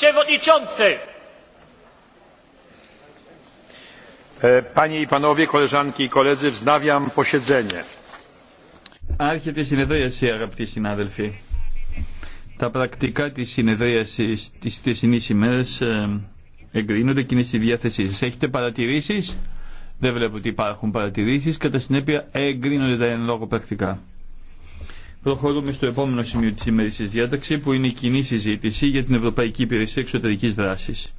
przewodniczący! E, panie i panowie, koleżanki i koledzy, wznawiam posiedzenie. Άρχεται η συνεδρίαση, αγαπητοί συνάδελφοι. Τα πρακτικά τη συνεδρίασης τη θεσινής ημέρα ε, εγκρίνονται και είναι στη διάθεσή σα. Έχετε παρατηρήσει, Δεν βλέπω ότι υπάρχουν παρατηρήσει, Κατά συνέπεια εγκρίνονται τα εν λόγω πρακτικά. Προχωρούμε στο επόμενο σημείο της ημερήσιας διάταξη που είναι η κοινή συζήτηση για την Ευρωπαϊκή Υπηρεσία Εξωτερικής Δράσης.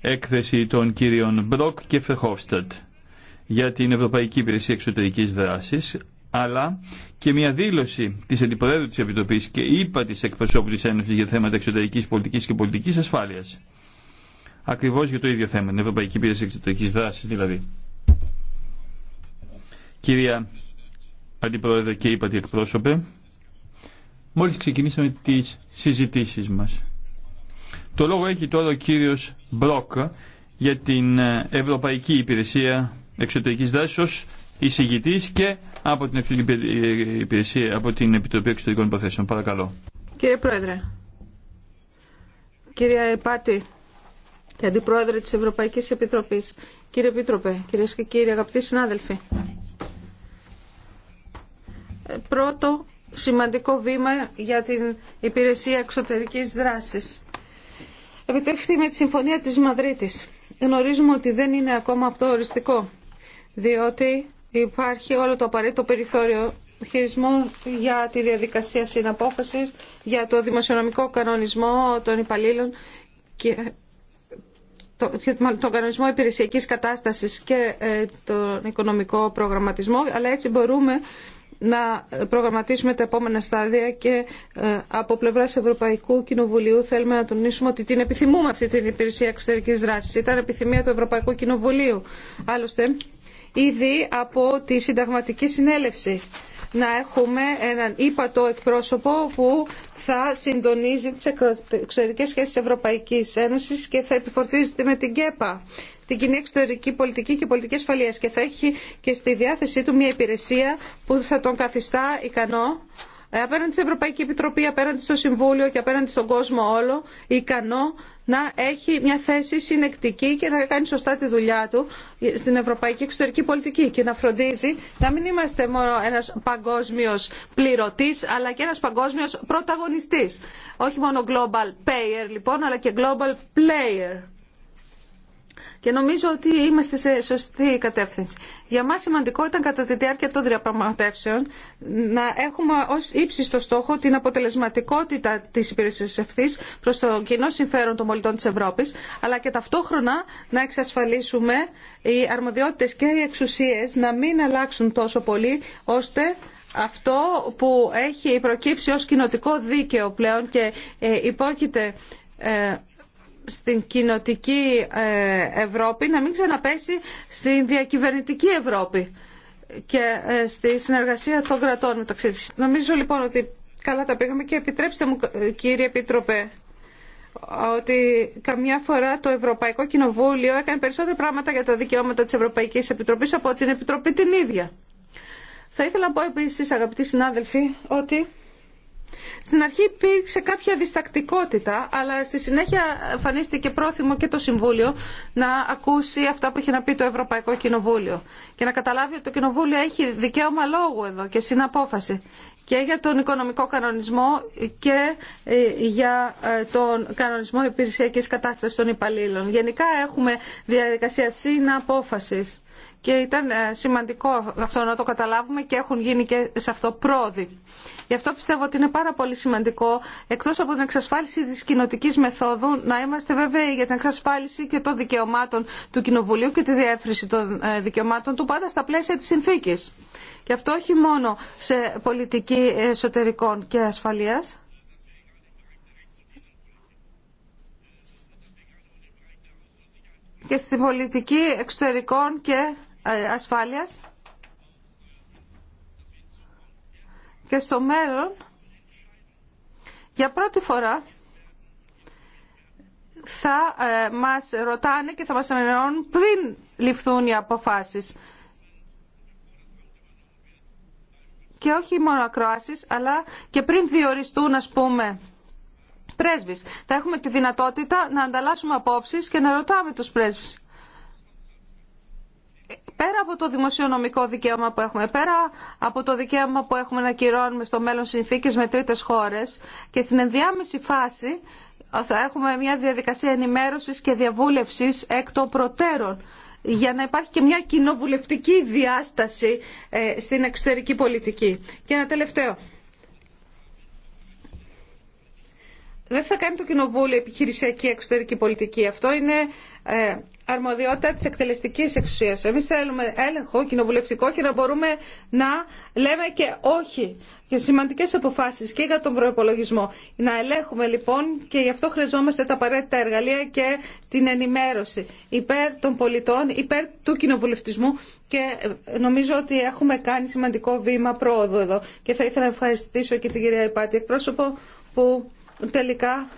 Έκθεση των κυρίων Μπροκ και Φεχόφστατ για την Ευρωπαϊκή Υπηρεσία Εξωτερικής Δράσης αλλά και μια δήλωση της Αντιπροέδρου της Επιτροπής και είπα της εκπροσώπου της Ένωσης για θέματα εξωτερικής πολιτικής και πολιτικής ασφάλειας. Ακριβώς για το ίδιο θέμα, την Ευρωπαϊκή Υπηρεσία Εξωτερικής Δράσης δηλαδή. Κυρία Αντιπρόεδρε και είπατε εκπρόσωπε, μόλις ξεκινήσαμε τις συζητήσεις μας. Το λόγο έχει τώρα ο κύριος Μπρόκ για την Ευρωπαϊκή Υπηρεσία Εξωτερικής Δράσης ως εισηγητής και από την, υπηρεσία, από την Επιτροπή Εξωτερικών Υποθέσεων. Παρακαλώ. Κύριε Πρόεδρε, Κύριε Επάτη, και Αντιπρόεδρε της Ευρωπαϊκής Επιτροπής, κύριε Επίτροπε, κυρίες και κύριοι αγαπητοί συνάδελφοι, πρώτο σημαντικό βήμα για την υπηρεσία εξωτερικής δράσης. Επιτευχθεί με τη Συμφωνία της Μαδρίτης. Γνωρίζουμε ότι δεν είναι ακόμα αυτό οριστικό, διότι υπάρχει όλο το απαραίτητο περιθώριο χειρισμό για τη διαδικασία συναπόφασης, για το δημοσιονομικό κανονισμό των υπαλλήλων και τον κανονισμό υπηρεσιακής κατάστασης και ε, τον οικονομικό προγραμματισμό, αλλά έτσι μπορούμε να προγραμματίσουμε τα επόμενα στάδια και ε, από πλευρά Ευρωπαϊκού Κοινοβουλίου θέλουμε να τονίσουμε ότι την επιθυμούμε αυτή την υπηρεσία εξωτερική δράση. Ήταν επιθυμία του Ευρωπαϊκού Κοινοβουλίου. Άλλωστε, ήδη από τη συνταγματική συνέλευση να έχουμε έναν ύπατο εκπρόσωπο που θα συντονίζει τις εξωτερικές σχέσεις Ευρωπαϊκής Ένωσης και θα επιφορτίζεται με την ΚΕΠΑ την κοινή εξωτερική πολιτική και πολιτική ασφαλεία και θα έχει και στη διάθεσή του μια υπηρεσία που θα τον καθιστά ικανό ε, απέναντι στην Ευρωπαϊκή Επιτροπή, απέναντι στο Συμβούλιο και απέναντι στον κόσμο όλο, ικανό να έχει μια θέση συνεκτική και να κάνει σωστά τη δουλειά του στην ευρωπαϊκή εξωτερική πολιτική και να φροντίζει να μην είμαστε μόνο ένας παγκόσμιος πληρωτής αλλά και ένας παγκόσμιος πρωταγωνιστής. Όχι μόνο global payer λοιπόν αλλά και global player. Και νομίζω ότι είμαστε σε σωστή κατεύθυνση. Για μας σημαντικό ήταν κατά τη διάρκεια των διαπραγματεύσεων να έχουμε ως ύψιστο στόχο την αποτελεσματικότητα της υπηρεσίας ευθύς προς το κοινό συμφέρον των πολιτών της Ευρώπης, αλλά και ταυτόχρονα να εξασφαλίσουμε οι αρμοδιότητες και οι εξουσίες να μην αλλάξουν τόσο πολύ, ώστε αυτό που έχει προκύψει ως κοινοτικό δίκαιο πλέον και ε, υπόκειται ε, στην κοινοτική ε, Ευρώπη να μην ξαναπέσει στην διακυβερνητική Ευρώπη και ε, στη συνεργασία των κρατών μεταξύ της. Νομίζω λοιπόν ότι καλά τα πήγαμε και επιτρέψτε μου ε, κύριε Επίτροπε ότι καμιά φορά το Ευρωπαϊκό Κοινοβούλιο έκανε περισσότερα πράγματα για τα δικαιώματα της Ευρωπαϊκής Επιτροπής από την Επιτροπή την ίδια. Θα ήθελα να πω επίσης αγαπητοί συνάδελφοι ότι στην αρχή υπήρξε κάποια διστακτικότητα, αλλά στη συνέχεια εμφανίστηκε πρόθυμο και το Συμβούλιο να ακούσει αυτά που είχε να πει το Ευρωπαϊκό Κοινοβούλιο και να καταλάβει ότι το Κοινοβούλιο έχει δικαίωμα λόγου εδώ και συναπόφαση και για τον οικονομικό κανονισμό και ε, για ε, τον κανονισμό υπηρεσιακής κατάστασης των υπαλλήλων. Γενικά έχουμε διαδικασία συναπόφασης και ήταν ε, σημαντικό αυτό να το καταλάβουμε και έχουν γίνει και σε αυτό πρόοδοι. Γι' αυτό πιστεύω ότι είναι πάρα πολύ σημαντικό, εκτός από την εξασφάλιση της κοινοτική μεθόδου, να είμαστε βέβαιοι για την εξασφάλιση και των δικαιωμάτων του Κοινοβουλίου και τη διεύρυνση των ε, δικαιωμάτων του πάντα στα πλαίσια της συνθήκη Και αυτό όχι μόνο σε πολιτική εσωτερικών και ασφαλείας, και στην πολιτική εξωτερικών και ασφάλειας και στο μέλλον για πρώτη φορά θα ε, μας ρωτάνε και θα μας ενημερώνουν πριν ληφθούν οι αποφάσεις. Και όχι μόνο ακροάσεις, αλλά και πριν διοριστούν, ας πούμε, πρέσβεις. Θα έχουμε τη δυνατότητα να ανταλλάσσουμε απόψεις και να ρωτάμε τους πρέσβεις πέρα από το δημοσιονομικό δικαίωμα που έχουμε, πέρα από το δικαίωμα που έχουμε να κυρώνουμε στο μέλλον συνθήκες με τρίτες χώρες και στην ενδιάμεση φάση θα έχουμε μια διαδικασία ενημέρωσης και διαβούλευσης εκ των προτέρων για να υπάρχει και μια κοινοβουλευτική διάσταση ε, στην εξωτερική πολιτική. Και ένα τελευταίο. Δεν θα κάνει το Κοινοβούλιο επιχειρησιακή εξωτερική πολιτική. Αυτό είναι ε, αρμοδιότητα της εκτελεστικής εξουσίας. Εμείς θέλουμε έλεγχο κοινοβουλευτικό και να μπορούμε να λέμε και όχι για σημαντικές αποφάσεις και για τον προπολογισμό. Να ελέγχουμε λοιπόν και γι' αυτό χρειαζόμαστε τα απαραίτητα εργαλεία και την ενημέρωση υπέρ των πολιτών, υπέρ του κοινοβουλευτισμού και νομίζω ότι έχουμε κάνει σημαντικό βήμα πρόοδο εδώ. Και θα ήθελα να ευχαριστήσω και την κυρία Υπάτη εκπρόσωπο που τελικά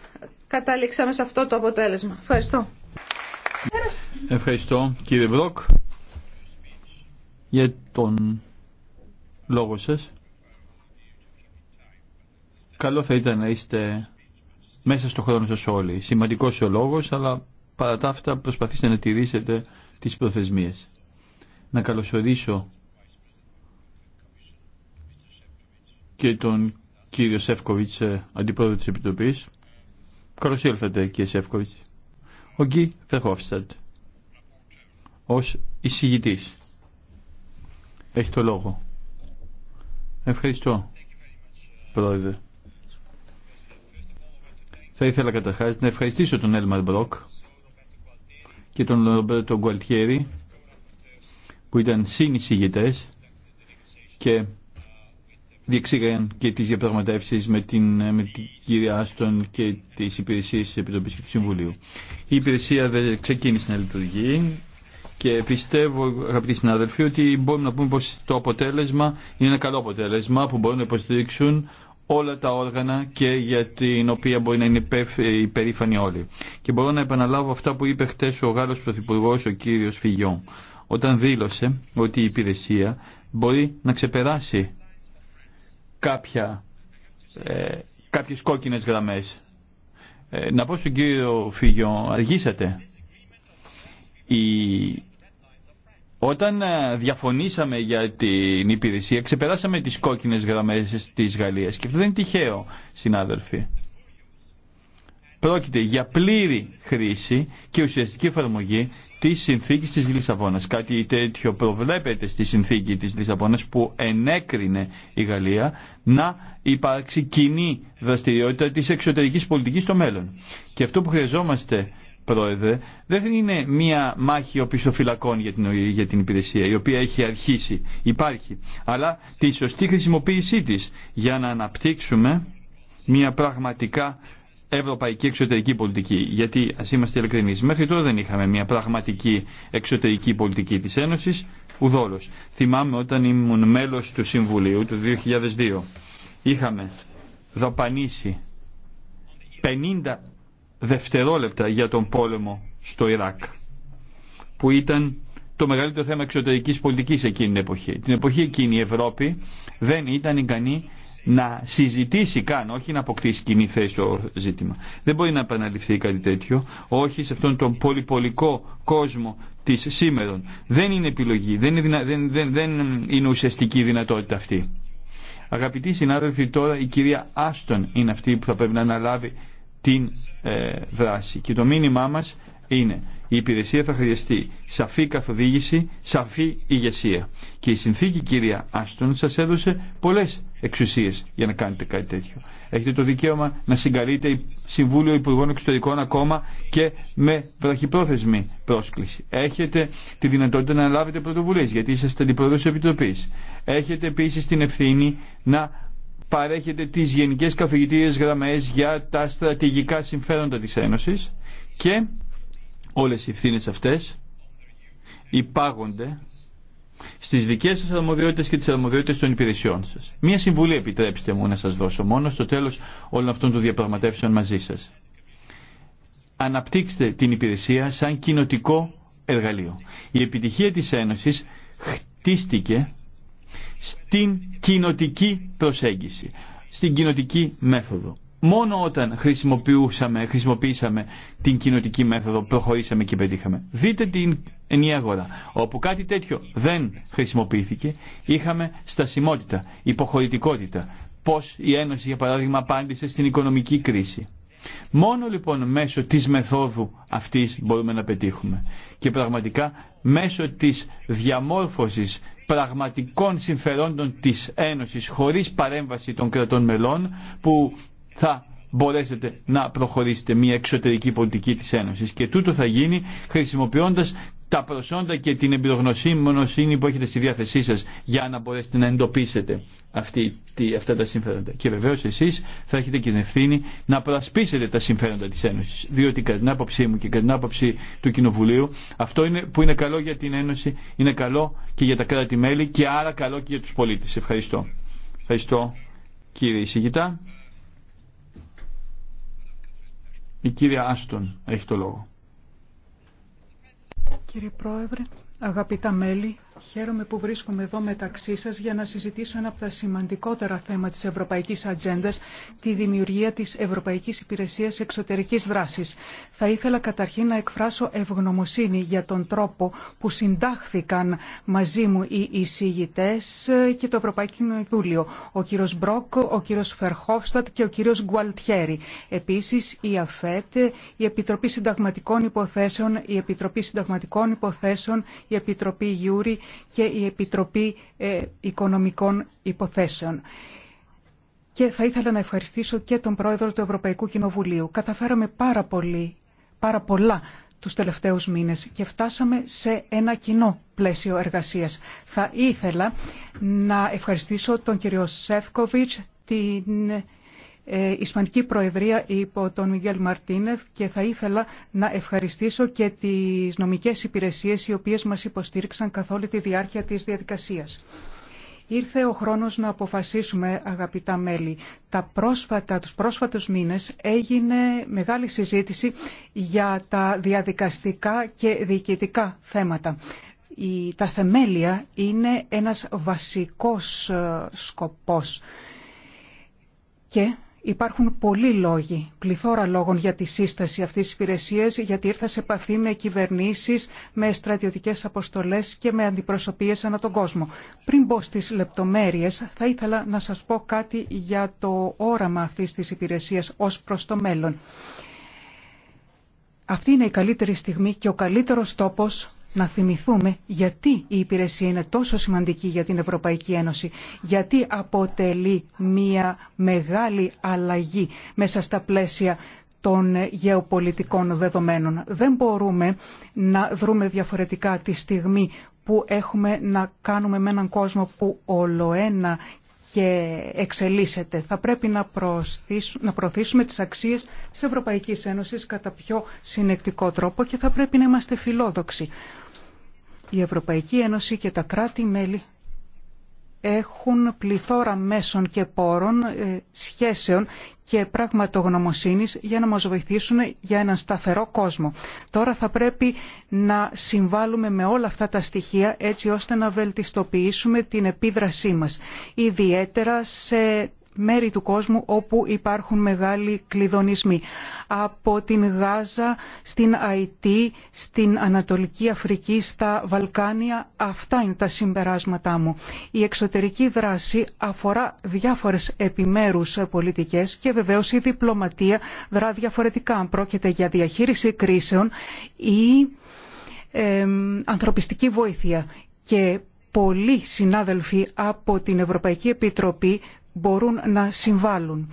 κατάληξαμε σε αυτό το αποτέλεσμα. Ευχαριστώ. Ευχαριστώ κύριε Μπρόκ για τον λόγο σας. Καλό θα ήταν να είστε μέσα στο χρόνο σας όλοι. Σημαντικός ο λόγος, αλλά παρά τα αυτά προσπαθήστε να τηρήσετε τις προθεσμίες. Να καλωσορίσω και τον κύριο Σεύκοβιτς, ε, αντιπρόεδρο της Επιτροπής. Καλώς ήλθατε κύριε Σεύκοβιτς ο Γκί Βερχόφσταντ ως εισηγητής. Έχει το λόγο. Ευχαριστώ, Πρόεδρε. Θα ήθελα καταρχάς να ευχαριστήσω τον Έλμαρ Μπρόκ και τον Ρομπέρτο Γκουαλτιέρη που ήταν συνεισηγητές και διεξήγαγαν και τις διαπραγματεύσεις με την, με την κυρία Άστον και τις υπηρεσίες της Επιτροπής και του Συμβουλίου. Η υπηρεσία δεν ξεκίνησε να λειτουργεί και πιστεύω αγαπητοί συνάδελφοι ότι μπορούμε να πούμε πως το αποτέλεσμα είναι ένα καλό αποτέλεσμα που μπορούν να υποστηρίξουν όλα τα όργανα και για την οποία μπορεί να είναι υπερήφανοι όλοι. Και μπορώ να επαναλάβω αυτά που είπε χτες ο Γάλλος Πρωθυπουργός ο κύριος Φιγιόν όταν δήλωσε ότι η υπηρεσία μπορεί να ξεπεράσει κάποια, ε, κάποιες κόκκινες γραμμές. Ε, να πω στον κύριο Φίγιο, αργήσατε. Η... Όταν ε, διαφωνήσαμε για την υπηρεσία, ξεπεράσαμε τις κόκκινες γραμμές της Γαλλίας. Και αυτό δεν είναι τυχαίο, συνάδελφοι. Πρόκειται για πλήρη χρήση και ουσιαστική εφαρμογή τη συνθήκη τη Λισαβόνα. Κάτι τέτοιο προβλέπεται στη συνθήκη τη Λισαβόνα που ενέκρινε η Γαλλία να υπάρξει κοινή δραστηριότητα τη εξωτερική πολιτική στο μέλλον. Και αυτό που χρειαζόμαστε Πρόεδρε, δεν είναι μία μάχη οπισθοφυλακών για την, για την υπηρεσία, η οποία έχει αρχίσει, υπάρχει, αλλά τη σωστή χρησιμοποίησή της για να αναπτύξουμε μία πραγματικά ευρωπαϊκή εξωτερική πολιτική. Γιατί, α είμαστε ειλικρινεί, μέχρι τώρα δεν είχαμε μια πραγματική εξωτερική πολιτική τη Ένωση, ουδόλω. Θυμάμαι όταν ήμουν μέλο του Συμβουλίου του 2002, είχαμε δαπανίσει 50 δευτερόλεπτα για τον πόλεμο στο Ιράκ, που ήταν το μεγαλύτερο θέμα εξωτερικής πολιτικής εκείνη την εποχή. Την εποχή εκείνη η Ευρώπη δεν ήταν ικανή να συζητήσει καν, όχι να αποκτήσει κοινή θέση το ζήτημα. Δεν μπορεί να επαναληφθεί κάτι τέτοιο, όχι σε αυτόν τον πολυπολικό κόσμο της σήμερα. Δεν είναι επιλογή, δεν είναι, δεν, δεν, δεν είναι ουσιαστική δυνατότητα αυτή. Αγαπητοί συνάδελφοι, τώρα η κυρία Άστον είναι αυτή που θα πρέπει να αναλάβει την ε, δράση. Και το μήνυμά μας είναι η υπηρεσία θα χρειαστεί σαφή καθοδήγηση, σαφή ηγεσία. Και η συνθήκη κυρία Άστον σας έδωσε πολλές εξουσίες για να κάνετε κάτι τέτοιο. Έχετε το δικαίωμα να συγκαλείτε Συμβούλιο Υπουργών Εξωτερικών ακόμα και με βραχυπρόθεσμη πρόσκληση. Έχετε τη δυνατότητα να λάβετε πρωτοβουλίε γιατί είσαστε αντιπρόεδρο τη Επιτροπή. Έχετε επίση την ευθύνη να παρέχετε τις γενικές καθηγητήριε γραμμές για τα στρατηγικά συμφέροντα τη Ένωση και όλε οι ευθύνε αυτέ υπάγονται στις δικές σας αρμοδιότητες και τις αρμοδιότητες των υπηρεσιών σας. Μία συμβουλή επιτρέψτε μου να σας δώσω μόνο στο τέλος όλων αυτών των διαπραγματεύσεων μαζί σας. Αναπτύξτε την υπηρεσία σαν κοινοτικό εργαλείο. Η επιτυχία της Ένωσης χτίστηκε στην κοινοτική προσέγγιση, στην κοινοτική μέθοδο. Μόνο όταν χρησιμοποιούσαμε, χρησιμοποίησαμε την κοινοτική μέθοδο, προχωρήσαμε και πετύχαμε. Δείτε την ενιαία αγορά. Όπου κάτι τέτοιο δεν χρησιμοποιήθηκε, είχαμε στασιμότητα, υποχωρητικότητα. Πώς η Ένωση, για παράδειγμα, απάντησε στην οικονομική κρίση. Μόνο λοιπόν μέσω της μεθόδου αυτής μπορούμε να πετύχουμε. Και πραγματικά μέσω της διαμόρφωσης πραγματικών συμφερόντων της Ένωσης χωρίς παρέμβαση των κρατών μελών που θα μπορέσετε να προχωρήσετε μια εξωτερική πολιτική της Ένωσης και τούτο θα γίνει χρησιμοποιώντας τα προσόντα και την εμπειρογνωσύνη που έχετε στη διάθεσή σας για να μπορέσετε να εντοπίσετε αυτή, τι, αυτά τα συμφέροντα. Και βεβαίως εσείς θα έχετε και την ευθύνη να προασπίσετε τα συμφέροντα της Ένωσης. Διότι κατά την άποψή μου και κατά την άποψη του Κοινοβουλίου αυτό είναι, που είναι καλό για την Ένωση είναι καλό και για τα κράτη-μέλη και άρα καλό και για τους πολίτες. Ευχαριστώ. Ευχαριστώ κύριε η κυρία Άστον έχει το λόγο. Κύριε Πρόεδρε, αγαπητά μέλη, Χαίρομαι που βρίσκομαι εδώ μεταξύ σα για να συζητήσω ένα από τα σημαντικότερα θέματα τη Ευρωπαϊκή Ατζέντα, τη δημιουργία τη Ευρωπαϊκή Υπηρεσία Εξωτερικής δράση. Θα ήθελα καταρχήν να εκφράσω ευγνωμοσύνη για τον τρόπο που συντάχθηκαν μαζί μου οι εισηγητέ και το Ευρωπαϊκό Κοινοβούλιο, ο κύριος Μπρόκ, ο κύριος Φερχόφστατ και ο κύριος Γκουαλτιέρη. Επίση, η ΑΦΕΤ, η Επιτροπή Συνταγματικών Υποθέσεων, η Επιτροπή Συνταγματικών Υποθέσεων, η Επιτροπή Γιούρι και η Επιτροπή ε, Οικονομικών Υποθέσεων. Και θα ήθελα να ευχαριστήσω και τον Πρόεδρο του Ευρωπαϊκού Κοινοβουλίου. Καταφέραμε πάρα, πολύ, πάρα πολλά τους τελευταίους μήνες και φτάσαμε σε ένα κοινό πλαίσιο εργασίας. Θα ήθελα να ευχαριστήσω τον κύριο Σεύκοβιτς, την ε, Ισπανική Προεδρία υπό τον Μιγγέλ Μαρτίνεφ και θα ήθελα να ευχαριστήσω και τις νομικές υπηρεσίες οι οποίες μας υποστήριξαν καθ' όλη τη διάρκεια της διαδικασίας. Ήρθε ο χρόνος να αποφασίσουμε, αγαπητά μέλη. Τα πρόσφατα, τους πρόσφατους μήνες έγινε μεγάλη συζήτηση για τα διαδικαστικά και διοικητικά θέματα. Η, τα θεμέλια είναι ένας βασικός ε, σκοπός και Υπάρχουν πολλοί λόγοι, πληθώρα λόγων για τη σύσταση αυτής της υπηρεσίας, γιατί ήρθα σε επαφή με κυβερνήσεις, με στρατιωτικές αποστολές και με αντιπροσωπείες ανά τον κόσμο. Πριν μπω στις λεπτομέρειες, θα ήθελα να σας πω κάτι για το όραμα αυτής της υπηρεσίας ως προς το μέλλον. Αυτή είναι η καλύτερη στιγμή και ο καλύτερος τόπος να θυμηθούμε γιατί η υπηρεσία είναι τόσο σημαντική για την Ευρωπαϊκή Ένωση, γιατί αποτελεί μία μεγάλη αλλαγή μέσα στα πλαίσια των γεωπολιτικών δεδομένων. Δεν μπορούμε να δρούμε διαφορετικά τη στιγμή που έχουμε να κάνουμε με έναν κόσμο που ολοένα και εξελίσσεται. Θα πρέπει να, να προωθήσουμε τις αξίες της Ευρωπαϊκής Ένωσης κατά πιο συνεκτικό τρόπο και θα πρέπει να είμαστε φιλόδοξοι. Η Ευρωπαϊκή Ένωση και τα κράτη-μέλη έχουν πληθώρα μέσων και πόρων, ε, σχέσεων και πραγματογνωμοσύνης για να μας βοηθήσουν για έναν σταθερό κόσμο. Τώρα θα πρέπει να συμβάλλουμε με όλα αυτά τα στοιχεία έτσι ώστε να βελτιστοποιήσουμε την επίδρασή μας, ιδιαίτερα σε μέρη του κόσμου όπου υπάρχουν μεγάλοι κλειδονισμοί. Από την Γάζα, στην Αϊτή, στην Ανατολική Αφρική, στα Βαλκάνια, αυτά είναι τα συμπεράσματά μου. Η εξωτερική δράση αφορά διάφορες επιμέρους πολιτικές και βεβαίως η διπλωματία δρά διαφορετικά αν πρόκειται για διαχείριση κρίσεων ή ανθρωπιστική βοήθεια. Και πολλοί συνάδελφοι από την Ευρωπαϊκή Επιτροπή μπορούν να συμβάλλουν.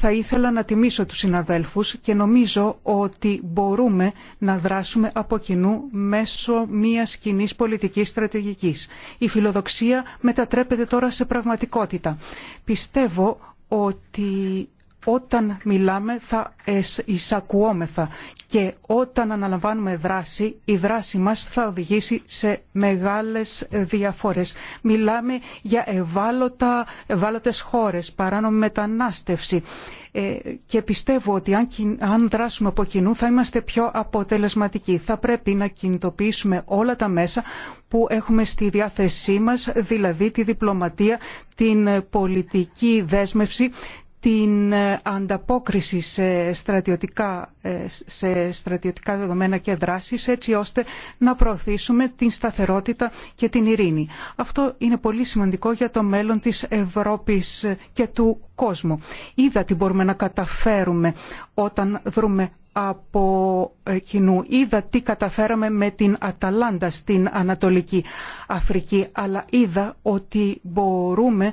Θα ήθελα να τιμήσω τους συναδέλφους και νομίζω ότι μπορούμε να δράσουμε από κοινού μέσω μιας κοινή πολιτικής στρατηγικής. Η φιλοδοξία μετατρέπεται τώρα σε πραγματικότητα. Πιστεύω ότι όταν μιλάμε θα εισακουόμεθα και όταν αναλαμβάνουμε δράση, η δράση μας θα οδηγήσει σε μεγάλες διαφορές. Μιλάμε για ευάλωτα, ευάλωτες χώρες, παράνομη μετανάστευση ε, και πιστεύω ότι αν, αν δράσουμε από κοινού θα είμαστε πιο αποτελεσματικοί. Θα πρέπει να κινητοποιήσουμε όλα τα μέσα που έχουμε στη διάθεσή μας, δηλαδή τη διπλωματία, την πολιτική δέσμευση, την ε, ανταπόκριση σε στρατιωτικά, ε, σε στρατιωτικά δεδομένα και δράσεις έτσι ώστε να προωθήσουμε την σταθερότητα και την ειρήνη. Αυτό είναι πολύ σημαντικό για το μέλλον της Ευρώπης και του κόσμου. Είδα τι μπορούμε να καταφέρουμε όταν δρούμε από ε, κοινού. Είδα τι καταφέραμε με την Αταλάντα στην Ανατολική Αφρική, αλλά είδα ότι μπορούμε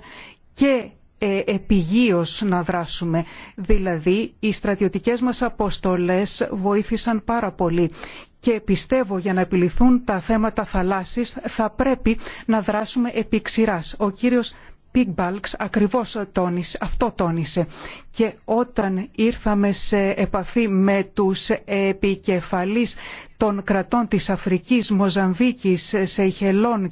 και ε, επιγείως να δράσουμε. Δηλαδή, οι στρατιωτικές μας αποστολές βοήθησαν πάρα πολύ και πιστεύω για να επιληθούν τα θέματα θαλάσσης θα πρέπει να δράσουμε επί ξηράς. Ο κύριος Πίγμπαλξ ακριβώς τόνισε, αυτό τόνισε. Και όταν ήρθαμε σε επαφή με τους επικεφαλείς των κρατών της Αφρικής, Μοζαμβίκης, Σεϊχελών,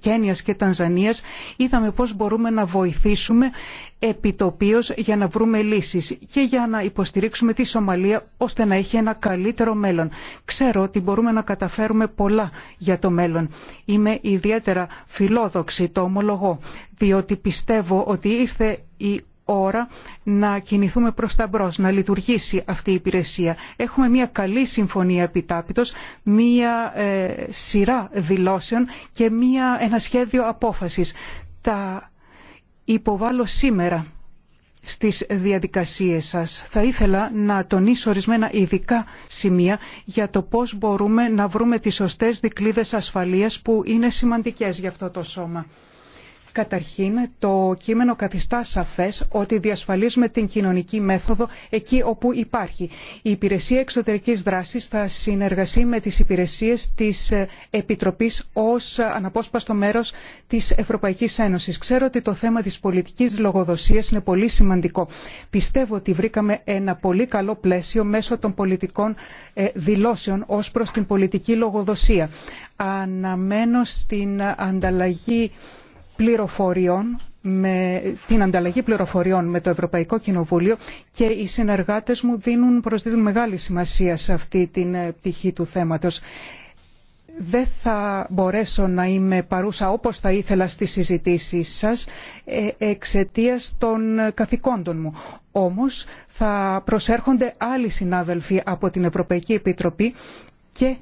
Κένιας και Τανζανίας είδαμε πώς μπορούμε να βοηθήσουμε επιτοπίως για να βρούμε λύσεις και για να υποστηρίξουμε τη Σομαλία ώστε να έχει ένα καλύτερο μέλλον. Ξέρω ότι μπορούμε να καταφέρουμε πολλά για το μέλλον. Είμαι ιδιαίτερα φιλόδοξη, το ομολογώ, διότι πιστεύω ότι ήρθε η ώρα να κινηθούμε προς τα μπρο, να λειτουργήσει αυτή η υπηρεσία. Έχουμε μια καλή συμφωνία επιτάπητο, μια ε, σειρά δηλώσεων και μια, ένα σχέδιο απόφασης. Τα υποβάλλω σήμερα στις διαδικασίες σας. Θα ήθελα να τονίσω ορισμένα ειδικά σημεία για το πώς μπορούμε να βρούμε τις σωστές δικλείδες ασφαλείας που είναι σημαντικές για αυτό το σώμα. Καταρχήν, το κείμενο καθιστά σαφές ότι διασφαλίζουμε την κοινωνική μέθοδο εκεί όπου υπάρχει. Η Υπηρεσία Εξωτερικής Δράσης θα συνεργαστεί με τις υπηρεσίες της ε, Επιτροπής ως αναπόσπαστο μέρος της Ευρωπαϊκής Ένωση. Ξέρω ότι το θέμα της πολιτικής λογοδοσίας είναι πολύ σημαντικό. Πιστεύω ότι βρήκαμε ένα πολύ καλό πλαίσιο μέσω των πολιτικών ε, δηλώσεων ω προς την πολιτική λογοδοσία. Αναμένω στην ανταλλαγή πληροφοριών με την ανταλλαγή πληροφοριών με το Ευρωπαϊκό Κοινοβούλιο και οι συνεργάτες μου δίνουν, προσδίδουν μεγάλη σημασία σε αυτή την ε, πτυχή του θέματος. Δεν θα μπορέσω να είμαι παρούσα όπως θα ήθελα στις συζητήσεις σας ε, εξαιτίας των ε, καθηκόντων μου. Όμως θα προσέρχονται άλλοι συνάδελφοι από την Ευρωπαϊκή Επιτροπή και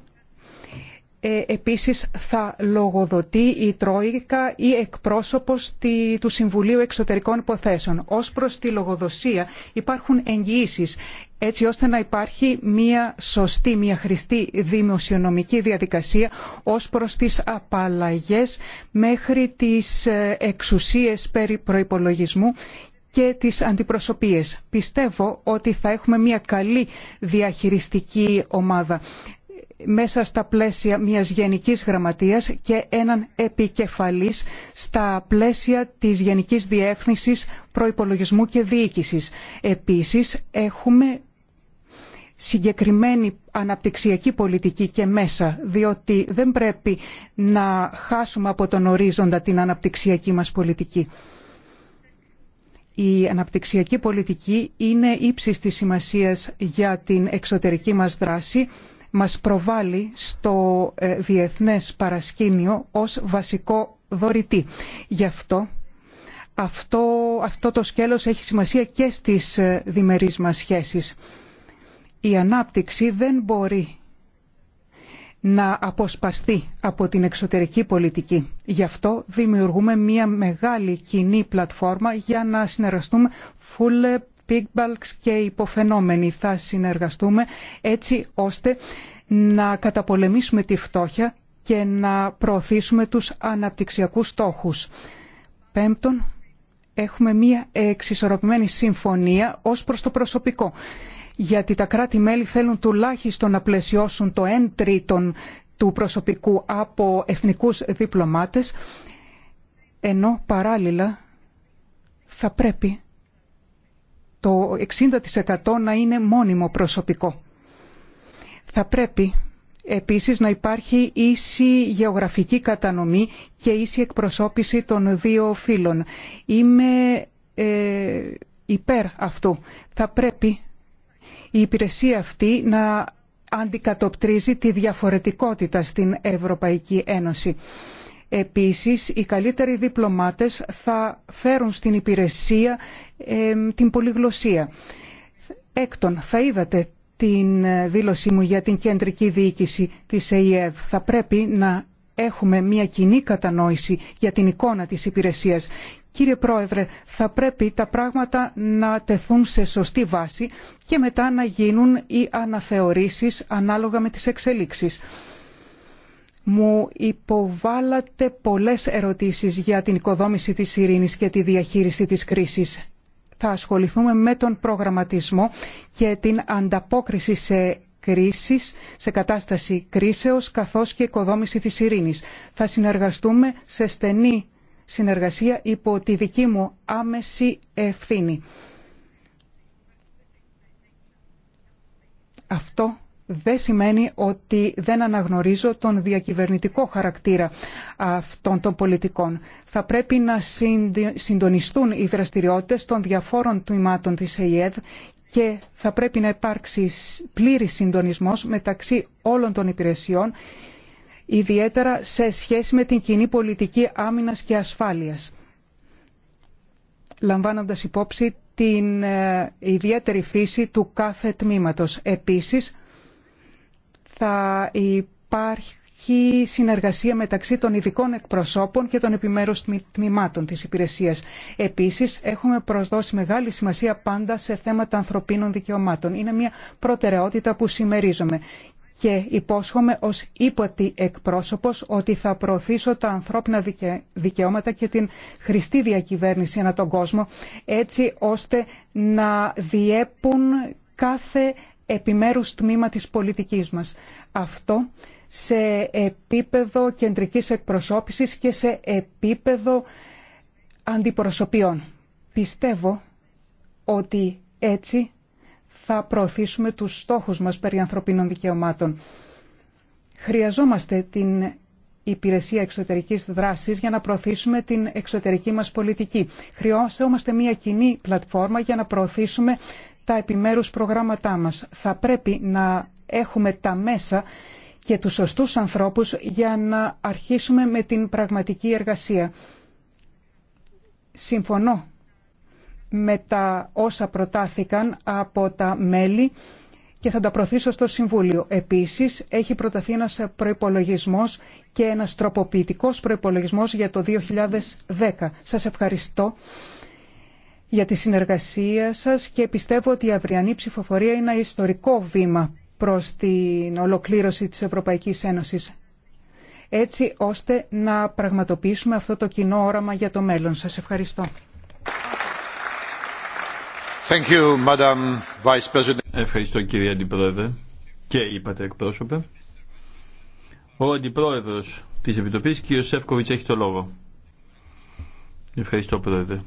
ε, επίσης θα λογοδοτεί η Τρόικα ή εκπρόσωπος του Συμβουλίου Εξωτερικών Υποθέσεων. Ως προς τη λογοδοσία υπάρχουν εγγυήσει έτσι ώστε να υπάρχει μια σωστή, μια χρηστή δημοσιονομική διαδικασία ως προς τις απαλλαγές μέχρι τις ε, εξουσίες περί προϋπολογισμού και τις αντιπροσωπείες. Πιστεύω ότι θα έχουμε μια καλή διαχειριστική ομάδα μέσα στα πλαίσια μιας γενικής γραμματείας και έναν επικεφαλής στα πλαίσια της Γενικής Διεύθυνσης Προϋπολογισμού και Διοίκησης. Επίσης, έχουμε συγκεκριμένη αναπτυξιακή πολιτική και μέσα, διότι δεν πρέπει να χάσουμε από τον ορίζοντα την αναπτυξιακή μας πολιτική. Η αναπτυξιακή πολιτική είναι ύψης της σημασίας για την εξωτερική μας δράση μας προβάλλει στο ε, διεθνές παρασκήνιο ως βασικό δωρητή. Γι' αυτό αυτό, αυτό το σκέλος έχει σημασία και στις ε, διμερείς μας σχέσεις. Η ανάπτυξη δεν μπορεί να αποσπαστεί από την εξωτερική πολιτική. Γι' αυτό δημιουργούμε μια μεγάλη κοινή πλατφόρμα για να συνεργαστούμε full και υποφαινόμενοι θα συνεργαστούμε έτσι ώστε να καταπολεμήσουμε τη φτώχεια και να προωθήσουμε τους αναπτυξιακούς στόχους. Πέμπτον, έχουμε μία εξισορροπημένη συμφωνία ως προς το προσωπικό γιατί τα κράτη-μέλη θέλουν τουλάχιστον να πλαισιώσουν το 1 τρίτον του προσωπικού από εθνικούς διπλωμάτες, ενώ παράλληλα θα πρέπει το 60% να είναι μόνιμο προσωπικό. Θα πρέπει επίσης να υπάρχει ίση γεωγραφική κατανομή και ίση εκπροσώπηση των δύο φύλων. Είμαι ε, υπέρ αυτού. Θα πρέπει η υπηρεσία αυτή να αντικατοπτρίζει τη διαφορετικότητα στην Ευρωπαϊκή Ένωση. Επίσης, οι καλύτεροι διπλωμάτες θα φέρουν στην υπηρεσία την πολυγλωσία. Έκτον, θα είδατε την ε, δήλωσή μου για την κεντρική διοίκηση της ΕΙΕΒ. Θα πρέπει να έχουμε μια κοινή κατανόηση για την εικόνα της υπηρεσίας. Κύριε Πρόεδρε, θα πρέπει τα πράγματα να τεθούν σε σωστή βάση και μετά να γίνουν οι αναθεωρήσεις ανάλογα με τις εξελίξεις μου υποβάλατε πολλές ερωτήσεις για την οικοδόμηση της ειρήνης και τη διαχείριση της κρίσης. Θα ασχοληθούμε με τον προγραμματισμό και την ανταπόκριση σε κρίσεις, σε κατάσταση κρίσεως καθώς και οικοδόμηση της ειρήνης. Θα συνεργαστούμε σε στενή συνεργασία υπό τη δική μου άμεση ευθύνη. Αυτό δεν σημαίνει ότι δεν αναγνωρίζω τον διακυβερνητικό χαρακτήρα αυτών των πολιτικών. Θα πρέπει να συντονιστούν οι δραστηριότητες των διαφόρων τμήματων της ΕΕ και θα πρέπει να υπάρξει πλήρης συντονισμός μεταξύ όλων των υπηρεσιών, ιδιαίτερα σε σχέση με την κοινή πολιτική άμυνας και ασφάλειας, λαμβάνοντας υπόψη την ε, ιδιαίτερη φύση του κάθε τμήματος. Επίσης, θα υπάρχει συνεργασία μεταξύ των ειδικών εκπροσώπων και των επιμέρους τμήματων της υπηρεσίας. Επίσης, έχουμε προσδώσει μεγάλη σημασία πάντα σε θέματα ανθρωπίνων δικαιωμάτων. Είναι μια προτεραιότητα που συμμερίζομαι και υπόσχομαι ως ύποτη εκπρόσωπος ότι θα προωθήσω τα ανθρώπινα δικαιώματα και την χρηστή διακυβέρνηση ανά τον κόσμο έτσι ώστε να διέπουν κάθε επιμέρους τμήμα της πολιτικής μας. Αυτό σε επίπεδο κεντρικής εκπροσώπησης και σε επίπεδο αντιπροσωπιών. Πιστεύω ότι έτσι θα προωθήσουμε τους στόχους μας περί ανθρωπίνων δικαιωμάτων. Χρειαζόμαστε την υπηρεσία εξωτερικής δράσης για να προωθήσουμε την εξωτερική μας πολιτική. Χρειαζόμαστε μια κοινή πλατφόρμα για να προωθήσουμε τα επιμέρους προγράμματά μας. Θα πρέπει να έχουμε τα μέσα και τους σωστούς ανθρώπους για να αρχίσουμε με την πραγματική εργασία. Συμφωνώ με τα όσα προτάθηκαν από τα μέλη και θα τα προωθήσω στο Συμβούλιο. Επίσης, έχει προταθεί ένας προϋπολογισμός και ένας τροποποιητικός προϋπολογισμός για το 2010. Σας ευχαριστώ για τη συνεργασία σας και πιστεύω ότι η αυριανή ψηφοφορία είναι ένα ιστορικό βήμα προς την ολοκλήρωση της Ευρωπαϊκής Ένωσης έτσι ώστε να πραγματοποιήσουμε αυτό το κοινό όραμα για το μέλλον. Σας ευχαριστώ. Thank you, Madam Vice President. Ευχαριστώ κύριε Αντιπρόεδρε και είπατε εκπρόσωπε. Ο Αντιπρόεδρος της Επιτροπής, κύριος Σεύκοβιτς, έχει το λόγο. Ευχαριστώ Πρόεδρε.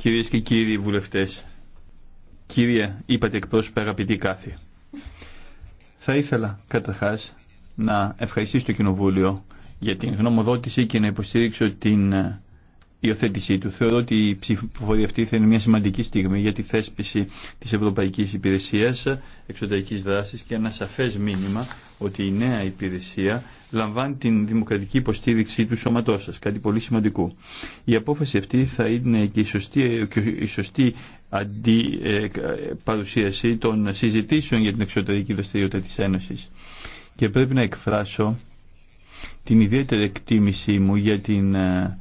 Κυρίε και κύριοι βουλευτές, κύριε, είπατε εκπρόσωπε αγαπητή κάθε. Θα ήθελα καταρχά να ευχαριστήσω το Κοινοβούλιο για την γνωμοδότηση και να υποστηρίξω την ε, υιοθέτησή του. Θεωρώ ότι η ψηφοφορία αυτή θα είναι μια σημαντική στιγμή για τη θέσπιση της Ευρωπαϊκής Υπηρεσίας Εξωτερικής Δράσης και ένα σαφές μήνυμα ότι η νέα υπηρεσία λαμβάνει την δημοκρατική υποστήριξή του σώματό σα, κάτι πολύ σημαντικό. Η απόφαση αυτή θα είναι και η σωστή, και η σωστή ε, παρουσίαση των συζητήσεων για την εξωτερική δραστηριότητα της Ένωσης. Και πρέπει να εκφράσω την ιδιαίτερη εκτίμησή μου για την ε,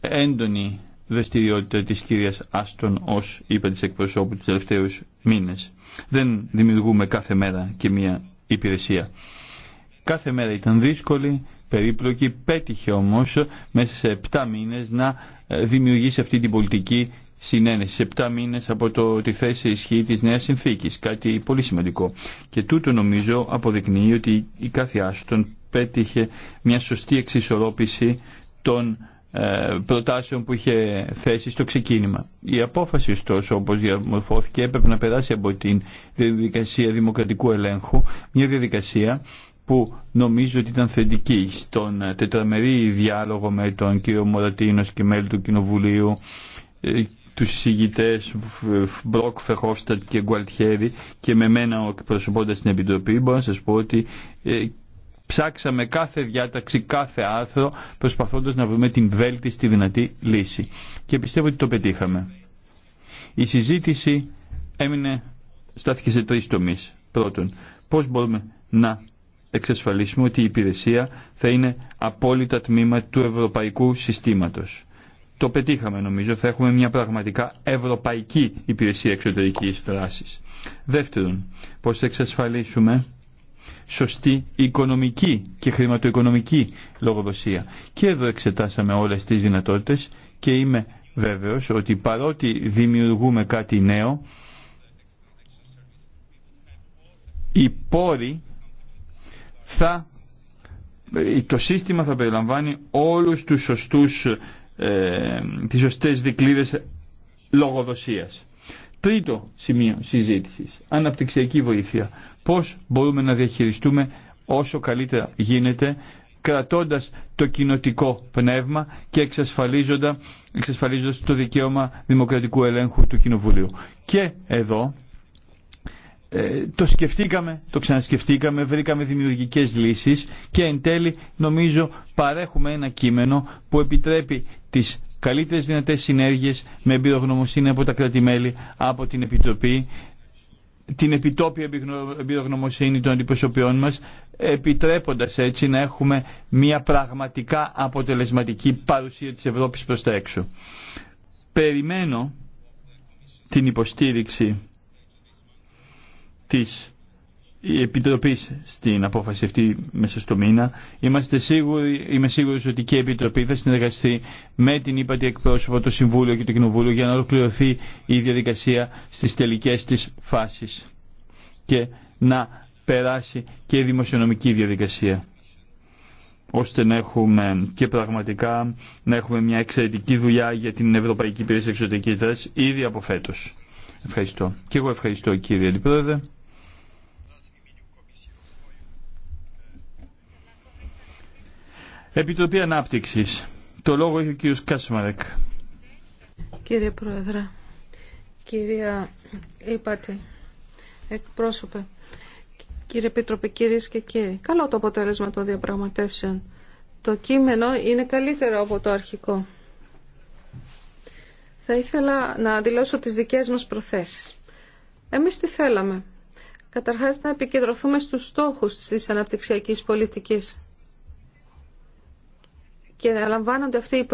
έντονη δραστηριότητα της κυρίας Άστον ως είπα της εκπροσώπου του τελευταίους μήνες. Δεν δημιουργούμε κάθε μέρα και μια υπηρεσία. Κάθε μέρα ήταν δύσκολη, περίπλοκη, πέτυχε όμως μέσα σε 7 μήνες να ε, δημιουργήσει αυτή την πολιτική συνένεση, σε 7 μήνες από το, τη θέση ισχύ της νέας συνθήκης, κάτι πολύ σημαντικό. Και τούτο νομίζω αποδεικνύει ότι η κάθε άστον πέτυχε μια σωστή εξισορρόπηση των ε, προτάσεων που είχε θέσει στο ξεκίνημα. Η απόφαση ωστόσο όπως διαμορφώθηκε έπρεπε να περάσει από την διαδικασία δημοκρατικού ελέγχου, μια διαδικασία που νομίζω ότι ήταν θετική στον τετραμερή διάλογο με τον κύριο Μωρατίνος και μέλη του Κοινοβουλίου ε, τους συζητητές Μπροκ, Φεχόφστατ και Γκουαλτιέρη και με μένα προσωπώντας την Επιτροπή μπορώ να σας πω ότι ε, Ψάξαμε κάθε διάταξη, κάθε άρθρο, προσπαθώντας να βρούμε την βέλτιστη δυνατή λύση. Και πιστεύω ότι το πετύχαμε. Η συζήτηση έμεινε, στάθηκε σε τρεις τομείς. Πρώτον, πώς μπορούμε να εξασφαλίσουμε ότι η υπηρεσία θα είναι απόλυτα τμήμα του ευρωπαϊκού συστήματος. Το πετύχαμε νομίζω, θα έχουμε μια πραγματικά ευρωπαϊκή υπηρεσία εξωτερικής δράσης. Δεύτερον, πώς θα εξασφαλίσουμε σωστή οικονομική και χρηματοοικονομική λογοδοσία. Και εδώ εξετάσαμε όλες τις δυνατότητες και είμαι βέβαιος ότι παρότι δημιουργούμε κάτι νέο, οι πόροι θα, το σύστημα θα περιλαμβάνει όλους τους σωστούς, ε, τις σωστές δικλείδες λογοδοσίας. Τρίτο σημείο συζήτησης, αναπτυξιακή βοήθεια πώς μπορούμε να διαχειριστούμε όσο καλύτερα γίνεται κρατώντας το κοινοτικό πνεύμα και εξασφαλίζοντα, εξασφαλίζοντας το δικαίωμα δημοκρατικού ελέγχου του Κοινοβουλίου. Και εδώ ε, το σκεφτήκαμε, το ξανασκεφτήκαμε, βρήκαμε δημιουργικές λύσεις και εν τέλει νομίζω παρέχουμε ένα κείμενο που επιτρέπει τις καλύτερες δυνατές συνέργειες με εμπειρογνωμοσύνη από τα κράτη-μέλη, από την Επιτροπή την επιτόπια εμπειρογνωμοσύνη των αντιπροσωπιών μας, επιτρέποντας έτσι να έχουμε μια πραγματικά αποτελεσματική παρουσία της Ευρώπης προς τα έξω. Περιμένω την υποστήριξη της η Επιτροπή στην απόφαση αυτή μέσα στο μήνα. Είμαστε σίγουροι, είμαι σίγουρος ότι και η Επιτροπή θα συνεργαστεί με την ύπατη εκπρόσωπο, το Συμβούλιο και το Κοινοβούλιο για να ολοκληρωθεί η διαδικασία στις τελικές της φάσεις και να περάσει και η δημοσιονομική διαδικασία ώστε να έχουμε και πραγματικά να έχουμε μια εξαιρετική δουλειά για την Ευρωπαϊκή Υπηρεσία Εξωτερικής Δράσης ήδη από φέτος. Ευχαριστώ. Και εγώ ευχαριστώ κύριε Αντιπρόεδρε. Επιτροπή Ανάπτυξης. Το λόγο έχει ο κ. Κάσμαρεκ. Κύριε Πρόεδρε, κυρία Είπατη, εκπρόσωπε, κύριε Επίτροπε, κύριε και κύριοι, καλό το αποτέλεσμα των διαπραγματεύσεων. Το κείμενο είναι καλύτερο από το αρχικό. Θα ήθελα να δηλώσω τις δικές μας προθέσεις. Εμείς τι θέλαμε. Καταρχάς να επικεντρωθούμε στους στόχους της αναπτυξιακής πολιτικής και να λαμβάνονται αυτή η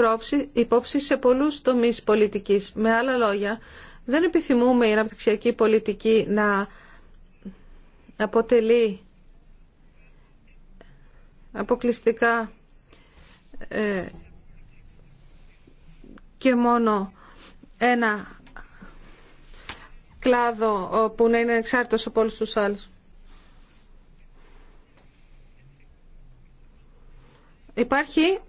υπόψη σε πολλούς τομείς πολιτικής. Με άλλα λόγια, δεν επιθυμούμε η αναπτυξιακή πολιτική να αποτελεί αποκλειστικά ε, και μόνο ένα κλάδο ε, που να είναι εξάρτητος από όλους τους άλλους. Υπάρχει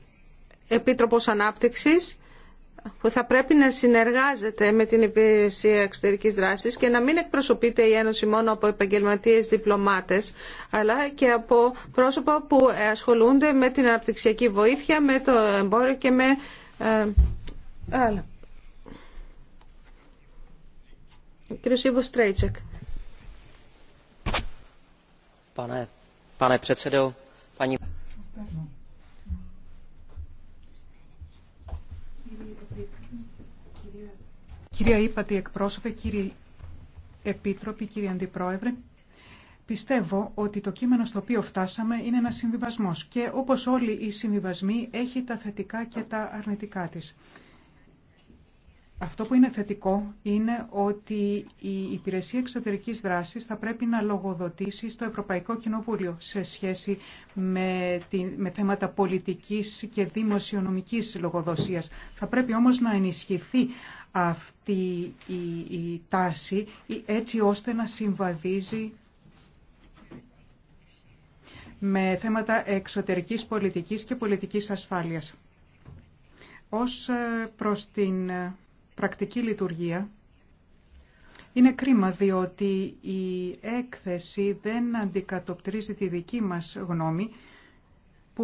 Επίτροπος Ανάπτυξης που θα πρέπει να συνεργάζεται με την υπηρεσία εξωτερικής δράσης και να μην εκπροσωπείται η Ένωση μόνο από επαγγελματίες διπλωμάτες, αλλά και από πρόσωπα που ασχολούνται με την αναπτυξιακή βοήθεια, με το εμπόριο και με ε, άλλα. Κύριος Ιβο Στρέιτσεκ. Πάνε, πάνε Κυρία Ήπατη εκπρόσωπε, κύριε Επίτροπη, κύριε Αντιπρόεδρε, πιστεύω ότι το κείμενο στο οποίο φτάσαμε είναι ένα συμβιβασμός και όπως όλοι οι συμβιβασμοί έχει τα θετικά και τα αρνητικά της. Αυτό που είναι θετικό είναι ότι η Υπηρεσία Εξωτερικής Δράσης θα πρέπει να λογοδοτήσει στο Ευρωπαϊκό Κοινοβούλιο σε σχέση με, τη, με θέματα πολιτικής και δημοσιονομικής λογοδοσίας. Θα πρέπει όμως να ενισχυθεί αυτή η τάση έτσι ώστε να συμβαδίζει με θέματα εξωτερικής πολιτικής και πολιτικής ασφάλειας. Ως ε, προς την ε, πρακτική λειτουργία, είναι κρίμα διότι η έκθεση δεν αντικατοπτρίζει τη δική μας γνώμη που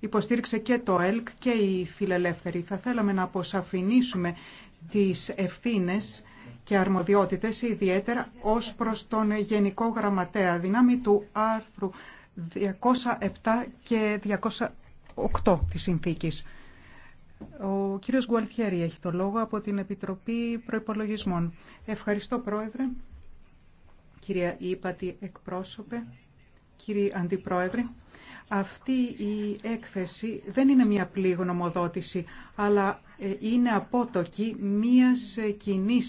υποστήριξε και το ΕΛΚ και οι φιλελεύθεροι. Θα θέλαμε να αποσαφηνίσουμε τις ευθύνες και αρμοδιότητες, ιδιαίτερα ως προς τον Γενικό Γραμματέα, δυνάμει του άρθρου 207 και 208 της Συνθήκης. Ο κύριος Γκουαλτιέρη έχει το λόγο από την Επιτροπή Προϋπολογισμών. Ευχαριστώ, Πρόεδρε. Κυρία Ήπατη, εκπρόσωπε. Κύριοι Αντιπρόεδρε. Αυτή η έκθεση δεν είναι μια απλή γνωμοδότηση, αλλά ε, είναι απότοκη μιας ε, κοινή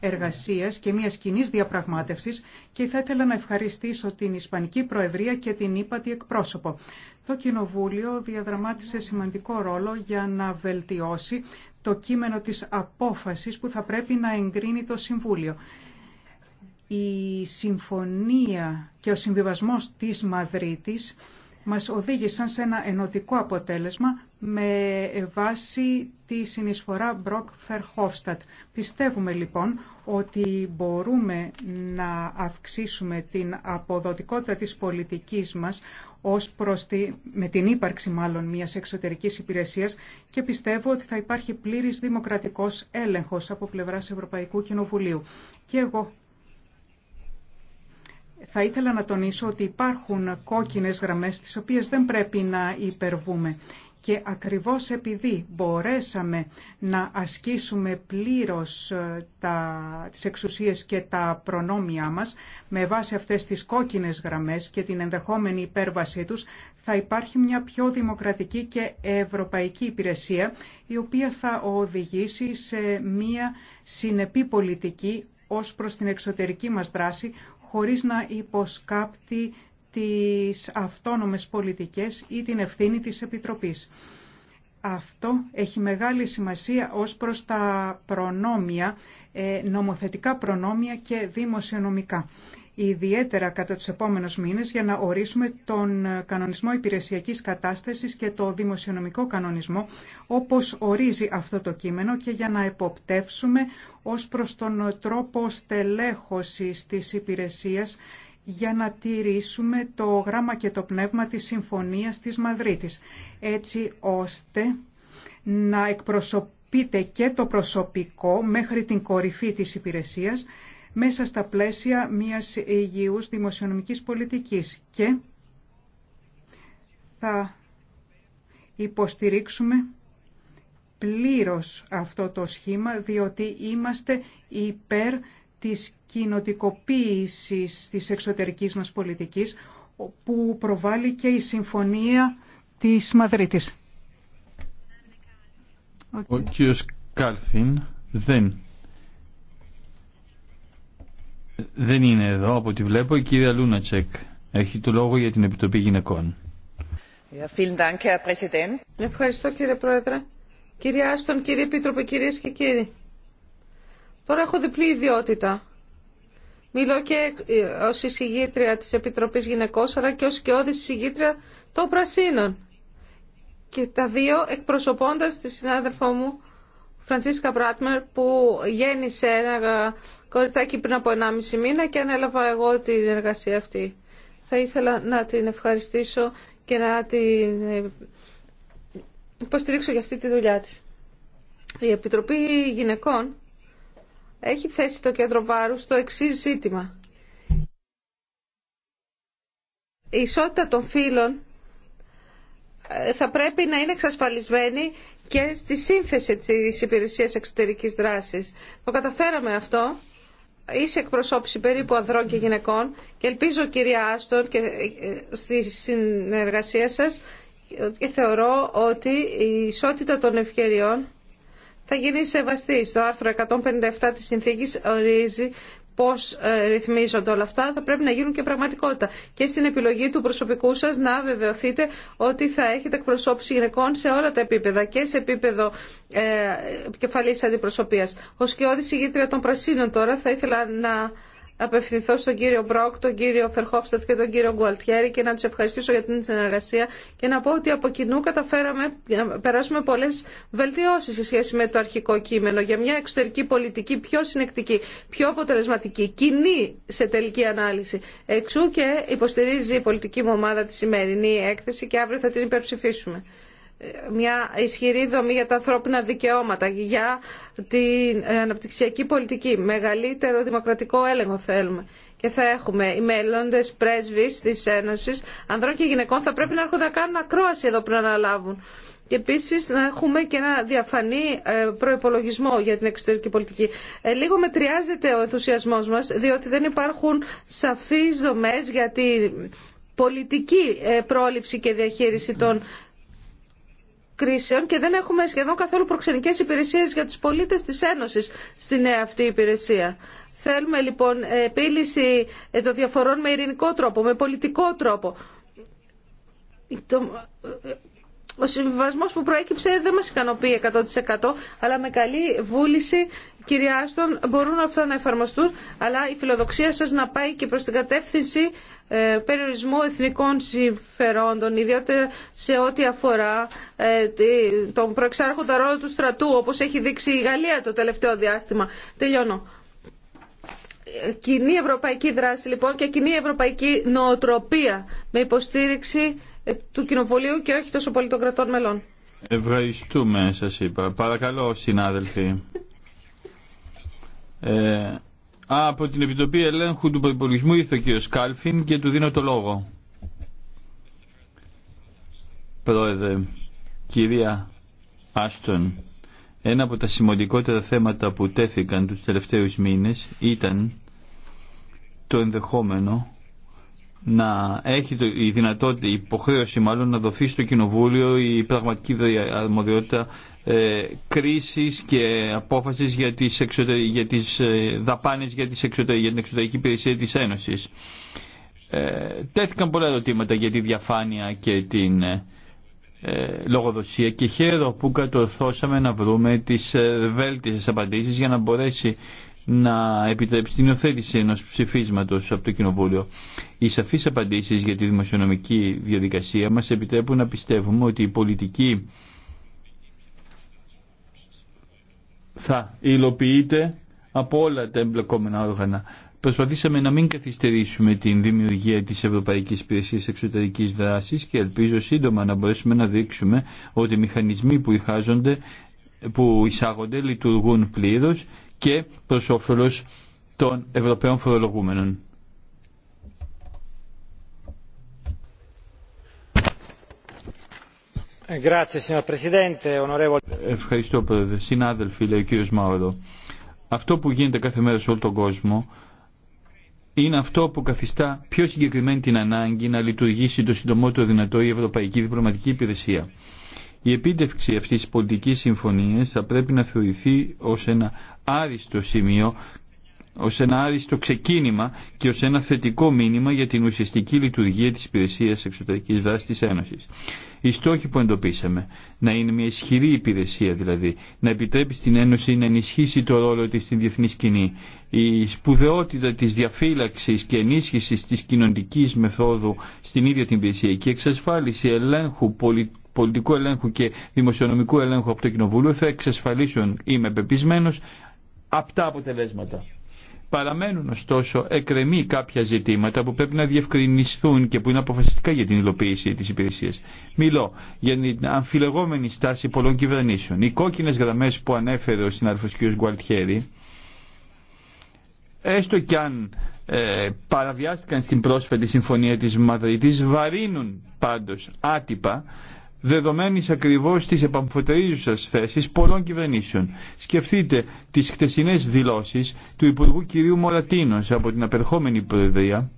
εργασίας και μιας κοινή διαπραγμάτευσης και θα ήθελα να ευχαριστήσω την Ισπανική Προεδρία και την ύπατη εκπρόσωπο. Το Κοινοβούλιο διαδραμάτισε σημαντικό ρόλο για να βελτιώσει το κείμενο της απόφασης που θα πρέπει να εγκρίνει το Συμβούλιο. Η συμφωνία και ο συμβιβασμός της Μαδρίτης μας οδήγησαν σε ένα ενωτικό αποτέλεσμα με βάση τη συνεισφορά Μπροκ Φερχόφστατ. Πιστεύουμε λοιπόν ότι μπορούμε να αυξήσουμε την αποδοτικότητα της πολιτικής μας ως προς τη, με την ύπαρξη μάλλον μιας εξωτερικής υπηρεσίας και πιστεύω ότι θα υπάρχει πλήρης δημοκρατικός έλεγχος από πλευράς Ευρωπαϊκού Κοινοβουλίου. Και εγώ θα ήθελα να τονίσω ότι υπάρχουν κόκκινες γραμμές τις οποίες δεν πρέπει να υπερβούμε. Και ακριβώς επειδή μπορέσαμε να ασκήσουμε πλήρως ε, τα, τις εξουσίες και τα προνόμια μας με βάση αυτές τις κόκκινες γραμμές και την ενδεχόμενη υπέρβασή τους θα υπάρχει μια πιο δημοκρατική και ευρωπαϊκή υπηρεσία η οποία θα οδηγήσει σε μια συνεπή πολιτική ως προς την εξωτερική μας δράση χωρίς να υποσκάπτει τις αυτόνομες πολιτικές ή την ευθύνη της Επιτροπής. Αυτό έχει μεγάλη σημασία ως προς τα προνόμια, ε, νομοθετικά προνόμια και δημοσιονομικά ιδιαίτερα κατά τους επόμενους μήνες για να ορίσουμε τον κανονισμό υπηρεσιακής κατάστασης και το δημοσιονομικό κανονισμό όπως ορίζει αυτό το κείμενο και για να εποπτεύσουμε ως προς τον τρόπο στελέχωσης της υπηρεσίας για να τηρήσουμε το γράμμα και το πνεύμα της Συμφωνίας της Μαδρίτης, έτσι ώστε να εκπροσωπείται και το προσωπικό μέχρι την κορυφή της υπηρεσίας μέσα στα πλαίσια μιας υγιούς δημοσιονομικής πολιτικής και θα υποστηρίξουμε πλήρως αυτό το σχήμα διότι είμαστε υπέρ της κοινοτικοποίησης της εξωτερικής μας πολιτικής που προβάλλει και η Συμφωνία της Μαδρίτης. Ο κύριος δεν δεν είναι εδώ από ό,τι βλέπω. Η κυρία Λούνατσεκ έχει το λόγο για την Επιτροπή Γυναικών. Ευχαριστώ κύριε Πρόεδρε. Κύριε Άστον, κύριε Επίτροπε, κυρίε και κύριοι. Τώρα έχω διπλή ιδιότητα. Μιλώ και ε, ω εισηγήτρια τη Επιτροπή Γυναικών, αλλά και ω κοιόδη εισηγήτρια των Πρασίνων. Και τα δύο εκπροσωπώντα τη συνάδελφό μου, Φρανσίσκα Μπράτμερ που γέννησε ένα κοριτσάκι πριν από 1,5 μήνα και ανέλαβα εγώ την εργασία αυτή. Θα ήθελα να την ευχαριστήσω και να την υποστηρίξω για αυτή τη δουλειά της. Η Επιτροπή Γυναικών έχει θέσει το κέντρο βάρου στο εξή ζήτημα. Η ισότητα των φύλων ε, θα πρέπει να είναι εξασφαλισμένη και στη σύνθεση της υπηρεσίας εξωτερικής δράσης. Το καταφέραμε αυτό, είσαι εκπροσώπηση περίπου ανδρών και γυναικών και ελπίζω κυρία Άστον και ε, στη συνεργασία σας και θεωρώ ότι η ισότητα των ευκαιριών θα γίνει σεβαστή. Στο άρθρο 157 της συνθήκης ορίζει πώς ε, ρυθμίζονται όλα αυτά, θα πρέπει να γίνουν και πραγματικότητα. Και στην επιλογή του προσωπικού σας να βεβαιωθείτε ότι θα έχετε εκπροσώπηση γυναικών σε όλα τα επίπεδα και σε επίπεδο ε, κεφαλής αντιπροσωπείας. Ως και ηγήτρια των Πρασίνων τώρα θα ήθελα να απευθυνθώ στον κύριο Μπρόκ, τον κύριο Φερχόφστατ και τον κύριο Γκουαλτιέρη και να του ευχαριστήσω για την συνεργασία και να πω ότι από κοινού καταφέραμε να περάσουμε πολλέ βελτιώσει σε σχέση με το αρχικό κείμενο για μια εξωτερική πολιτική πιο συνεκτική, πιο αποτελεσματική, κοινή σε τελική ανάλυση. Εξού και υποστηρίζει η πολιτική μου ομάδα τη σημερινή έκθεση και αύριο θα την υπερψηφίσουμε μια ισχυρή δομή για τα ανθρώπινα δικαιώματα, για την αναπτυξιακή πολιτική. Μεγαλύτερο δημοκρατικό έλεγχο θέλουμε. Και θα έχουμε οι μέλλοντε πρέσβει τη Ένωση, ανδρών και γυναικών, θα πρέπει να έρχονται να κάνουν ακρόαση εδώ πριν αναλάβουν. Και επίση να έχουμε και ένα διαφανή ε, προπολογισμό για την εξωτερική πολιτική. Ε, λίγο μετριάζεται ο ενθουσιασμό μα, διότι δεν υπάρχουν σαφεί δομέ για την πολιτική ε, πρόληψη και διαχείριση των κρίσεων και δεν έχουμε σχεδόν καθόλου προξενικές υπηρεσίες για τους πολίτες της Ένωσης στη νέα αυτή υπηρεσία. Θέλουμε λοιπόν επίλυση ε, των διαφορών με ειρηνικό τρόπο, με πολιτικό τρόπο. Ε, ο συμβιβασμό που προέκυψε δεν μας ικανοποιεί 100% αλλά με καλή βούληση Κυρία μπορούν αυτά να εφαρμοστούν, αλλά η φιλοδοξία σας να πάει και προς την κατεύθυνση ε, περιορισμού εθνικών συμφερόντων, ιδιαίτερα σε ό,τι αφορά ε, τον προεξάρχοντα ρόλο του στρατού, όπως έχει δείξει η Γαλλία το τελευταίο διάστημα. Τελειώνω. Ε, κοινή ευρωπαϊκή δράση λοιπόν και κοινή ευρωπαϊκή νοοτροπία με υποστήριξη του Κοινοβουλίου και όχι τόσο πολύ των κρατών μελών. Ευχαριστούμε σας είπα. Παρακαλώ συνάδελφοι. Ε, από την Επιτροπή Ελέγχου του Προπολογισμού ήρθε ο κ. Σκάλφιν και του δίνω το λόγο. Πρόεδρε, κυρία Άστον, ένα από τα σημαντικότερα θέματα που τέθηκαν τους τελευταίους μήνες ήταν το ενδεχόμενο να έχει το, η δυνατότητα, η υποχρέωση μάλλον να δοθεί στο Κοινοβούλιο η πραγματική αρμοδιότητα ε, κρίσης και απόφασης για τις, εξωτερι, για ε, δαπάνες για, τις για την εξωτερική υπηρεσία της Ένωσης. Ε, τέθηκαν πολλά ερωτήματα για τη διαφάνεια και την ε, ε, λογοδοσία και χαίρομαι που κατορθώσαμε να βρούμε τις ε, βέλτιστες απαντήσεις για να μπορέσει να επιτρέψει την υιοθέτηση ενό ψηφίσματο από το Κοινοβούλιο. Οι σαφείς απαντήσει για τη δημοσιονομική διαδικασία μα επιτρέπουν να πιστεύουμε ότι η πολιτική θα υλοποιείται από όλα τα εμπλεκόμενα όργανα. Προσπαθήσαμε να μην καθυστερήσουμε την δημιουργία της Ευρωπαϊκής Υπηρεσίας Εξωτερικής Δράσης και ελπίζω σύντομα να μπορέσουμε να δείξουμε ότι οι μηχανισμοί που, που εισάγονται λειτουργούν πλήρως και προς όφελος των Ευρωπαίων φορολογούμενων. Ευχαριστώ, Πρόεδρε. Συνάδελφοι, λέει ο κύριο Μάωρο. Αυτό που γίνεται κάθε μέρα σε όλο τον κόσμο είναι αυτό που καθιστά πιο συγκεκριμένη την ανάγκη να λειτουργήσει το συντομότερο δυνατό η Ευρωπαϊκή Διπλωματική Υπηρεσία. Η επίτευξη αυτής της πολιτικής συμφωνίας θα πρέπει να θεωρηθεί ως ένα άριστο σημείο ως ένα άριστο ξεκίνημα και ως ένα θετικό μήνυμα για την ουσιαστική λειτουργία της υπηρεσίας εξωτερικής δράσης της Ένωσης. Οι στόχοι που εντοπίσαμε, να είναι μια ισχυρή υπηρεσία δηλαδή, να επιτρέπει στην Ένωση να ενισχύσει το ρόλο της στην διεθνή σκηνή, η σπουδαιότητα της διαφύλαξης και ενίσχυσης της κοινωνικής μεθόδου στην ίδια την υπηρεσία και η εξασφάλιση ελέγχου πολι πολιτικού ελέγχου και δημοσιονομικού ελέγχου από το Κοινοβούλιο θα εξασφαλίσουν, είμαι πεπισμένο απτά αποτελέσματα. Παραμένουν ωστόσο εκρεμεί κάποια ζητήματα που πρέπει να διευκρινιστούν και που είναι αποφασιστικά για την υλοποίηση τη Υπηρεσία. Μιλώ για την αμφιλεγόμενη στάση πολλών κυβερνήσεων. Οι κόκκινε γραμμέ που ανέφερε ο συνάδελφο κ. Γκουαλτιέρη, έστω κι αν ε, παραβιάστηκαν στην πρόσφατη συμφωνία της Μαδρίτης, βαρύνουν πάντως άτυπα δεδομένης ακριβώς της επαμφωτερίζουσα θέσης πολλών κυβερνήσεων. Σκεφτείτε τις χτεσινές δηλώσεις του Υπουργού κυρίου Μωρατίνο από την απερχόμενη Προεδρία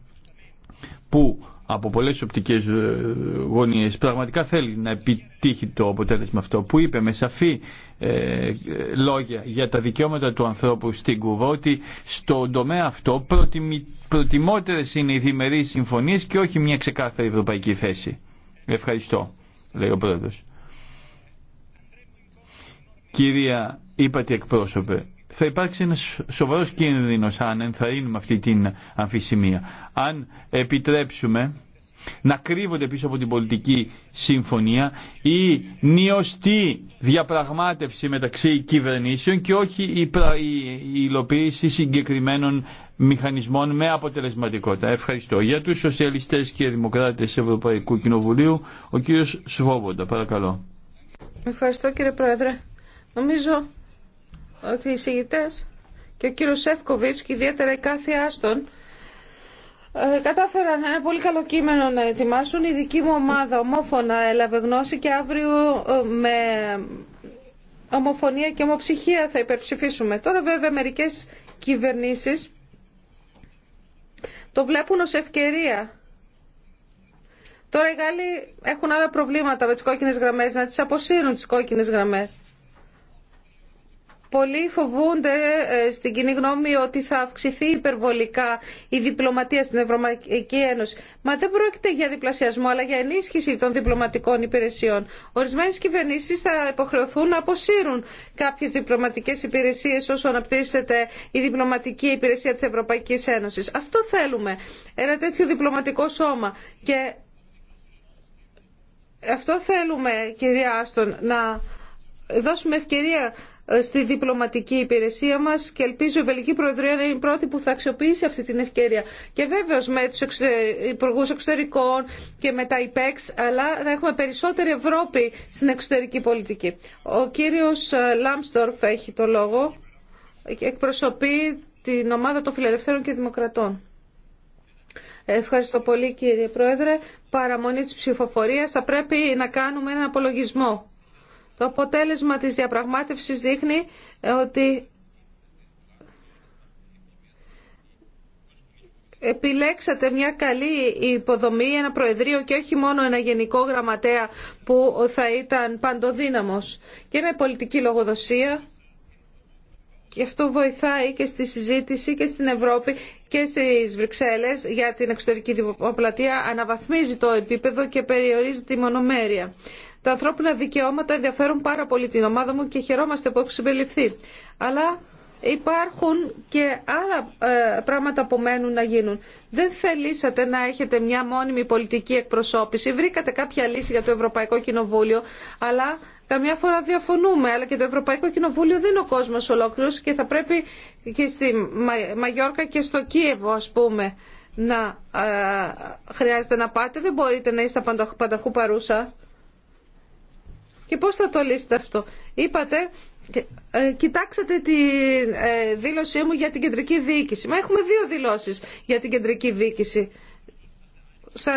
που από πολλές οπτικές ε, γωνίες πραγματικά θέλει να επιτύχει το αποτέλεσμα αυτό που είπε με σαφή ε, λόγια για τα δικαιώματα του ανθρώπου στην Κούβα ότι στον τομέα αυτό προτιμότερε προτιμότερες είναι οι διμερείς συμφωνίες και όχι μια ξεκάθαρη ευρωπαϊκή θέση. Ευχαριστώ λέει ο πρόεδρος. Κυρία, είπατε εκπρόσωπε, θα υπάρξει ένας σοβαρός κίνδυνος αν ενθαρρύνουμε αυτή την αμφισημία. Αν επιτρέψουμε να κρύβονται πίσω από την πολιτική συμφωνία η νιωστή διαπραγμάτευση μεταξύ κυβερνήσεων και όχι η, η υλοποίηση συγκεκριμένων μηχανισμών με αποτελεσματικότητα. Ευχαριστώ. Για τους σοσιαλιστές και δημοκράτες Ευρωπαϊκού Κοινοβουλίου, ο κύριος Σβόβοντα, παρακαλώ. Ευχαριστώ κύριε Πρόεδρε. Νομίζω ότι οι συγητές και ο κύριος Σεύκοβιτς και ιδιαίτερα η κάθε Άστον ε, κατάφεραν ένα πολύ καλό κείμενο να ετοιμάσουν. Η δική μου ομάδα ομόφωνα έλαβε γνώση και αύριο ε, με ομοφωνία και ομοψυχία θα υπερψηφίσουμε. Τώρα βέβαια μερικές κυβερνήσεις το βλέπουν ως ευκαιρία. Τώρα οι Γάλλοι έχουν άλλα προβλήματα με τις κόκκινες γραμμές, να τις αποσύρουν τις κόκκινες γραμμές. Πολλοί φοβούνται ε, στην κοινή γνώμη ότι θα αυξηθεί υπερβολικά η διπλωματία στην Ευρωπαϊκή Ένωση. Μα δεν πρόκειται για διπλασιασμό, αλλά για ενίσχυση των διπλωματικών υπηρεσιών. Ορισμένε κυβερνήσει θα υποχρεωθούν να αποσύρουν κάποιε διπλωματικέ υπηρεσίε όσο αναπτύσσεται η διπλωματική υπηρεσία τη Ευρωπαϊκή Ένωση. Αυτό θέλουμε. Ένα τέτοιο διπλωματικό σώμα. Και αυτό θέλουμε, κυρία Άστον, να δώσουμε ευκαιρία στη διπλωματική υπηρεσία μας και ελπίζω η Βελική Προεδρία να είναι η πρώτη που θα αξιοποιήσει αυτή την ευκαιρία. Και βέβαιως με τους υπουργού εξωτερικών και με τα ΙΠΕΞ, αλλά να έχουμε περισσότερη Ευρώπη στην εξωτερική πολιτική. Ο κύριος ε, λάμστορφ έχει το λόγο και εκπροσωπεί την ομάδα των Φιλελευθέρων και Δημοκρατών. Ευχαριστώ πολύ κύριε Πρόεδρε. Παραμονή της ψηφοφορίας θα πρέπει να κάνουμε ένα απολογισμό το αποτέλεσμα της διαπραγμάτευσης δείχνει ε, ότι επιλέξατε μια καλή υποδομή, ένα προεδρείο και όχι μόνο ένα γενικό γραμματέα που θα ήταν παντοδύναμος και με πολιτική λογοδοσία και αυτό βοηθάει και στη συζήτηση και στην Ευρώπη και στις Βρυξέλλες για την εξωτερική διπλωματία αναβαθμίζει το επίπεδο και περιορίζει τη μονομέρεια. Τα ανθρώπινα δικαιώματα ενδιαφέρουν πάρα πολύ την ομάδα μου και χαιρόμαστε που έχω συμπεριληφθεί. Αλλά υπάρχουν και άλλα ε, πράγματα που μένουν να γίνουν. Δεν θελήσατε να έχετε μια μόνιμη πολιτική εκπροσώπηση. Βρήκατε κάποια λύση για το Ευρωπαϊκό Κοινοβούλιο, αλλά καμιά φορά διαφωνούμε. Αλλά και το Ευρωπαϊκό Κοινοβούλιο δεν είναι ο κόσμο ολόκληρο και θα πρέπει και στη Μαγιόρκα και στο Κίεβο, α πούμε, να ε, χρειάζεται να πάτε. Δεν μπορείτε να είστε πανταχού παρούσα. Και πώς θα το λύσετε αυτό. Είπατε, ε, κοιτάξατε τη ε, δήλωσή μου για την κεντρική διοίκηση. Μα έχουμε δύο δηλώσεις για την κεντρική διοίκηση. 48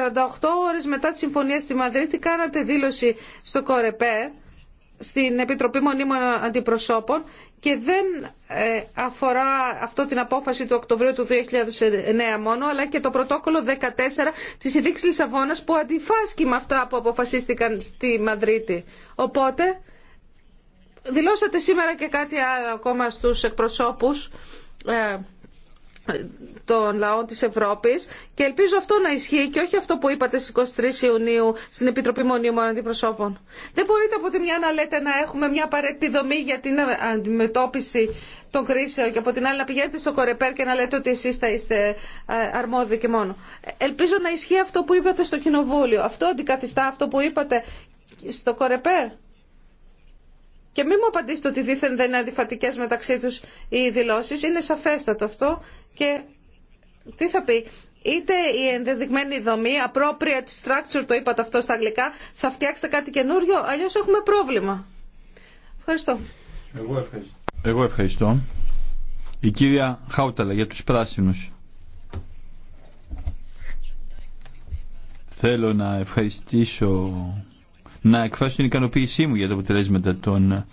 ώρες μετά τη συμφωνία στη Μαδρίτη κάνατε δήλωση στο Κορεπέρ στην Επιτροπή Μονίμων Αντιπροσώπων και δεν ε, αφορά αυτό την απόφαση του Οκτωβρίου του 2009 μόνο, αλλά και το πρωτόκολλο 14 της ειδήξης Λισαβόνας που αντιφάσκει με αυτά που αποφασίστηκαν στη Μαδρίτη. Οπότε, δηλώσατε σήμερα και κάτι άλλο ακόμα στους εκπροσώπους ε, των λαών της Ευρώπης και ελπίζω αυτό να ισχύει και όχι αυτό που είπατε στις 23 Ιουνίου στην Επιτροπή Μονίμων Αντιπροσώπων. Δεν μπορείτε από τη μια να λέτε να έχουμε μια απαραίτητη δομή για την αντιμετώπιση των κρίσεων και από την άλλη να πηγαίνετε στο Κορεπέρ και να λέτε ότι εσείς θα είστε αρμόδιοι και μόνο. Ελπίζω να ισχύει αυτό που είπατε στο Κοινοβούλιο. Αυτό αντικαθιστά αυτό που είπατε στο Κορεπέρ. Και μην μου απαντήσετε ότι δήθεν δεν είναι αντιφατικέ μεταξύ του οι δηλώσει. Είναι σαφέστατο αυτό και τι θα πει, είτε η ενδεδειγμένη δομή, appropriate structure, το είπατε αυτό στα αγγλικά, θα φτιάξετε κάτι καινούριο, αλλιώς έχουμε πρόβλημα. Ευχαριστώ. Εγώ ευχαριστώ. Εγώ ευχαριστώ. Η κυρία Χάουταλα για τους πράσινους. Θέλω να ευχαριστήσω, να εκφράσω την ικανοποίησή μου για τα αποτελέσματα των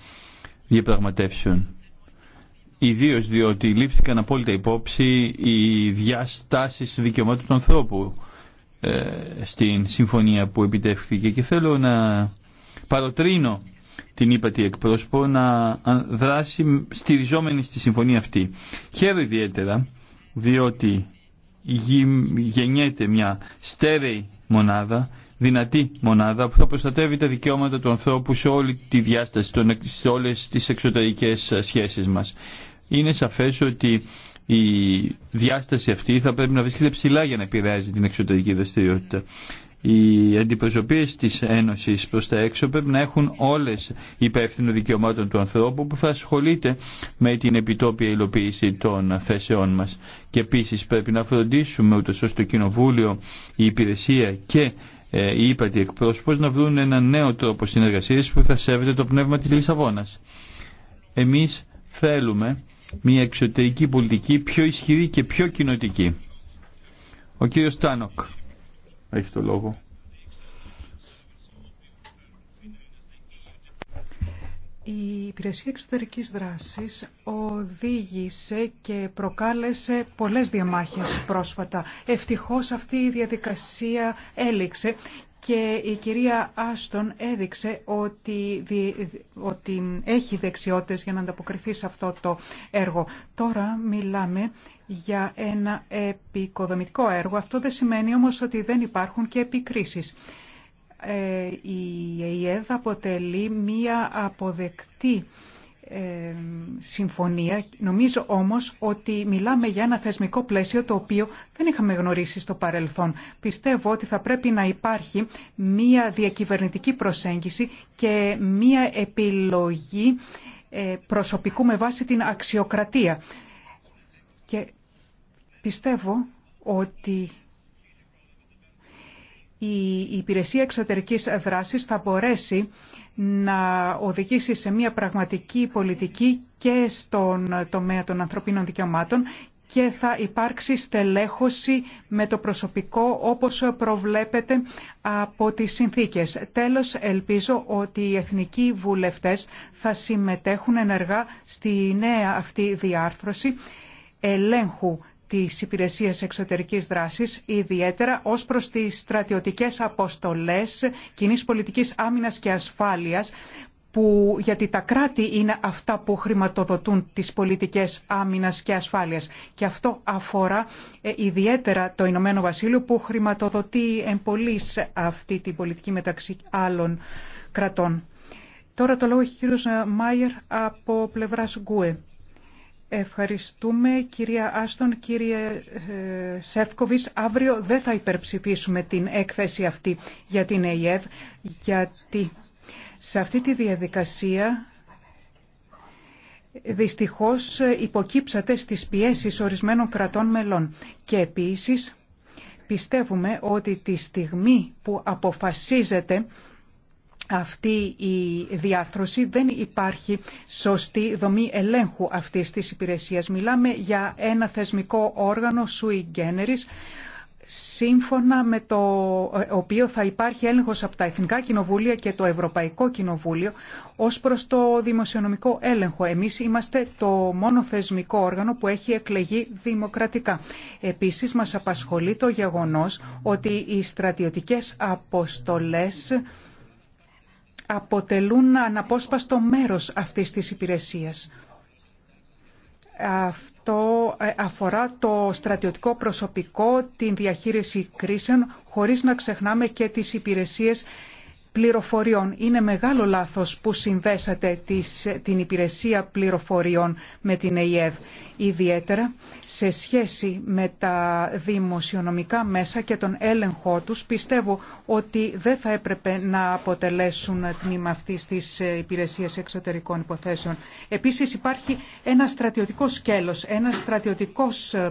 διαπραγματεύσεων. Ιδίω διότι λήφθηκαν απόλυτα υπόψη οι διαστάσει δικαιωμάτων του ανθρώπου ε, στην συμφωνία που επιτεύχθηκε και θέλω να παροτρύνω την ύπατη εκπρόσωπο να δράσει στηριζόμενη στη συμφωνία αυτή. Χαίρομαι ιδιαίτερα διότι γεννιέται μια στέρεη μονάδα, δυνατή μονάδα που θα προστατεύει τα δικαιώματα του ανθρώπου σε όλη τη διάσταση, σε όλες τις εξωτερικές ε, σχέσεις μας είναι σαφές ότι η διάσταση αυτή θα πρέπει να βρίσκεται ψηλά για να επηρεάζει την εξωτερική δραστηριότητα. Οι αντιπροσωπείε τη Ένωση προ τα έξω πρέπει να έχουν όλες υπεύθυνο δικαιωμάτων του ανθρώπου που θα ασχολείται με την επιτόπια υλοποίηση των θέσεών μα. Και επίση πρέπει να φροντίσουμε ούτω ώστε το Κοινοβούλιο, η υπηρεσία και οι ε, ύπατοι εκπρόσωπος να βρουν ένα νέο τρόπο συνεργασία που θα σέβεται το πνεύμα τη Λισαβόνα. Εμεί θέλουμε μια εξωτερική πολιτική πιο ισχυρή και πιο κοινοτική. Ο κύριος Τάνοκ έχει το λόγο. Η υπηρεσία εξωτερικής δράσης οδήγησε και προκάλεσε πολλές διαμάχες πρόσφατα. Ευτυχώς αυτή η διαδικασία έληξε και η κυρία Άστον έδειξε ότι, ότι έχει δεξιότητες για να ανταποκριθεί σε αυτό το έργο. Τώρα μιλάμε για ένα επικοδομητικό έργο. Αυτό δεν σημαίνει όμως ότι δεν υπάρχουν και επικρίσεις. Ε, η ΕΕΔ αποτελεί μία αποδεκτή συμφωνία. Νομίζω όμως ότι μιλάμε για ένα θεσμικό πλαίσιο το οποίο δεν είχαμε γνωρίσει στο παρελθόν. Πιστεύω ότι θα πρέπει να υπάρχει μία διακυβερνητική προσέγγιση και μία επιλογή ε, προσωπικού με βάση την αξιοκρατία. Και πιστεύω ότι η υπηρεσία εξωτερικής δράσης θα μπορέσει να οδηγήσει σε μια πραγματική πολιτική και στον τομέα των ανθρωπίνων δικαιωμάτων και θα υπάρξει στελέχωση με το προσωπικό όπως προβλέπεται από τις συνθήκες. Τέλος, ελπίζω ότι οι εθνικοί βουλευτές θα συμμετέχουν ενεργά στη νέα αυτή διάρθρωση ελέγχου της Υπηρεσίας Εξωτερικής Δράσης, ιδιαίτερα ως προς τις στρατιωτικές αποστολές κοινή πολιτικής άμυνας και ασφάλειας, που, γιατί τα κράτη είναι αυτά που χρηματοδοτούν τις πολιτικές άμυνας και ασφάλειας. Και αυτό αφορά ε, ιδιαίτερα το Ηνωμένο Βασίλειο που χρηματοδοτεί εμπολής αυτή την πολιτική μεταξύ άλλων κρατών. Τώρα το λόγο έχει ο κύριος ε, Μάιερ από πλευράς Γκουε. Ευχαριστούμε κυρία Άστον, κύριε ε, Σεύκοβης. Αύριο δεν θα υπερψηφίσουμε την έκθεση αυτή για την ΕΙΕΒ, γιατί σε αυτή τη διαδικασία δυστυχώς υποκύψατε στις πιέσεις ορισμένων κρατών μελών. Και επίσης πιστεύουμε ότι τη στιγμή που αποφασίζεται αυτή η διάρθρωση δεν υπάρχει σωστή δομή ελέγχου αυτής της υπηρεσίας. Μιλάμε για ένα θεσμικό όργανο sui generis, σύμφωνα με το ε, οποίο θα υπάρχει έλεγχος από τα Εθνικά Κοινοβούλια και το Ευρωπαϊκό Κοινοβούλιο ως προς το δημοσιονομικό έλεγχο. Εμείς είμαστε το μόνο θεσμικό όργανο που έχει εκλεγεί δημοκρατικά. Επίσης μας απασχολεί το γεγονός ότι οι στρατιωτικές αποστολές αποτελούν αναπόσπαστο μέρος αυτής της υπηρεσίας. Αυτό ε, αφορά το στρατιωτικό προσωπικό, την διαχείριση κρίσεων, χωρίς να ξεχνάμε και τις υπηρεσίες πληροφοριών. Είναι μεγάλο λάθος που συνδέσατε τις, την υπηρεσία πληροφοριών με την ΕΙΕΔ, ιδιαίτερα σε σχέση με τα δημοσιονομικά μέσα και τον έλεγχό τους. Πιστεύω ότι δεν θα έπρεπε να αποτελέσουν τμήμα αυτή τη υπηρεσία εξωτερικών υποθέσεων. Επίσης υπάρχει ένα στρατιωτικό σκέλος, ένα στρατιωτικός ε,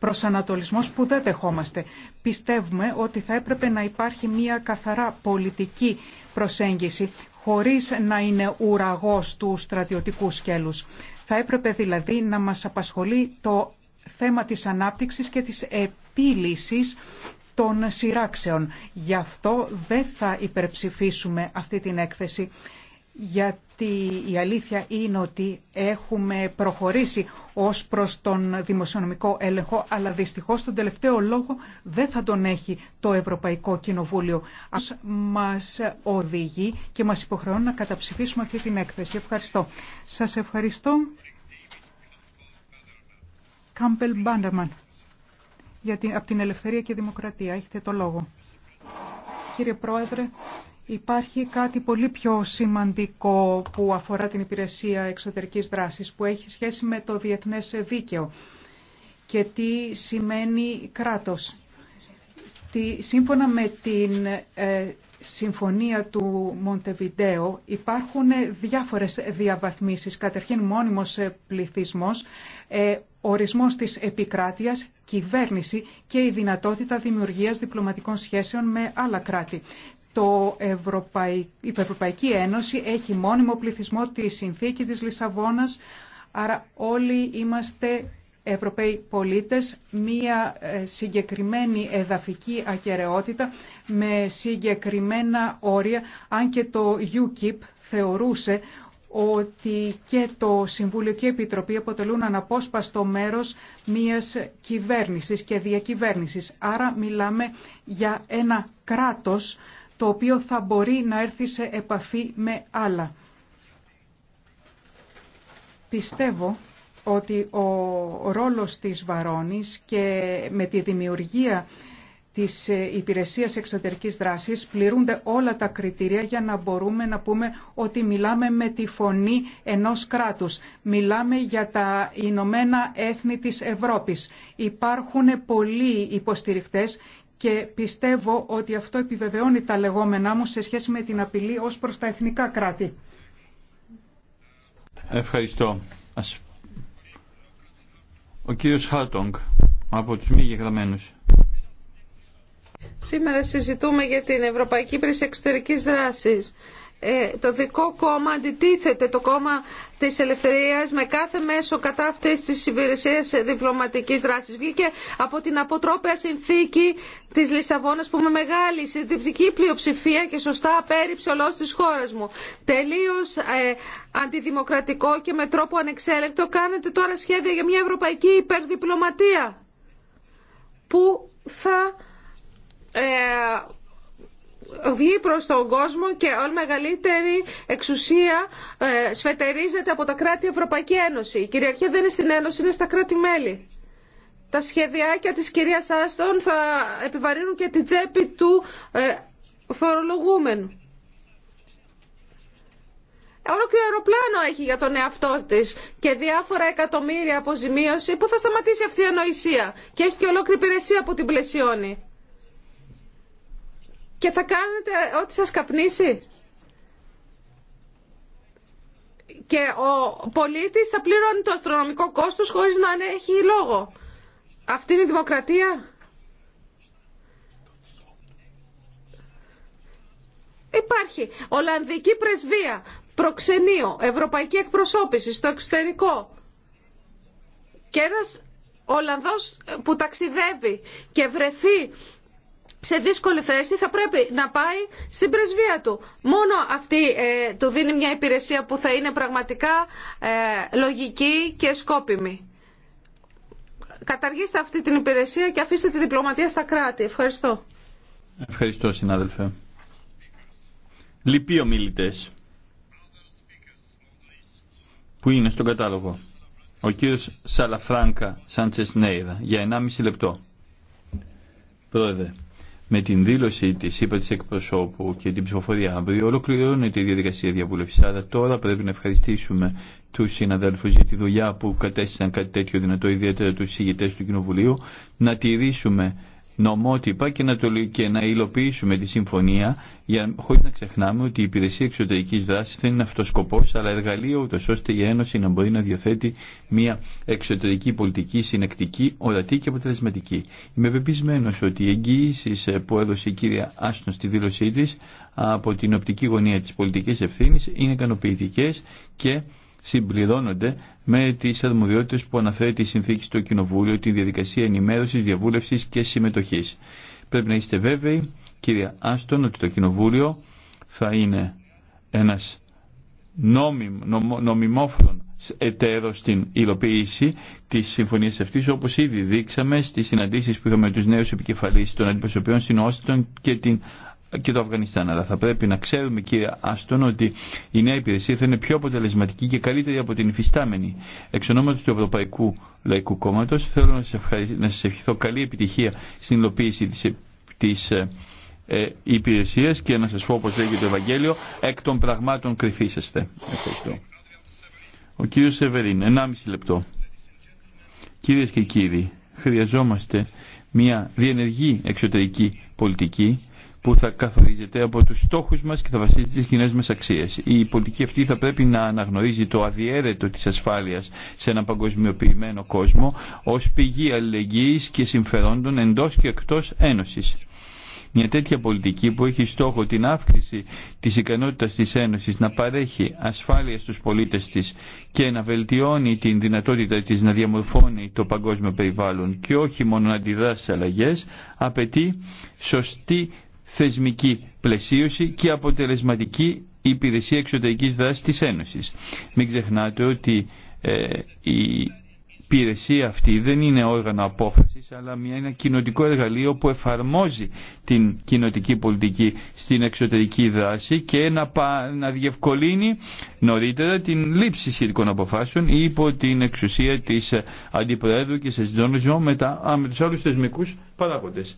προσανατολισμός που δεν δεχόμαστε. Πιστεύουμε ότι θα έπρεπε να υπάρχει μια καθαρά πολιτική προσέγγιση χωρίς να είναι ουραγός του στρατιωτικού σκέλους. Θα έπρεπε δηλαδή να μας απασχολεί το θέμα της ανάπτυξης και της επίλυσης των σειράξεων. Γι' αυτό δεν θα υπερψηφίσουμε αυτή την έκθεση γιατί η αλήθεια είναι ότι έχουμε προχωρήσει ως προς τον δημοσιονομικό έλεγχο, αλλά δυστυχώς τον τελευταίο λόγο δεν θα τον έχει το Ευρωπαϊκό Κοινοβούλιο. Ας μας οδηγεί και μας υποχρεώνει να καταψηφίσουμε αυτή την έκθεση. Ευχαριστώ. Σας ευχαριστώ. Κάμπελ Μπάντερμαν, από την Ελευθερία και Δημοκρατία. Έχετε το λόγο. Κύριε Πρόεδρε, Υπάρχει κάτι πολύ πιο σημαντικό που αφορά την υπηρεσία εξωτερικής δράσης που έχει σχέση με το διεθνές δίκαιο και τι σημαίνει κράτος. Σύμφωνα με την ε, συμφωνία του Μοντεβιντέο υπάρχουν διάφορες διαβαθμίσεις. Κατερχήν μόνιμος πληθυσμός, ε, ορισμός της επικράτειας, κυβέρνηση και η δυνατότητα δημιουργίας διπλωματικών σχέσεων με άλλα κράτη το η Ευρωπαϊκή Ένωση έχει μόνιμο πληθυσμό τη συνθήκη της Λισαβόνας, άρα όλοι είμαστε Ευρωπαίοι πολίτες, μία ε, συγκεκριμένη εδαφική ακαιρεότητα με συγκεκριμένα όρια, αν και το UKIP θεωρούσε ότι και το Συμβούλιο και η Επιτροπή αποτελούν αναπόσπαστο μέρος μιας κυβέρνησης και διακυβέρνησης. Άρα μιλάμε για ένα κράτος το οποίο θα μπορεί να έρθει σε επαφή με άλλα. Πιστεύω ότι ο ρόλος της Βαρόνης και με τη δημιουργία της ε, υπηρεσίας εξωτερικής δράσης πληρούνται όλα τα κριτήρια για να μπορούμε να πούμε ότι μιλάμε με τη φωνή ενός κράτους. Μιλάμε για τα Ηνωμένα Έθνη της Ευρώπης. Υπάρχουν πολλοί υποστηριχτές και πιστεύω ότι αυτό επιβεβαιώνει τα λεγόμενά μου σε σχέση με την απειλή ως προς τα εθνικά κράτη. Ευχαριστώ. Ο κύριος Χάρτογκ από τους μη γεγραμμένους. Σήμερα συζητούμε για την Ευρωπαϊκή Υπηρεσία Εξωτερικής Δράσης. Ε, το δικό κόμμα αντιτίθεται το κόμμα της ελευθερίας με κάθε μέσο κατά αυτές της υπηρεσίες διπλωματικής δράσης. Βγήκε από την αποτρόπαια συνθήκη της Λισαβόνας που με μεγάλη συντριπτική πλειοψηφία και σωστά απέρριψε ολός της χώρας μου. Τελείως ε, αντιδημοκρατικό και με τρόπο ανεξέλεκτο κάνετε τώρα σχέδια για μια ευρωπαϊκή υπερδιπλωματία που θα... Ε, βγει προς τον κόσμο και όλη μεγαλύτερη εξουσία ε, σφετερίζεται από τα κράτη Ευρωπαϊκή Ένωση. Η κυριαρχία δεν είναι στην Ένωση, είναι στα κράτη-μέλη. Τα σχεδιάκια της κυρίας Άστον θα επιβαρύνουν και την τσέπη του ε, φορολογούμενου. ο αεροπλάνο έχει για τον εαυτό τη και διάφορα εκατομμύρια αποζημίωση. Πού θα σταματήσει αυτή η ανοησία. Και έχει και ολόκληρη υπηρεσία που την πλαισιώνει και θα κάνετε ό,τι σας καπνίσει. Και ο πολίτης θα πληρώνει το αστρονομικό κόστος χωρίς να έχει λόγο. Αυτή είναι η δημοκρατία. Υπάρχει Ολλανδική πρεσβεία, προξενείο, ευρωπαϊκή εκπροσώπηση στο εξωτερικό. Και ένας Ολλανδός που ταξιδεύει και βρεθεί σε δύσκολη θέση θα πρέπει να πάει στην πρεσβεία του. Μόνο αυτή ε, του δίνει μια υπηρεσία που θα είναι πραγματικά ε, λογική και σκόπιμη. Καταργήστε αυτή την υπηρεσία και αφήστε τη διπλωματία στα κράτη. Ευχαριστώ. Ευχαριστώ συνάδελφε. Λυπεί ομιλητέ. Που είναι στον κατάλογο. Ο κύριος Σαλαφράνκα Σάντσες Νέιδα για 1,5 λεπτό. Πρόεδρε. Με την δήλωση τη ΥΠΑ τη εκπροσώπου και την ψηφοφορία αύριο ολοκληρώνεται η διαδικασία διαβούλευση. Άρα τώρα πρέπει να ευχαριστήσουμε του συναδέλφου για τη δουλειά που κατέστησαν κάτι τέτοιο δυνατό, ιδιαίτερα του ηγητέ του Κοινοβουλίου, να τηρήσουμε νομότυπα και να, το, και να υλοποιήσουμε τη συμφωνία για, χωρίς να ξεχνάμε ότι η υπηρεσία εξωτερικής δράσης δεν είναι αυτός σκοπός αλλά εργαλείο ούτως ώστε η Ένωση να μπορεί να διαθέτει μια εξωτερική πολιτική συνεκτική, ορατή και αποτελεσματική. Είμαι πεπισμένος ότι οι εγγυήσει ε, που έδωσε η κυρία Άστον στη δήλωσή της από την οπτική γωνία της πολιτικής ευθύνης είναι ικανοποιητικέ και συμπληρώνονται με τι αρμοδιότητε που αναφέρει η συνθήκη στο Κοινοβούλιο, τη διαδικασία ενημέρωση, διαβούλευση και συμμετοχή. Πρέπει να είστε βέβαιοι, κυρία Άστον, ότι το Κοινοβούλιο θα είναι ένα νόμιμ, νομιμόφρον εταίρο στην υλοποίηση της συμφωνία αυτής όπως ήδη δείξαμε στι συναντήσει που είχαμε με τους νέους επικεφαλεί των αντιπροσωπείων στην Όστιτον και την και το Αφγανιστάν. Αλλά θα πρέπει να ξέρουμε, κύριε Άστον, ότι η νέα υπηρεσία θα είναι πιο αποτελεσματική και καλύτερη από την υφιστάμενη. Εξ ονόματο του Ευρωπαϊκού Λαϊκού Κόμματο, θέλω να σα ευχαρι... ευχηθώ καλή επιτυχία στην υλοποίηση τη της, ε, ε, ε υπηρεσία και να σα πω, όπω λέγει το Ευαγγέλιο, εκ των πραγμάτων κρυφίσεστε. Ευχαριστώ. Ο κύριο Σεβερίν, 1,5 λεπτό. Κυρίε και κύριοι, χρειαζόμαστε μια διενεργή εξωτερική πολιτική που θα καθορίζεται από τους στόχους μας και θα βασίζεται στις κοινέ μας αξίες. Η πολιτική αυτή θα πρέπει να αναγνωρίζει το αδιέρετο της ασφάλειας σε έναν παγκοσμιοποιημένο κόσμο ως πηγή αλληλεγγύης και συμφερόντων εντός και εκτός Ένωσης. Μια τέτοια πολιτική που έχει στόχο την αύξηση της ικανότητας της Ένωσης να παρέχει ασφάλεια στους πολίτες της και να βελτιώνει την δυνατότητα της να διαμορφώνει το παγκόσμιο περιβάλλον και όχι μόνο να αντιδράσει σε αλλαγές, απαιτεί σωστή θεσμική πλαισίωση και αποτελεσματική υπηρεσία εξωτερικής δράσης της Ένωσης. Μην ξεχνάτε ότι ε, η υπηρεσία αυτή δεν είναι όργανο απόφασης αλλά μια, ένα κοινοτικό εργαλείο που εφαρμόζει την κοινοτική πολιτική στην εξωτερική δράση και να, να διευκολύνει νωρίτερα την λήψη σχετικών αποφάσεων υπό την εξουσία της Αντιπροέδρου και σε συντονισμό με, με τους άλλους παράγοντες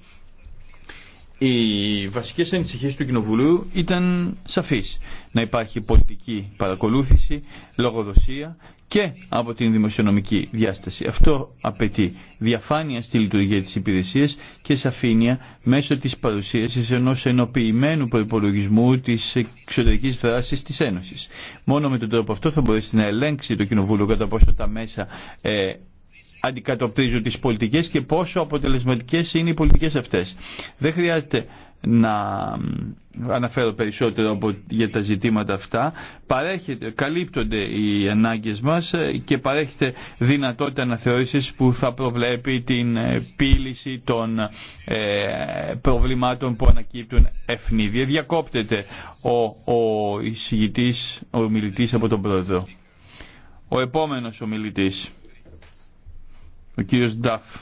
οι βασικές ανησυχίες του Κοινοβουλίου ήταν σαφείς. Να υπάρχει πολιτική παρακολούθηση, λογοδοσία και από την δημοσιονομική διάσταση. Αυτό απαιτεί διαφάνεια στη λειτουργία της υπηρεσίας και σαφήνεια μέσω της παρουσίασης ενός ενοποιημένου προπολογισμού της εξωτερικής δράσης της Ένωσης. Μόνο με τον τρόπο αυτό θα μπορέσει να ελέγξει το Κοινοβούλιο κατά πόσο τα μέσα ε, αντικατοπτρίζουν τις πολιτικές και πόσο αποτελεσματικές είναι οι πολιτικές αυτές. Δεν χρειάζεται να αναφέρω περισσότερο για τα ζητήματα αυτά. Παρέχεται, καλύπτονται οι ανάγκες μας ε, και παρέχεται δυνατότητα αναθεώρησης που θα προβλέπει την ε, πύληση των ε, προβλημάτων που ανακύπτουν ευνίδια. Διακόπτεται ο, ο ο μιλητής από τον πρόεδρο. Ο επόμενος ομιλητής. Ο κύριος Νταφ.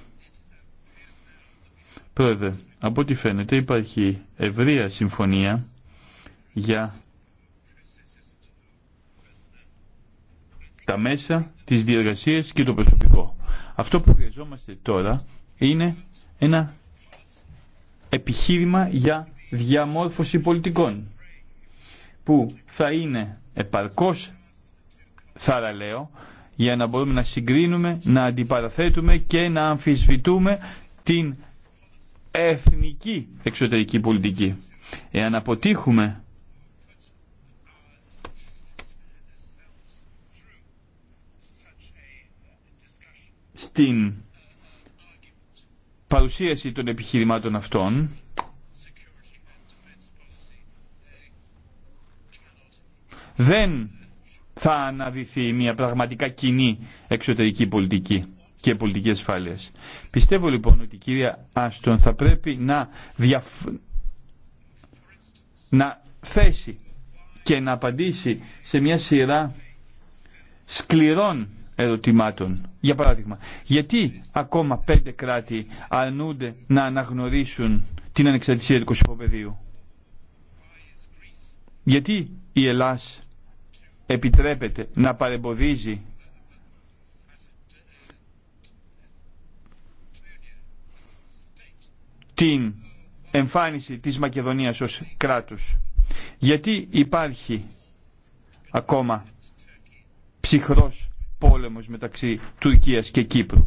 Πρόεδρε, από ό,τι φαίνεται υπάρχει ευρεία συμφωνία για τα μέσα, τις διεργασίες και το προσωπικό. Αυτό που χρειαζόμαστε τώρα είναι ένα επιχείρημα για διαμόρφωση πολιτικών που θα είναι επαρκώς θαραλέο για να μπορούμε να συγκρίνουμε, να αντιπαραθέτουμε και να αμφισβητούμε την εθνική εξωτερική πολιτική. Εάν αποτύχουμε στην παρουσίαση των επιχειρημάτων αυτών δεν θα αναδυθεί μια πραγματικά κοινή εξωτερική πολιτική και πολιτική ασφάλεια. Πιστεύω λοιπόν ότι η κυρία Άστον θα πρέπει να, διαφ... να θέσει και να απαντήσει σε μια σειρά σκληρών ερωτημάτων. Για παράδειγμα, γιατί ακόμα πέντε κράτη αρνούνται να αναγνωρίσουν την ανεξαρτησία του κοσμοπεδίου. Γιατί η Ελλάς επιτρέπεται να παρεμποδίζει την εμφάνιση της Μακεδονίας ως κράτους. Γιατί υπάρχει ακόμα ψυχρός πόλεμος μεταξύ Τουρκίας και Κύπρου.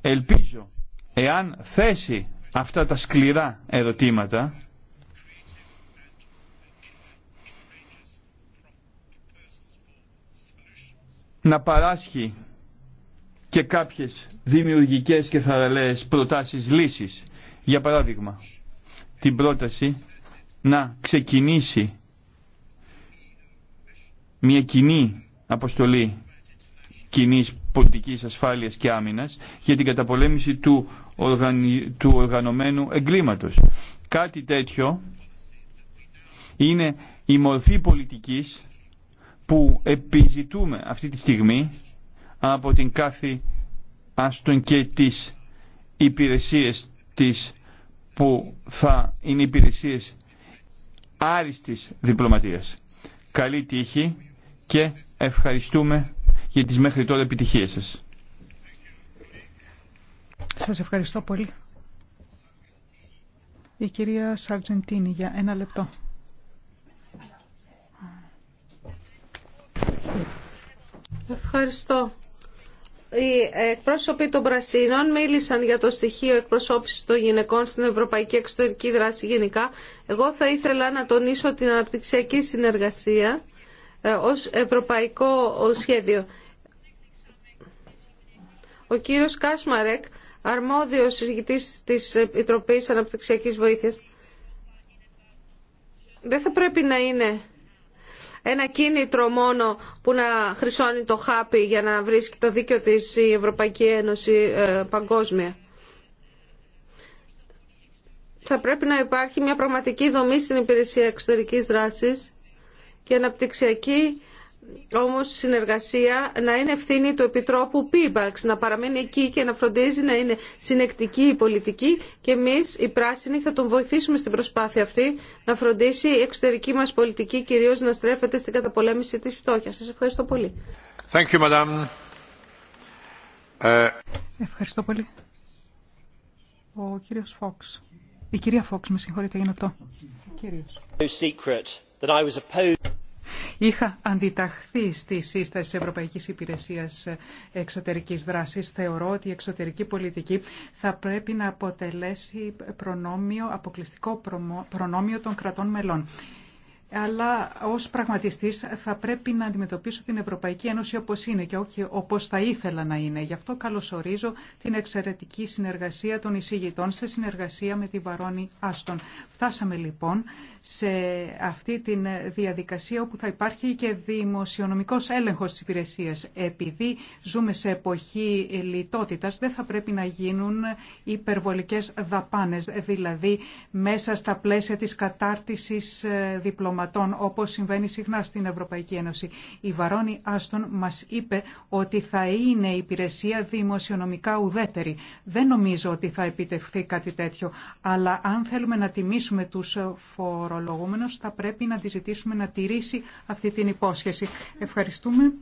Ελπίζω, εάν θέσει αυτά τα σκληρά ερωτήματα, να παράσχει και κάποιες δημιουργικές και θαραλέες προτάσεις λύσης. Για παράδειγμα, την πρόταση να ξεκινήσει μια κοινή αποστολή κοινή πολιτικής ασφάλειας και άμυνας για την καταπολέμηση του, του οργανωμένου εγκλήματος. Κάτι τέτοιο είναι η μορφή πολιτικής που επιζητούμε αυτή τη στιγμή από την κάθε άστον και τις υπηρεσίες της που θα είναι υπηρεσίες άριστης διπλωματίας. Καλή τύχη και ευχαριστούμε για τις μέχρι τώρα επιτυχίες σας. Σας ευχαριστώ πολύ. Η κυρία Σαρτζεντίνη για ένα λεπτό. Ευχαριστώ. Οι εκπρόσωποι των Πρασίνων μίλησαν για το στοιχείο εκπροσώπησης των γυναικών στην Ευρωπαϊκή Εξωτερική Δράση γενικά. Εγώ θα ήθελα να τονίσω την αναπτυξιακή συνεργασία ε, ως ευρωπαϊκό σχέδιο. Ο κύριος Κάσμαρεκ, αρμόδιος συζητητής της Επιτροπής Αναπτυξιακής Βοήθειας, δεν θα πρέπει να είναι ένα κίνητρο μόνο που να χρυσώνει το χάπι για να βρίσκει το δίκιο της η Ευρωπαϊκή Ένωση ε, παγκόσμια. Θα πρέπει να υπάρχει μια πραγματική δομή στην υπηρεσία εξωτερικής δράσης και αναπτυξιακή Όμω, συνεργασία να είναι ευθύνη του Επιτρόπου Πίμπαξ, να παραμένει εκεί και να φροντίζει να είναι συνεκτική η πολιτική και εμεί, οι πράσινοι θα τον βοηθήσουμε στην προσπάθεια αυτή να φροντίσει η εξωτερική μας πολιτική κυρίως να στρέφεται στην καταπολέμηση της φτώχεια. Σα ευχαριστώ πολύ. Thank you, madam. Ε, ευχαριστώ πολύ. Ο κύριος Φόξ. Η κυρία Φόξ, με συγχωρείτε, that είχα αντιταχθεί στη σύσταση της Ευρωπαϊκής Υπηρεσίας Εξωτερικής Δράσης. Θεωρώ ότι η εξωτερική πολιτική θα πρέπει να αποτελέσει προνόμιο, αποκλειστικό προνόμιο των κρατών μελών αλλά ως πραγματιστής θα πρέπει να αντιμετωπίσω την Ευρωπαϊκή Ένωση όπως είναι και όχι όπως θα ήθελα να είναι. Γι' αυτό καλωσορίζω την εξαιρετική συνεργασία των εισηγητών σε συνεργασία με την Βαρόνη Άστον. Φτάσαμε λοιπόν σε αυτή τη διαδικασία όπου θα υπάρχει και δημοσιονομικός έλεγχος της υπηρεσίας. Επειδή ζούμε σε εποχή λιτότητας δεν θα πρέπει να γίνουν υπερβολικές δαπάνες, δηλαδή μέσα στα πλαίσια της κατάρτισης διπλωμάτων. Όπω όπως συμβαίνει συχνά στην Ευρωπαϊκή Ένωση. Η Βαρόνι Άστον μας είπε ότι θα είναι η υπηρεσία δημοσιονομικά ουδέτερη. Δεν νομίζω ότι θα επιτευχθεί κάτι τέτοιο, αλλά αν θέλουμε να τιμήσουμε τους φορολογούμενους, θα πρέπει να τη ζητήσουμε να τηρήσει αυτή την υπόσχεση. Ευχαριστούμε.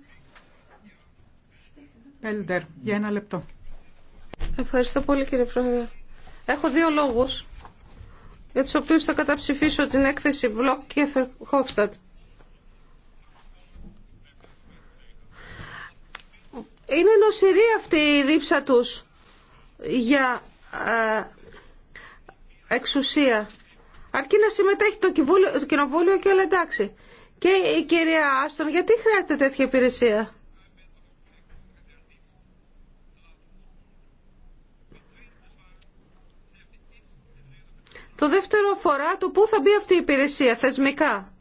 Πέλντερ, για ένα λεπτό. Ευχαριστώ πολύ κύριε Πρόεδρε. Έχω δύο λόγους για τους οποίους θα καταψηφίσω την έκθεση Block και Χόφστατ. Είναι νοσηρή αυτή η δίψα τους για ε, εξουσία. Αρκεί να συμμετέχει το, κοινοβούλιο και όλα εντάξει. Και η κυρία Άστον, γιατί χρειάζεται τέτοια υπηρεσία. Το δεύτερο αφορά το πού θα μπει αυτή η υπηρεσία θεσμικά.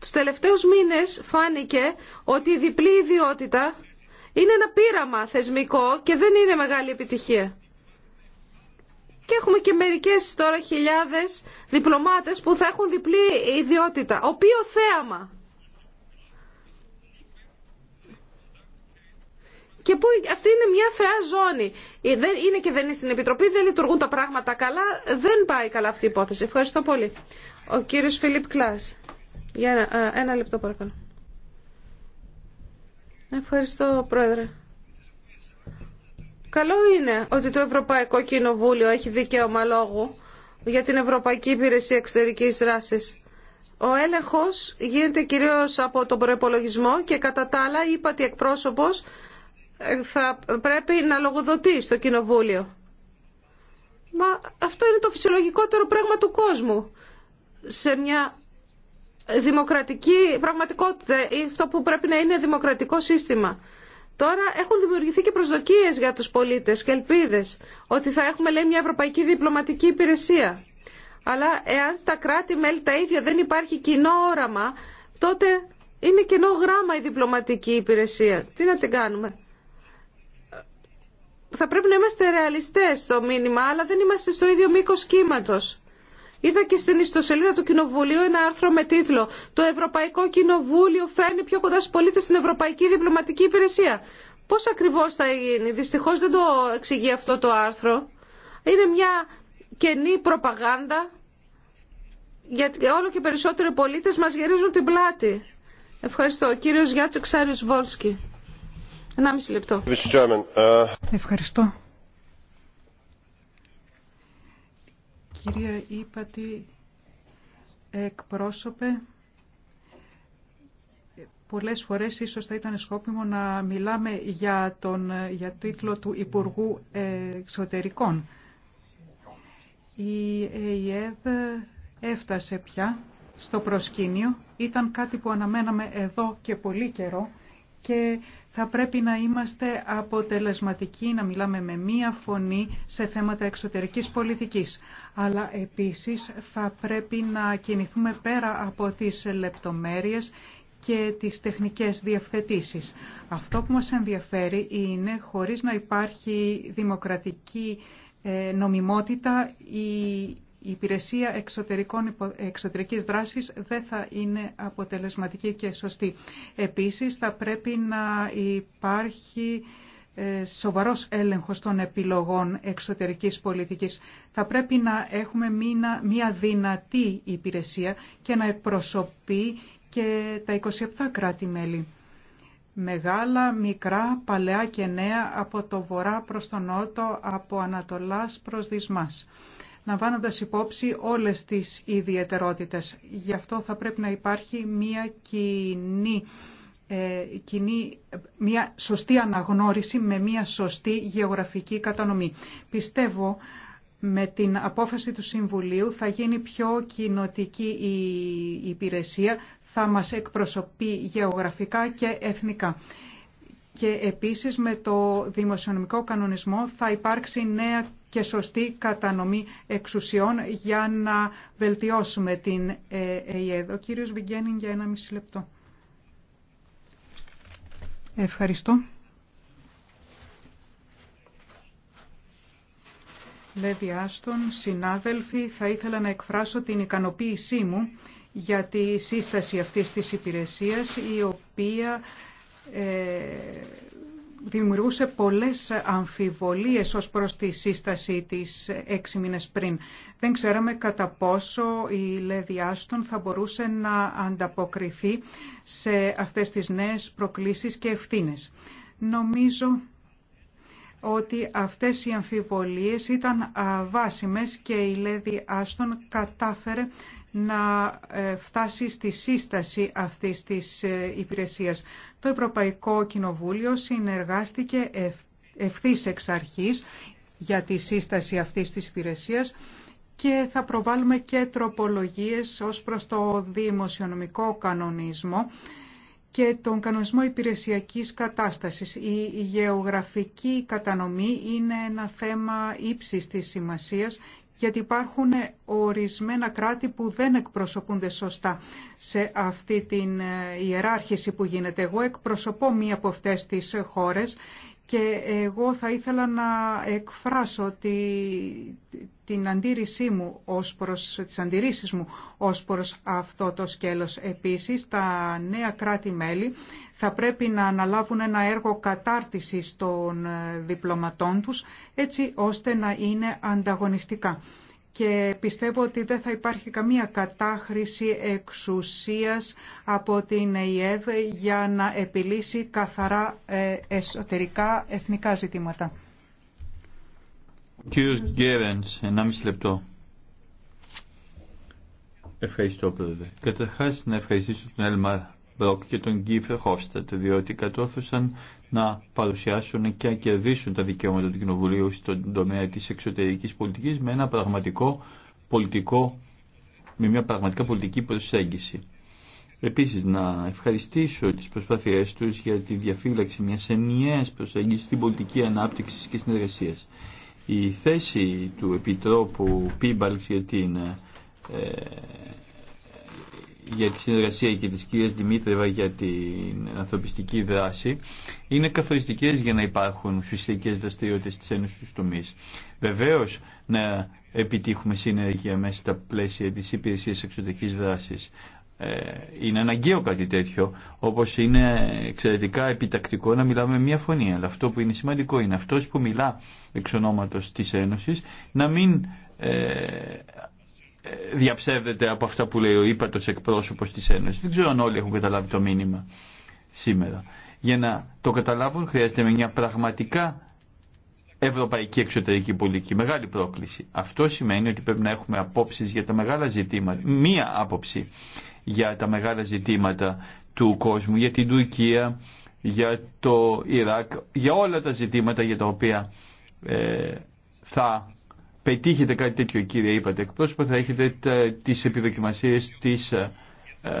Τους τελευταίους μήνες φάνηκε ότι η διπλή ιδιότητα είναι ένα πείραμα θεσμικό και δεν είναι μεγάλη επιτυχία. Και έχουμε και μερικές τώρα χιλιάδες διπλωμάτες που θα έχουν διπλή ιδιότητα. Οποίο θέαμα. Και που αυτή είναι μια φαιά ζώνη. Ε, είναι και δεν είναι στην Επιτροπή, δεν λειτουργούν τα πράγματα καλά, δεν πάει καλά αυτή η υπόθεση. Ευχαριστώ πολύ. Ο κύριος Φιλίπ Κλάς. Για ένα, ε, ένα λεπτό παρακαλώ. Ευχαριστώ Πρόεδρε. Καλό είναι ότι το Ευρωπαϊκό Κοινοβούλιο έχει δικαίωμα λόγου για την Ευρωπαϊκή Υπηρεσία Εξωτερικής Δράσης. Ο έλεγχος γίνεται κυρίως από τον προϋπολογισμό και κατά τα άλλα είπα ότι εκπρόσωπος θα πρέπει να λογοδοτεί στο κοινοβούλιο. Μα αυτό είναι το φυσιολογικότερο πράγμα του κόσμου. Σε μια δημοκρατική πραγματικότητα, ή ε, αυτό που πρέπει να είναι δημοκρατικό σύστημα. Τώρα έχουν δημιουργηθεί και προσδοκίες για τους πολίτες και ελπίδες ότι θα έχουμε λέει μια ευρωπαϊκή διπλωματική υπηρεσία. Αλλά εάν στα κράτη-μέλη τα ίδια δεν υπάρχει κοινό όραμα, τότε είναι κενό γράμμα η διπλωματική υπηρεσία. Τι να την κάνουμε θα πρέπει να είμαστε ρεαλιστές στο μήνυμα, αλλά δεν είμαστε στο ίδιο μήκος κύματος. Είδα και στην ιστοσελίδα του Κοινοβουλίου ένα άρθρο με τίτλο «Το Ευρωπαϊκό Κοινοβούλιο φέρνει πιο κοντά στους πολίτες στην Ευρωπαϊκή Διπλωματική Υπηρεσία». Πώς ακριβώς θα γίνει, δυστυχώς δεν το εξηγεί αυτό το άρθρο. Είναι μια κενή προπαγάνδα, γιατί όλο και περισσότεροι πολίτες μας γυρίζουν την πλάτη. Ευχαριστώ. Κύριο κύριος Γιάτσο Βόλσκι. Uh, Ευχαριστώ. Κυρία Ήπατη, εκπρόσωπε, πολλές φορές ίσως θα ήταν σκόπιμο να μιλάμε για τον για τίτλο του Υπουργού Εξωτερικών. Η ΕΙΕΔ έφτασε πια στο προσκήνιο. Ήταν κάτι που αναμέναμε εδώ και πολύ καιρό και θα πρέπει να είμαστε αποτελεσματικοί, να μιλάμε με μία φωνή σε θέματα εξωτερικής πολιτικής. Αλλά επίσης θα πρέπει να κινηθούμε πέρα από τις λεπτομέρειες και τις τεχνικές διευθετήσεις. Αυτό που μας ενδιαφέρει είναι, χωρίς να υπάρχει δημοκρατική ε, νομιμότητα, η η υπηρεσία εξωτερικών, εξωτερικής δράσης δεν θα είναι αποτελεσματική και σωστή. Επίσης θα πρέπει να υπάρχει ε, σοβαρός έλεγχος των επιλογών εξωτερικής πολιτικής. Θα πρέπει να έχουμε μια δυνατή υπηρεσία και να εκπροσωπεί και τα 27 κράτη-μέλη. Μεγάλα, μικρά, παλαιά και νέα από το βορρά προς τον νότο, από ανατολάς προς δυσμάς να λαμβάνοντας υπόψη όλες τις ιδιαιτερότητες. Γι' αυτό θα πρέπει να υπάρχει μια κοινή, ε, κοινή μια σωστή αναγνώριση με μια σωστή γεωγραφική κατανομή. Πιστεύω με την απόφαση του Συμβουλίου θα γίνει πιο κοινοτική η υπηρεσία, θα μας εκπροσωπεί γεωγραφικά και εθνικά. Και επίσης με το δημοσιονομικό κανονισμό θα υπάρξει νέα και σωστή κατανομή εξουσιών για να βελτιώσουμε την ε, ΕΕΔ. Ο κύριος Βιγγένιν για ένα μισή λεπτό. Ευχαριστώ. Λέδι Άστον, συνάδελφοι, θα ήθελα να εκφράσω την ικανοποίησή μου για τη σύσταση αυτής της υπηρεσίας η οποία ε, δημιουργούσε πολλές αμφιβολίες ως προς τη σύσταση της έξι μήνες πριν. Δεν ξέραμε κατά πόσο η Λέδη Άστον θα μπορούσε να ανταποκριθεί σε αυτές τις νέες προκλήσεις και ευθύνες. Νομίζω ότι αυτές οι αμφιβολίες ήταν βάσιμες και η Λέδη Άστον κατάφερε να ε, φτάσει στη σύσταση αυτής της ε, υπηρεσίας. Το Ευρωπαϊκό Κοινοβούλιο συνεργάστηκε ευθύς εξ αρχής για τη σύσταση αυτής της υπηρεσίας και θα προβάλλουμε και τροπολογίες ως προς το δημοσιονομικό κανονισμό και τον κανονισμό υπηρεσιακής κατάστασης. Η γεωγραφική κατανομή είναι ένα θέμα ύψης της σημασίας γιατί υπάρχουν ορισμένα κράτη που δεν εκπροσωπούνται σωστά σε αυτή την ε, ιεράρχηση που γίνεται. Εγώ εκπροσωπώ μία από αυτές τις χώρες και εγώ θα ήθελα να εκφράσω τη, την αντίρρησή μου ως προς, τις αντιρρήσεις μου ως προς αυτό το σκέλος. Επίσης, τα νέα κράτη-μέλη θα πρέπει να αναλάβουν ένα έργο κατάρτισης των διπλωματών τους, έτσι ώστε να είναι ανταγωνιστικά και πιστεύω ότι δεν θα υπάρχει καμία κατάχρηση εξουσίας από την Ε.Ε. για να επιλύσει καθαρά ε, εσωτερικά εθνικά ζητήματα. κύριος Γκέρενς, λεπτό. Ευχαριστώ, Πρόεδρε. Καταρχάς να ευχαριστήσω τον Έλμαρ Μπρόκ και τον Γκίφερ Χόφστατ, διότι κατόρθωσαν να παρουσιάσουν και να κερδίσουν τα δικαιώματα του Κοινοβουλίου στον τομέα της εξωτερικής πολιτικής με ένα πραγματικό πολιτικό, με μια πραγματικά πολιτική προσέγγιση. Επίσης να ευχαριστήσω τις προσπάθειές τους για τη διαφύλαξη μιας ενιαίας προσέγγισης στην πολιτική ανάπτυξη και συνεργασία. Η θέση του Επιτρόπου Πίμπαλξ για την ε, για τη συνεργασία και της κυρίας Δημήτρεβα για την ανθρωπιστική δράση είναι καθοριστικές για να υπάρχουν φυσικές δραστηριότητες της Ένωσης του τομείς. Βεβαίως να επιτύχουμε συνεργεία μέσα στα πλαίσια της υπηρεσίας εξωτερικής δράσης. Ε, είναι αναγκαίο κάτι τέτοιο, όπως είναι εξαιρετικά επιτακτικό να μιλάμε με μία φωνή. Αλλά αυτό που είναι σημαντικό είναι αυτός που μιλά εξ ονόματος της Ένωσης να μην ε, διαψεύδεται από αυτά που λέει ο ύπατος εκπρόσωπος της Ένωσης. Δεν ξέρω αν όλοι έχουν καταλάβει το μήνυμα σήμερα. Για να το καταλάβουν χρειάζεται μια πραγματικά ευρωπαϊκή εξωτερική πολιτική. Μεγάλη πρόκληση. Αυτό σημαίνει ότι πρέπει να έχουμε απόψει για τα μεγάλα ζητήματα. Μία άποψη για τα μεγάλα ζητήματα του κόσμου, για την Τουρκία, για το Ιράκ, για όλα τα ζητήματα για τα οποία ε, θα πετύχετε κάτι τέτοιο κύριε είπατε εκπρόσωπο θα έχετε τις επιδοκιμασίες της ε, ε,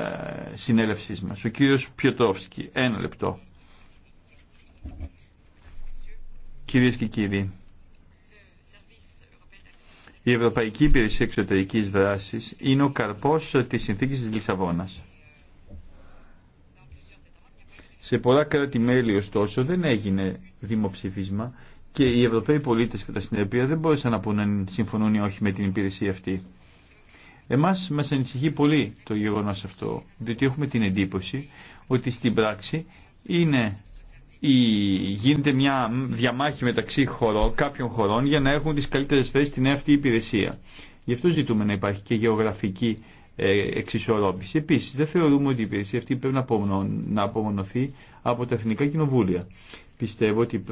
συνέλευσής μας. Ο κύριος Πιωτόφσκι, ένα λεπτό. Κυρίες και κύριοι, η Ευρωπαϊκή Υπηρεσία Εξωτερικής δράση είναι ο καρπός της συνθήκης της Λισαβόνας. Σε πολλά κράτη-μέλη, ωστόσο, δεν έγινε δημοψήφισμα και οι Ευρωπαίοι πολίτε κατά συνέπεια δεν μπόρεσαν να πούνε αν συμφωνούν ή όχι με την υπηρεσία αυτή. Εμά μα ανησυχεί πολύ το γεγονός αυτό, διότι έχουμε την εντύπωση ότι στην πράξη είναι η, γίνεται μια διαμάχη μεταξύ χωρών, κάποιων χωρών για να έχουν τι καλύτερε θέσει στην αυτή υπηρεσία. Γι' αυτό ζητούμε να υπάρχει και γεωγραφική ε, εξισορρόπηση. Επίση, δεν θεωρούμε ότι η υπηρεσία αυτή πρέπει να απομονωθεί από τα εθνικά κοινοβούλια. Πιστεύω ότι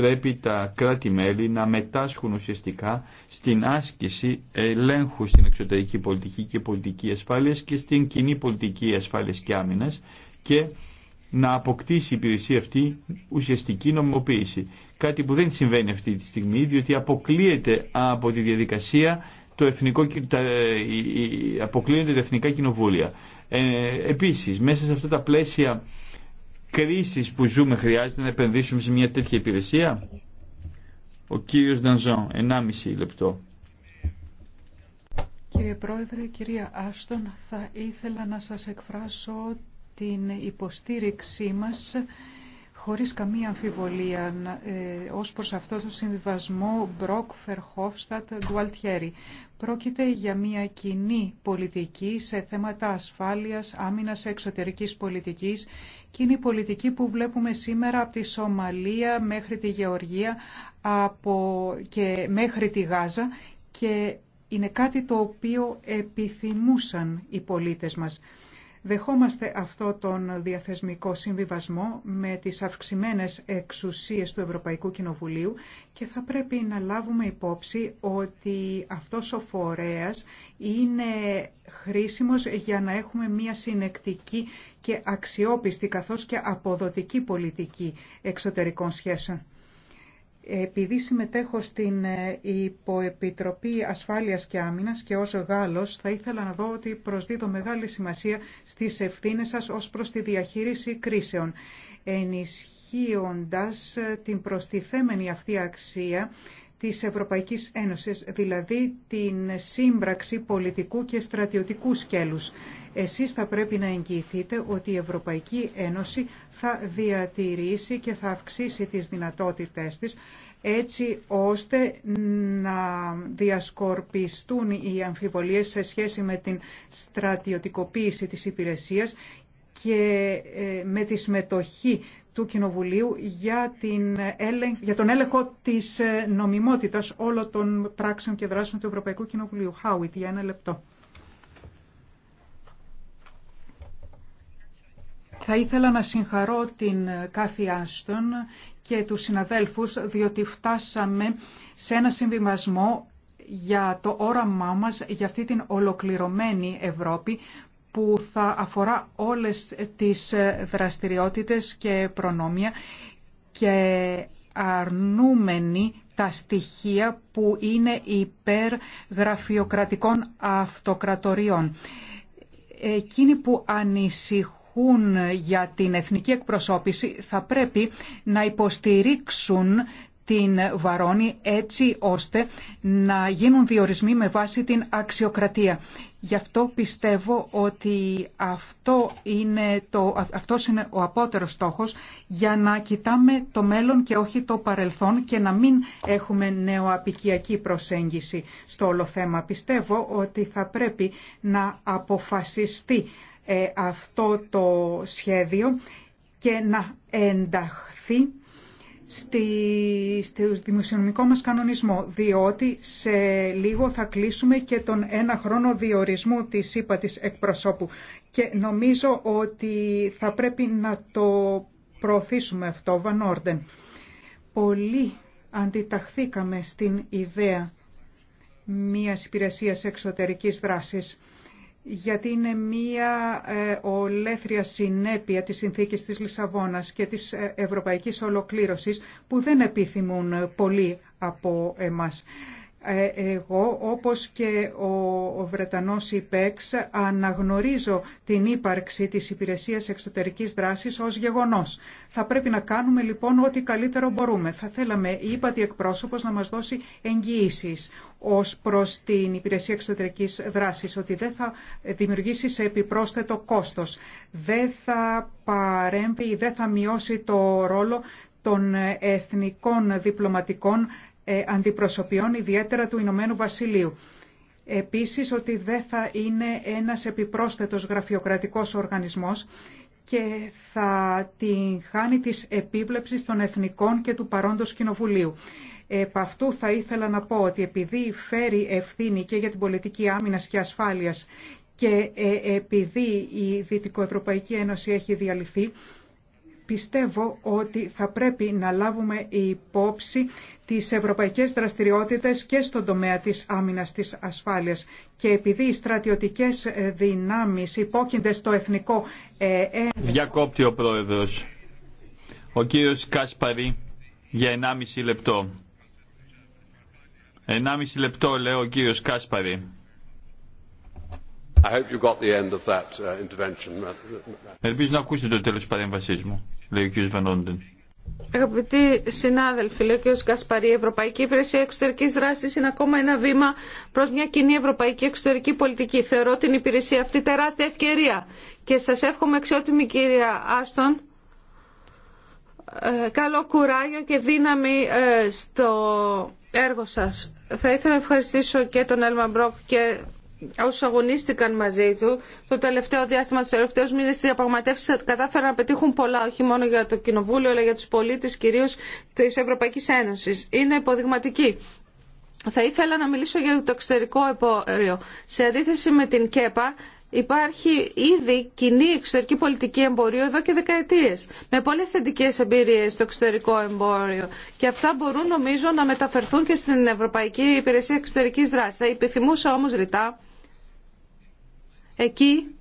πρέπει τα κράτη-μέλη να μετάσχουν ουσιαστικά στην άσκηση ελέγχου στην εξωτερική πολιτική και πολιτική ασφάλειας και στην κοινή πολιτική ασφάλειας και άμυνας και να αποκτήσει η υπηρεσία αυτή ουσιαστική νομιμοποίηση. Κάτι που δεν συμβαίνει αυτή τη στιγμή, διότι αποκλείεται από τη διαδικασία το εθνικό, τα, αποκλείονται τα εθνικά κοινοβούλια. Ε, επίσης, μέσα σε αυτά τα πλαίσια κρίσης που ζούμε χρειάζεται να επενδύσουμε σε μια τέτοια υπηρεσία. Ο κύριος Ντανζόν, 1,5 λεπτό. Κύριε Πρόεδρε, κυρία Άστον, θα ήθελα να σας εκφράσω την υποστήριξή μας χωρίς καμία αμφιβολία ε, ως προς αυτό το συμβιβασμό Μπροκ, Φερχόφστατ, Πρόκειται για μια κοινή πολιτική σε θέματα ασφάλειας, άμυνας, εξωτερικής πολιτικής και είναι η πολιτική που βλέπουμε σήμερα από τη Σομαλία μέχρι τη Γεωργία από... και μέχρι τη Γάζα και είναι κάτι το οποίο επιθυμούσαν οι πολίτες μας. Δεχόμαστε αυτό τον διαθεσμικό συμβιβασμό με τις αυξημένες εξουσίες του Ευρωπαϊκού Κοινοβουλίου και θα πρέπει να λάβουμε υπόψη ότι αυτός ο φορέας είναι χρήσιμος για να έχουμε μια συνεκτική και αξιόπιστη καθώς και αποδοτική πολιτική εξωτερικών σχέσεων. Επειδή συμμετέχω στην ε, Υποεπιτροπή Ασφάλειας και Άμυνας και ως Γάλλος θα ήθελα να δω ότι προσδίδω μεγάλη σημασία στις ευθύνες σας ως προς τη διαχείριση κρίσεων, ενισχύοντας ε, την προστιθέμενη αυτή αξία της Ευρωπαϊκής Ένωσης, δηλαδή την σύμπραξη πολιτικού και στρατιωτικού σκέλους. Εσείς θα πρέπει να εγγυηθείτε ότι η Ευρωπαϊκή Ένωση θα διατηρήσει και θα αυξήσει τις δυνατότητές της έτσι ώστε να διασκορπιστούν οι αμφιβολίες σε σχέση με την στρατιωτικοποίηση της υπηρεσίας και ε, με τη συμμετοχή του Κοινοβουλίου για, την για τον έλεγχο της ε, νομιμότητας όλων των πράξεων και δράσεων του Ευρωπαϊκού Κοινοβουλίου. Χάουιτ, για ένα λεπτό. Θα ήθελα να συγχαρώ την Κάθη Άστον και τους συναδέλφους, διότι φτάσαμε σε ένα συμβιβασμό για το όραμά μας για αυτή την ολοκληρωμένη Ευρώπη που θα αφορά όλες τις δραστηριότητες και προνόμια και αρνούμενη τα στοιχεία που είναι υπέρ γραφειοκρατικών αυτοκρατοριών. Εκείνοι που ανησυχούν για την εθνική εκπροσώπηση θα πρέπει να υποστηρίξουν την Βαρόνη έτσι ώστε να γίνουν διορισμοί με βάση την αξιοκρατία. Γι' αυτό πιστεύω ότι αυτό είναι, το, αυτός είναι ο απότερος στόχος για να κοιτάμε το μέλλον και όχι το παρελθόν και να μην έχουμε νεοαπικιακή προσέγγιση στο όλο θέμα. Πιστεύω ότι θα πρέπει να αποφασιστεί ε, αυτό το σχέδιο και να ενταχθεί στη, στο δημοσιονομικό μας κανονισμό, διότι σε λίγο θα κλείσουμε και τον ένα χρόνο διορισμού της ΥΠΑ της εκπροσώπου. Και νομίζω ότι θα πρέπει να το προωθήσουμε αυτό, Βαν Πολύ αντιταχθήκαμε στην ιδέα μιας υπηρεσίας εξωτερικής δράσης γιατί είναι μία ε, ολέθρια συνέπεια της συνθήκης της Λισαβόνας και της ε, ευρωπαϊκής ολοκλήρωσης που δεν επιθυμούν ε, πολύ από εμάς. Ε, εγώ όπως και ο Βρετανός ΥΠΕΞ αναγνωρίζω την ύπαρξη της υπηρεσίας εξωτερικής δράσης ως γεγονός. Θα πρέπει να κάνουμε λοιπόν ό,τι καλύτερο μπορούμε. Θα θέλαμε η ύπατη εκπρόσωπος να μας δώσει εγγυήσει ως προς την υπηρεσία εξωτερικής δράσης, ότι δεν θα δημιουργήσει σε επιπρόσθετο κόστος, δεν θα παρέμβει ή δεν θα μειώσει το ρόλο των εθνικών διπλωματικών ε, αντιπροσωπιών, ιδιαίτερα του Ηνωμένου Βασιλείου. Επίσης ότι δεν θα είναι ένας επιπρόσθετος γραφειοκρατικός οργανισμός και θα την χάνει της επίβλεψης των Εθνικών και του παρόντος Κοινοβουλίου. Επ' αυτού θα ήθελα να πω ότι επειδή φέρει ευθύνη και για την πολιτική άμυνας και ασφάλειας και ε, επειδή η Δυτικοευρωπαϊκή Ένωση έχει διαλυθεί, πιστεύω ότι θα πρέπει να λάβουμε υπόψη τις ευρωπαϊκές δραστηριότητες και στον τομέα της άμυνας της ασφάλειας. Και επειδή οι στρατιωτικές δυνάμεις υπόκεινται στο εθνικό... Ε, ε Διακόπτει ο Πρόεδρος. Ο κύριος Κάσπαρη για 1,5 λεπτό. 1,5 λεπτό λέει ο κύριος Κάσπαρη. Ελπίζω να ακούσετε το τέλος της παρέμβασής μου, λέει ο κ. Βανόντεν. Αγαπητοί συνάδελφοι, λέει ο κ. Κασπαρή, η Ευρωπαϊκή Υπηρεσία Εξωτερική Δράση είναι ακόμα ένα βήμα προ μια κοινή ευρωπαϊκή εξωτερική πολιτική. Θεωρώ την υπηρεσία αυτή τεράστια ευκαιρία. Και σα εύχομαι, αξιότιμη κυρία Άστον, ε, καλό κουράγιο και δύναμη ε, στο έργο σας. Θα ήθελα να ευχαριστήσω και τον Έλμα Μπρόκ και όσου αγωνίστηκαν μαζί του το τελευταίο διάστημα, του τελευταίου μήνε, οι διαπραγματεύσει κατάφεραν να πετύχουν πολλά, όχι μόνο για το Κοινοβούλιο, αλλά για του πολίτε κυρίω τη Ευρωπαϊκή Ένωση. Είναι υποδειγματική. Θα ήθελα να μιλήσω για το εξωτερικό εμπόριο. Σε αντίθεση με την ΚΕΠΑ, Υπάρχει ήδη κοινή εξωτερική πολιτική εμπορίου εδώ και δεκαετίε, με πολλέ θετικέ εμπειρίε στο εξωτερικό εμπόριο. Και αυτά μπορούν, νομίζω, να μεταφερθούν και στην Ευρωπαϊκή Υπηρεσία Εξωτερική Δράση. Θα επιθυμούσα όμω ρητά Εκεί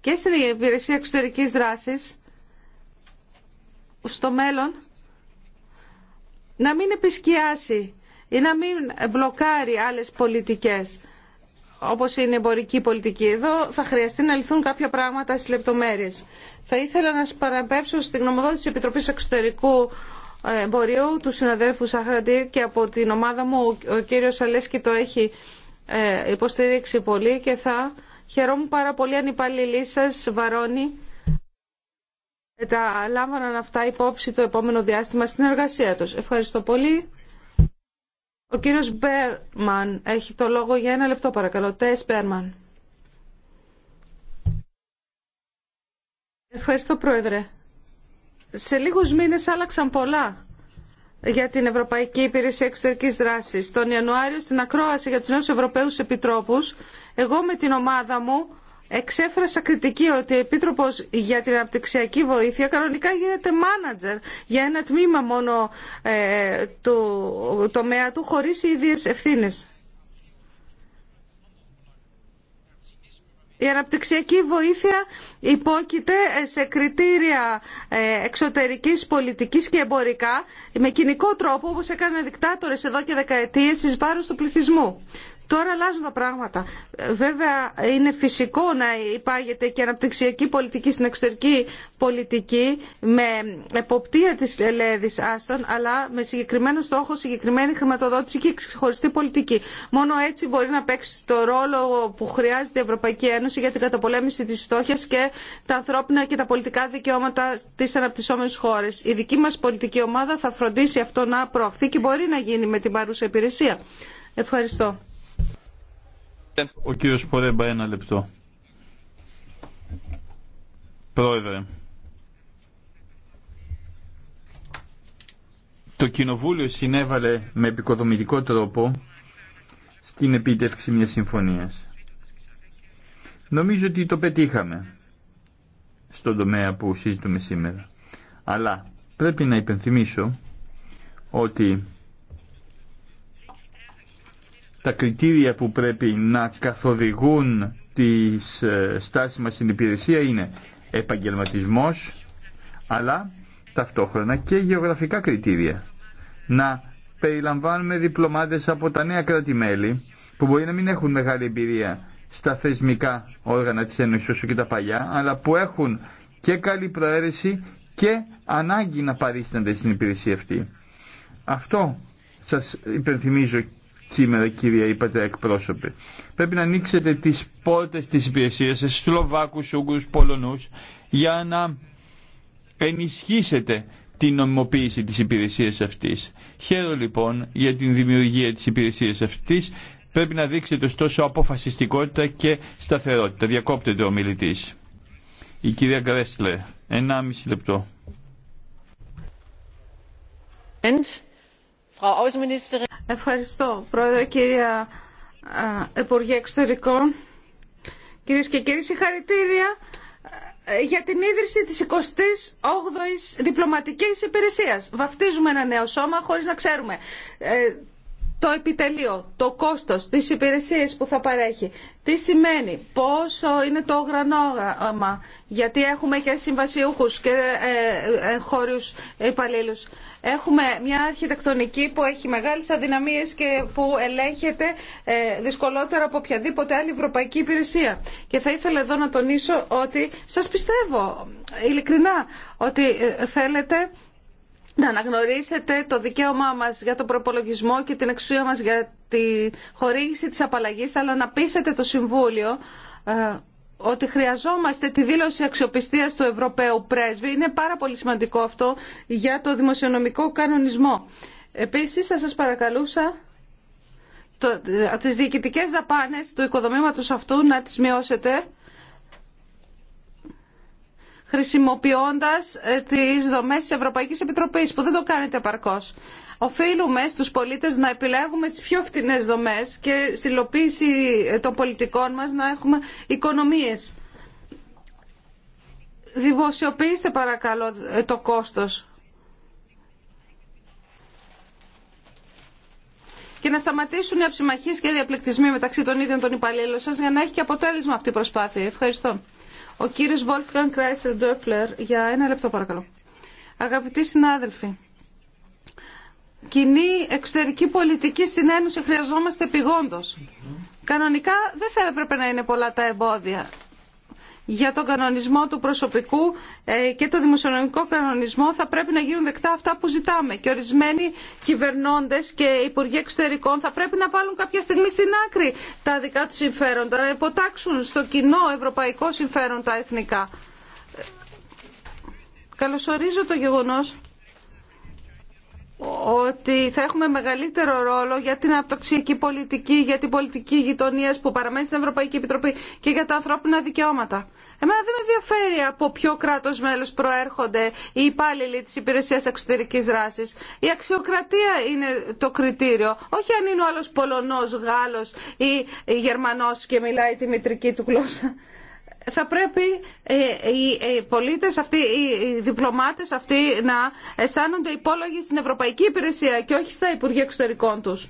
και στην υπηρεσία εξωτερικής δράσης στο μέλλον να μην επισκιάσει ή να μην μπλοκάρει άλλες πολιτικές όπως είναι η εμπορική πολιτική. Εδώ θα χρειαστεί να λυθούν κάποια πράγματα στις λεπτομέρειες. Θα ήθελα να σας παραπέψω στην γνωμοδότηση της Επιτροπής Εξωτερικού Εμπορίου του συναδέλφου Σαχραντή και από την ομάδα μου ο κύριος Αλέσκη το έχει ε, υποστηρίξει πολύ και θα Χαιρόμουν πάρα πολύ αν υπαλληλή σα βαρώνει τα λάμβαναν αυτά υπόψη το επόμενο διάστημα στην εργασία τους. Ευχαριστώ πολύ. Ο κύριος Μπέρμαν έχει το λόγο για ένα λεπτό παρακαλώ. Τες Μπέρμαν. Ευχαριστώ Πρόεδρε. Σε λίγους μήνες άλλαξαν πολλά για την Ευρωπαϊκή Υπηρεσία Εξωτερικής Δράσης. Τον Ιανουάριο στην Ακρόαση για τους νέους Ευρωπαίους Επιτρόπους εγώ με την ομάδα μου εξέφρασα κριτική ότι ο Επίτροπος για την Αναπτυξιακή Βοήθεια κανονικά γίνεται μάνατζερ για ένα τμήμα μόνο ε, του τομέα του χωρίς οι ίδιες ευθύνες. Η αναπτυξιακή βοήθεια υπόκειται σε κριτήρια ε, εξωτερικής πολιτικής και εμπορικά με κοινικό τρόπο όπως έκανε δικτάτορες εδώ και δεκαετίες εις βάρος του πληθυσμού. Τώρα αλλάζουν τα πράγματα. Βέβαια είναι φυσικό να υπάγεται και αναπτυξιακή πολιτική στην εξωτερική πολιτική με εποπτεία της Ελέδης Άστον αλλά με συγκεκριμένο στόχο, συγκεκριμένη χρηματοδότηση και ξεχωριστή πολιτική. Μόνο έτσι μπορεί να παίξει το ρόλο που χρειάζεται η Ευρωπαϊκή Ένωση για την καταπολέμηση της φτώχεια και τα ανθρώπινα και τα πολιτικά δικαιώματα στις αναπτυσσόμενες χώρες. Η δική μας πολιτική ομάδα θα φροντίσει αυτό να προωθεί και μπορεί να γίνει με την παρούσα υπηρεσία. Ευχαριστώ. Ο κύριος Πορέμπα, ένα λεπτό. Πρόεδρε, το Κοινοβούλιο συνέβαλε με επικοδομητικό τρόπο στην επίτευξη μιας συμφωνίας. Νομίζω ότι το πετύχαμε στον τομέα που συζητούμε σήμερα. Αλλά πρέπει να υπενθυμίσω ότι τα κριτήρια που πρέπει να καθοδηγούν τη ε, στάση μας στην υπηρεσία είναι επαγγελματισμός, αλλά ταυτόχρονα και γεωγραφικά κριτήρια. Να περιλαμβάνουμε διπλωμάτες από τα νέα κράτη-μέλη, που μπορεί να μην έχουν μεγάλη εμπειρία στα θεσμικά όργανα της Ένωσης όσο και τα παλιά, αλλά που έχουν και καλή προαίρεση και ανάγκη να παρίστανται στην υπηρεσία αυτή. Αυτό σας υπενθυμίζω σήμερα κυρία είπατε εκπρόσωπε. Πρέπει να ανοίξετε τις πόρτες της υπηρεσίας σε Σλοβάκους, Ούγκρους, Πολωνούς για να ενισχύσετε την νομιμοποίηση της υπηρεσίας αυτής. Χαίρο λοιπόν για την δημιουργία της υπηρεσίας αυτής. Πρέπει να δείξετε ωστόσο αποφασιστικότητα και σταθερότητα. Διακόπτεται ο μιλητής. Η κυρία Γκρέσλε, 1,5 λεπτό. Frau Ευχαριστώ, Πρόεδρε, κυρία Υπουργέ Εξωτερικών. Κυρίες και κύριοι, συγχαρητήρια ε, για την ίδρυση της 28ης διπλωματικής υπηρεσίας. Βαφτίζουμε ένα νέο σώμα χωρίς να ξέρουμε ε, το επιτελείο, το κόστος, της υπηρεσίας που θα παρέχει. Τι σημαίνει, πόσο είναι το γρανόγραμμα, γιατί έχουμε και συμβασιούχους και ε, ε χώριους Έχουμε μια αρχιτεκτονική που έχει μεγάλες αδυναμίες και που ελέγχεται ε, δυσκολότερα από οποιαδήποτε άλλη ευρωπαϊκή υπηρεσία. Και θα ήθελα εδώ να τονίσω ότι σας πιστεύω ειλικρινά ότι ε, θέλετε να αναγνωρίσετε το δικαίωμά μας για τον προπολογισμό και την εξουσία μας για τη χορήγηση της απαλλαγής, αλλά να πείσετε το Συμβούλιο ε, ότι χρειαζόμαστε τη δήλωση αξιοπιστίας του Ευρωπαίου Πρέσβη. Είναι πάρα πολύ σημαντικό αυτό για το δημοσιονομικό κανονισμό. Επίσης θα σας παρακαλούσα το, ε, τις διοικητικές δαπάνες του οικοδομήματος αυτού να τις μειώσετε χρησιμοποιώντας ε, τις δομές της Ευρωπαϊκής Επιτροπής που δεν το κάνετε παρκώς οφείλουμε στους πολίτες να επιλέγουμε τις πιο φτηνές δομές και συλλοποίηση των πολιτικών μας να έχουμε οικονομίες. Δημοσιοποιήστε παρακαλώ το κόστος. και να σταματήσουν οι αψημαχίε και οι διαπληκτισμοί μεταξύ των ίδιων των υπαλλήλων σας για να έχει και αποτέλεσμα αυτή η προσπάθεια. Ευχαριστώ. Ο κύριος Βόλφκαν Κράισερ Ντόφλερ για ένα λεπτό παρακαλώ. Αγαπητοί συνάδελφοι, κοινή εξωτερική πολιτική στην Ένωση χρειαζόμαστε επιγόντως. Κανονικά δεν θα έπρεπε να είναι πολλά τα εμπόδια. Για τον κανονισμό του προσωπικού ε, και το δημοσιονομικό κανονισμό θα πρέπει να γίνουν δεκτά αυτά που ζητάμε. Και ορισμένοι κυβερνώντες και υπουργοί εξωτερικών θα πρέπει να βάλουν κάποια στιγμή στην άκρη τα δικά τους συμφέροντα, να υποτάξουν στο κοινό ευρωπαϊκό συμφέρον τα εθνικά. Καλωσορίζω το γεγονός ότι θα έχουμε μεγαλύτερο ρόλο για την αυτοξιακή πολιτική, για την πολιτική γειτονία που παραμένει στην Ευρωπαϊκή Επιτροπή και για τα ανθρώπινα δικαιώματα. Εμένα δεν με ενδιαφέρει από ποιο κράτο μέλο προέρχονται οι υπάλληλοι τη υπηρεσία εξωτερική δράση. Η αξιοκρατία είναι το κριτήριο. Όχι αν είναι ο άλλο Πολωνό, Γάλλο ή Γερμανό και μιλάει τη μητρική του γλώσσα θα πρέπει ε, ε, οι πολίτες αυτοί, οι διπλωμάτες αυτοί να αισθάνονται υπόλογοι στην Ευρωπαϊκή Υπηρεσία και όχι στα Υπουργεία Εξωτερικών τους.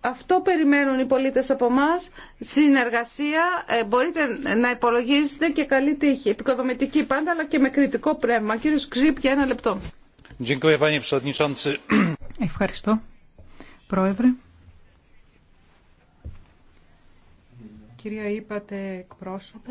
Αυτό περιμένουν οι πολίτες από εμά. Συνεργασία, ε, μπορείτε να υπολογίζετε και καλή τύχη. Επικοδομητική πάντα, αλλά και με κριτικό πνεύμα. Κύριο Ξύπ, για ένα λεπτό. Ευχαριστώ, Πρόεδρε. Κυρία είπατε εκπρόσωπε.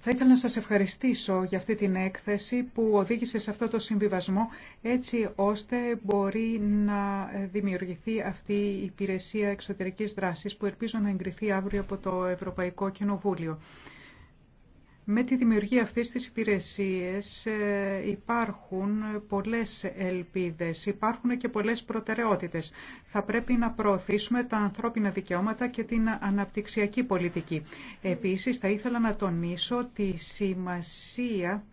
Θα ήθελα να σας ευχαριστήσω για αυτή την έκθεση που οδήγησε σε αυτό το συμβιβασμό έτσι ώστε μπορεί να δημιουργηθεί αυτή η υπηρεσία εξωτερικής δράσης που ελπίζω να εγκριθεί αύριο από το Ευρωπαϊκό Κοινοβούλιο. Με τη δημιουργία αυτής της υπηρεσίας ε, υπάρχουν πολλές ελπίδες, υπάρχουν και πολλές προτεραιότητες. Θα πρέπει να προωθήσουμε τα ανθρώπινα δικαιώματα και την αναπτυξιακή πολιτική. Επίσης, θα ήθελα να τονίσω τη σημασία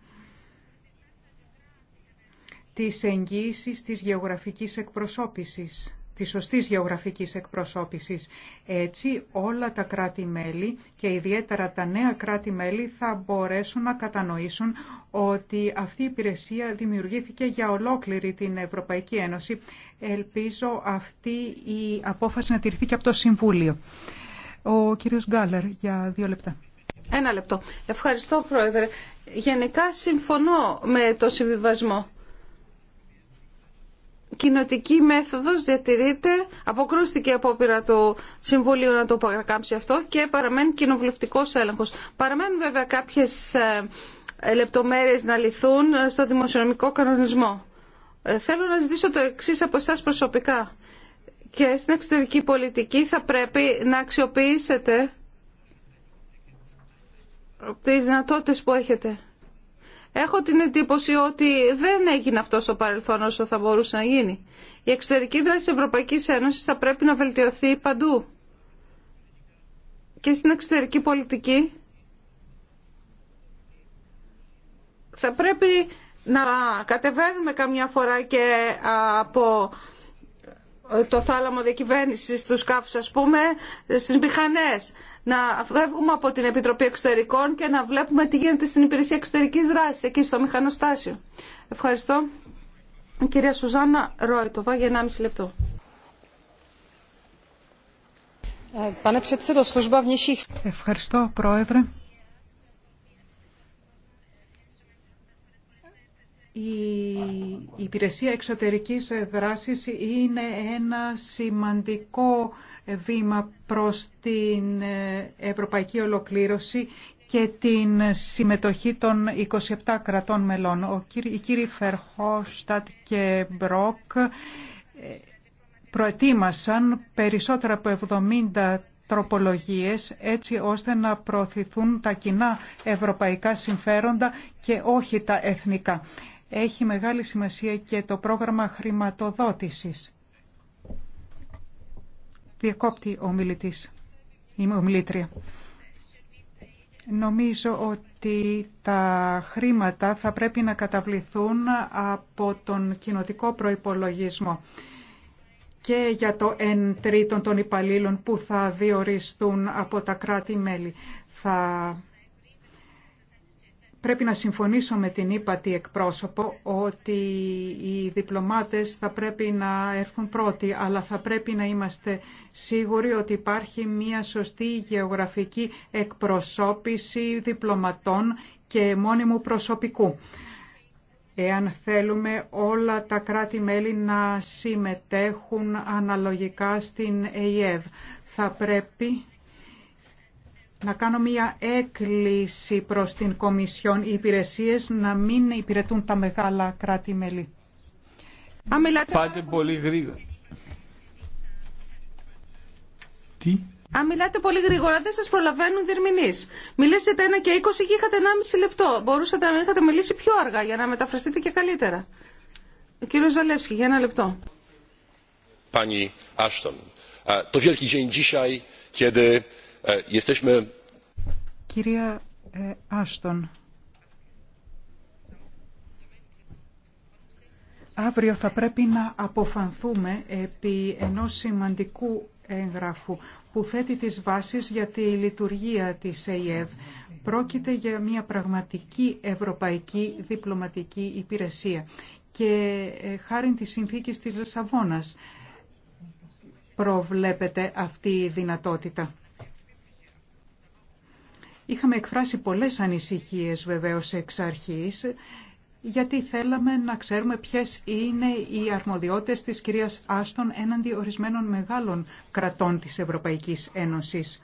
της εγγύησης της γεωγραφικής εκπροσώπησης της σωστής γεωγραφικής εκπροσώπησης. Έτσι όλα τα κράτη-μέλη και ιδιαίτερα τα νέα κράτη-μέλη θα μπορέσουν να κατανοήσουν ότι αυτή η υπηρεσία δημιουργήθηκε για ολόκληρη την Ευρωπαϊκή Ένωση. Ελπίζω αυτή η απόφαση να τηρηθεί και από το Συμβούλιο. Ο κύριος Γκάλερ για δύο λεπτά. Ένα λεπτό. Ευχαριστώ Πρόεδρε. Γενικά συμφωνώ με το συμβιβασμό κοινοτική μέθοδος διατηρείται, αποκρούστηκε η απόπειρα του Συμβουλίου να το παρακάμψει αυτό και παραμένει κοινοβουλευτικός έλεγχος. Παραμένουν βέβαια κάποιες ε, λεπτομέρειες να λυθούν ε, στο δημοσιονομικό κανονισμό. Ε, θέλω να ζητήσω το εξή από εσά προσωπικά. Και στην εξωτερική πολιτική θα πρέπει να αξιοποιήσετε τις δυνατότητες που έχετε. Έχω την εντύπωση ότι δεν έγινε αυτό στο παρελθόν όσο θα μπορούσε να γίνει. Η εξωτερική δράση της Ευρωπαϊκής Ένωσης θα πρέπει να βελτιωθεί παντού. Και στην εξωτερική πολιτική θα πρέπει να κατεβαίνουμε καμιά φορά και από το θάλαμο διακυβέρνησης στους σκάφους ας πούμε στις μηχανές να φεύγουμε από την Επιτροπή Εξωτερικών και να βλέπουμε τι γίνεται στην Υπηρεσία Εξωτερικής Δράσης, εκεί στο μηχανοστάσιο. Ευχαριστώ. κυρία Σουζάννα Ρόιτοβα για 1,5 λεπτό. Ευχαριστώ, Πρόεδρε. Η υπηρεσία εξωτερικής δράσης είναι ένα σημαντικό βήμα προς την ε, ευρωπαϊκή ολοκλήρωση και την συμμετοχή των 27 κρατών μελών. Ο κύρι, οι κύριοι Φερχόστατ και Μπρόκ ε, προετοίμασαν περισσότερα από 70 τροπολογίες έτσι ώστε να προωθηθούν τα κοινά ευρωπαϊκά συμφέροντα και όχι τα εθνικά. Έχει μεγάλη σημασία και το πρόγραμμα χρηματοδότησης Διακόπτη ο μιλητής, ομιλήτρια. Νομίζω ότι τα χρήματα θα πρέπει να καταβληθούν από τον κοινοτικό προϋπολογισμό και για το 1 τρίτον των υπαλλήλων που θα διοριστούν από τα κράτη-μέλη. Θα πρέπει να συμφωνήσω με την ύπατη εκπρόσωπο ότι οι διπλωμάτες θα πρέπει να έρθουν πρώτοι, αλλά θα πρέπει να είμαστε σίγουροι ότι υπάρχει μια σωστή γεωγραφική εκπροσώπηση διπλωματών και μόνιμου προσωπικού. Εάν θέλουμε όλα τα κράτη-μέλη να συμμετέχουν αναλογικά στην ΕΙΕΒ, θα πρέπει να κάνω μία έκκληση προς την Κομισιόν οι υπηρεσίες να μην υπηρετούν τα μεγάλα κράτη-μέλη. Πάτε πολύ γρήγορα. Τι? Αν μιλάτε πολύ γρήγορα, δεν σα προλαβαίνουν διερμηνείς. διερμηνεί. Μιλήσετε ένα και 20 και είχατε 1,5 λεπτό. Μπορούσατε να είχατε μιλήσει πιο αργά για να μεταφραστείτε και καλύτερα. Ο κύριο Ζαλεύσκη, για ένα λεπτό. Πάνι Άστον, ε, το ε, Κυρία ε, Άστον, αύριο θα πρέπει να αποφανθούμε επί ενός σημαντικού έγγραφου που θέτει τις βάσεις για τη λειτουργία της ΕΙΕΒ. Πρόκειται για μια πραγματική ευρωπαϊκή διπλωματική υπηρεσία και ε, χάρη της συνθήκης της Λισαβόνας προβλέπεται αυτή η δυνατότητα. Είχαμε εκφράσει πολλές ανησυχίες βεβαίως εξ αρχής, γιατί θέλαμε να ξέρουμε ποιες είναι οι αρμοδιότητες της κυρίας Άστον έναντι ορισμένων μεγάλων κρατών της Ευρωπαϊκής Ένωσης.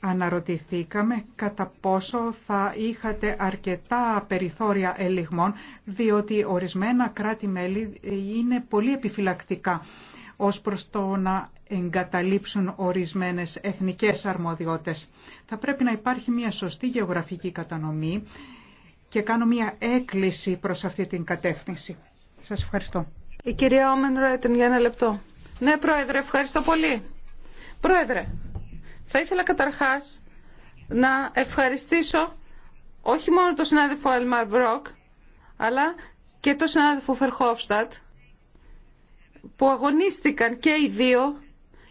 Αναρωτηθήκαμε κατά πόσο θα είχατε αρκετά περιθώρια ελιγμών, διότι ορισμένα κράτη-μέλη είναι πολύ επιφυλακτικά ως προς το να εγκαταλείψουν ορισμένες εθνικές αρμοδιότητες. Θα πρέπει να υπάρχει μια σωστή γεωγραφική κατανομή και κάνω μια έκκληση προς αυτή την κατεύθυνση. Σας ευχαριστώ. Η κυρία Όμεν για ένα λεπτό. Ναι, Πρόεδρε, ευχαριστώ πολύ. Πρόεδρε, θα ήθελα καταρχάς να ευχαριστήσω όχι μόνο τον συνάδελφο Αλμαρ Μπρόκ, αλλά και τον συνάδελφο Φερχόφστατ που αγωνίστηκαν και οι δύο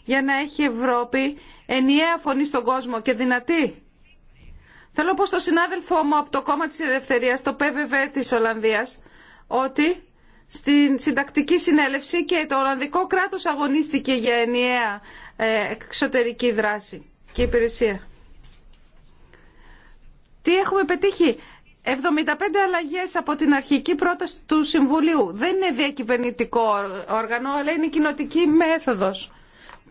για να έχει Ευρώπη ενιαία φωνή στον κόσμο και δυνατή. Θέλω πω το συνάδελφό μου από το κόμμα της Ελευθερίας, το ΠΒΒ της Ολλανδίας, ότι στην συντακτική συνέλευση και το Ολλανδικό κράτος αγωνίστηκε για ενιαία ε, εξωτερική δράση και υπηρεσία. Τι έχουμε πετύχει. 75 αλλαγές από την αρχική πρόταση του Συμβουλίου. Δεν είναι διακυβερνητικό όργανο, αλλά είναι κοινοτική μέθοδος.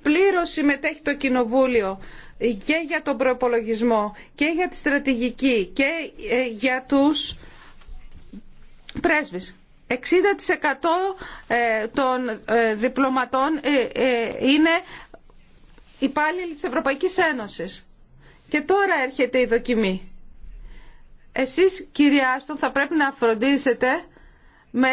Πλήρω συμμετέχει το Κοινοβούλιο και για τον προπολογισμό και για τη στρατηγική και ε, για τους πρέσβεις. 60% ε, των ε, διπλωματών είναι υπάλληλοι της Ευρωπαϊκής Ένωσης. Και τώρα έρχεται η δοκιμή. Εσείς κυρία Άστον θα πρέπει να φροντίσετε με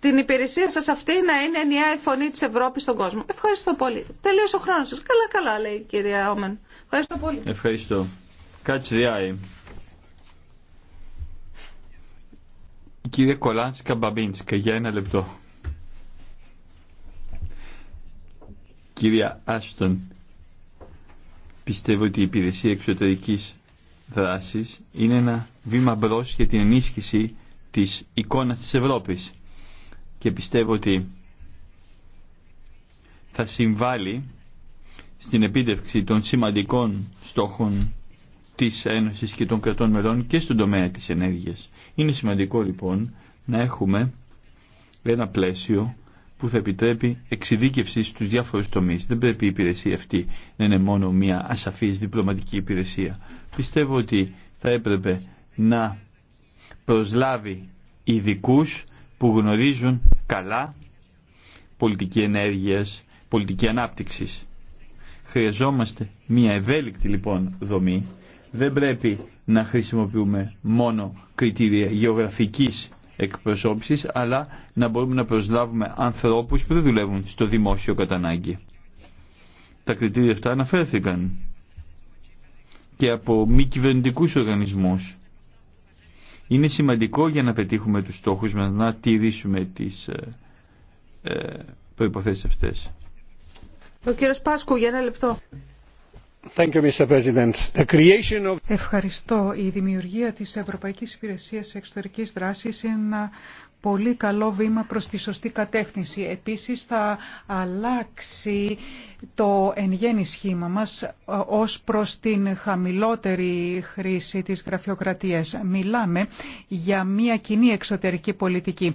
την υπηρεσία σας αυτή να είναι ενιαία η φωνή της Ευρώπης στον κόσμο. Ευχαριστώ πολύ. Τελείωσε ο χρόνος σας. Καλά καλά λέει η κυρία Όμεν. Ευχαριστώ πολύ. Ευχαριστώ. Κάτσε διάει. Κύριε Κολάνσκα Μπαμπίνσκα για ένα λεπτό. Κυρία Άστον, πιστεύω ότι η υπηρεσία εξωτερικής είναι ένα βήμα μπρο για την ενίσχυση της εικόνας της Ευρώπης και πιστεύω ότι θα συμβάλλει στην επίτευξη των σημαντικών στόχων της Ένωσης και των κρατών μελών και στον τομέα της ενέργειας. Είναι σημαντικό λοιπόν να έχουμε ένα πλαίσιο που θα επιτρέπει εξειδίκευση στους διάφορους τομείς. Δεν πρέπει η υπηρεσία αυτή να είναι μόνο μια ασαφής διπλωματική υπηρεσία πιστεύω ότι θα έπρεπε να προσλάβει ειδικού που γνωρίζουν καλά πολιτική ενέργειας, πολιτική ανάπτυξης. Χρειαζόμαστε μια ευέλικτη λοιπόν δομή. Δεν πρέπει να χρησιμοποιούμε μόνο κριτήρια γεωγραφικής εκπροσώπησης, αλλά να μπορούμε να προσλάβουμε ανθρώπους που δεν δουλεύουν στο δημόσιο ανάγκη. Τα κριτήρια αυτά αναφέρθηκαν και από μη κυβερνητικούς οργανισμού. Είναι σημαντικό για να πετύχουμε τους στόχους μας να τηρήσουμε τις ε, ε, προϋποθέσεις αυτές. Ο κύριος Πάσκου για ένα λεπτό. Thank you, Mr. President. The creation of... Ευχαριστώ. Η δημιουργία της Ευρωπαϊκής Υπηρεσίας Εξωτερικής Δράσης είναι ένα πολύ καλό βήμα προς τη σωστή κατεύθυνση. Επίσης θα αλλάξει το εν γέννη σχήμα μας ε, ως προς την χαμηλότερη χρήση της γραφειοκρατίας. Μιλάμε για μια κοινή εξωτερική πολιτική.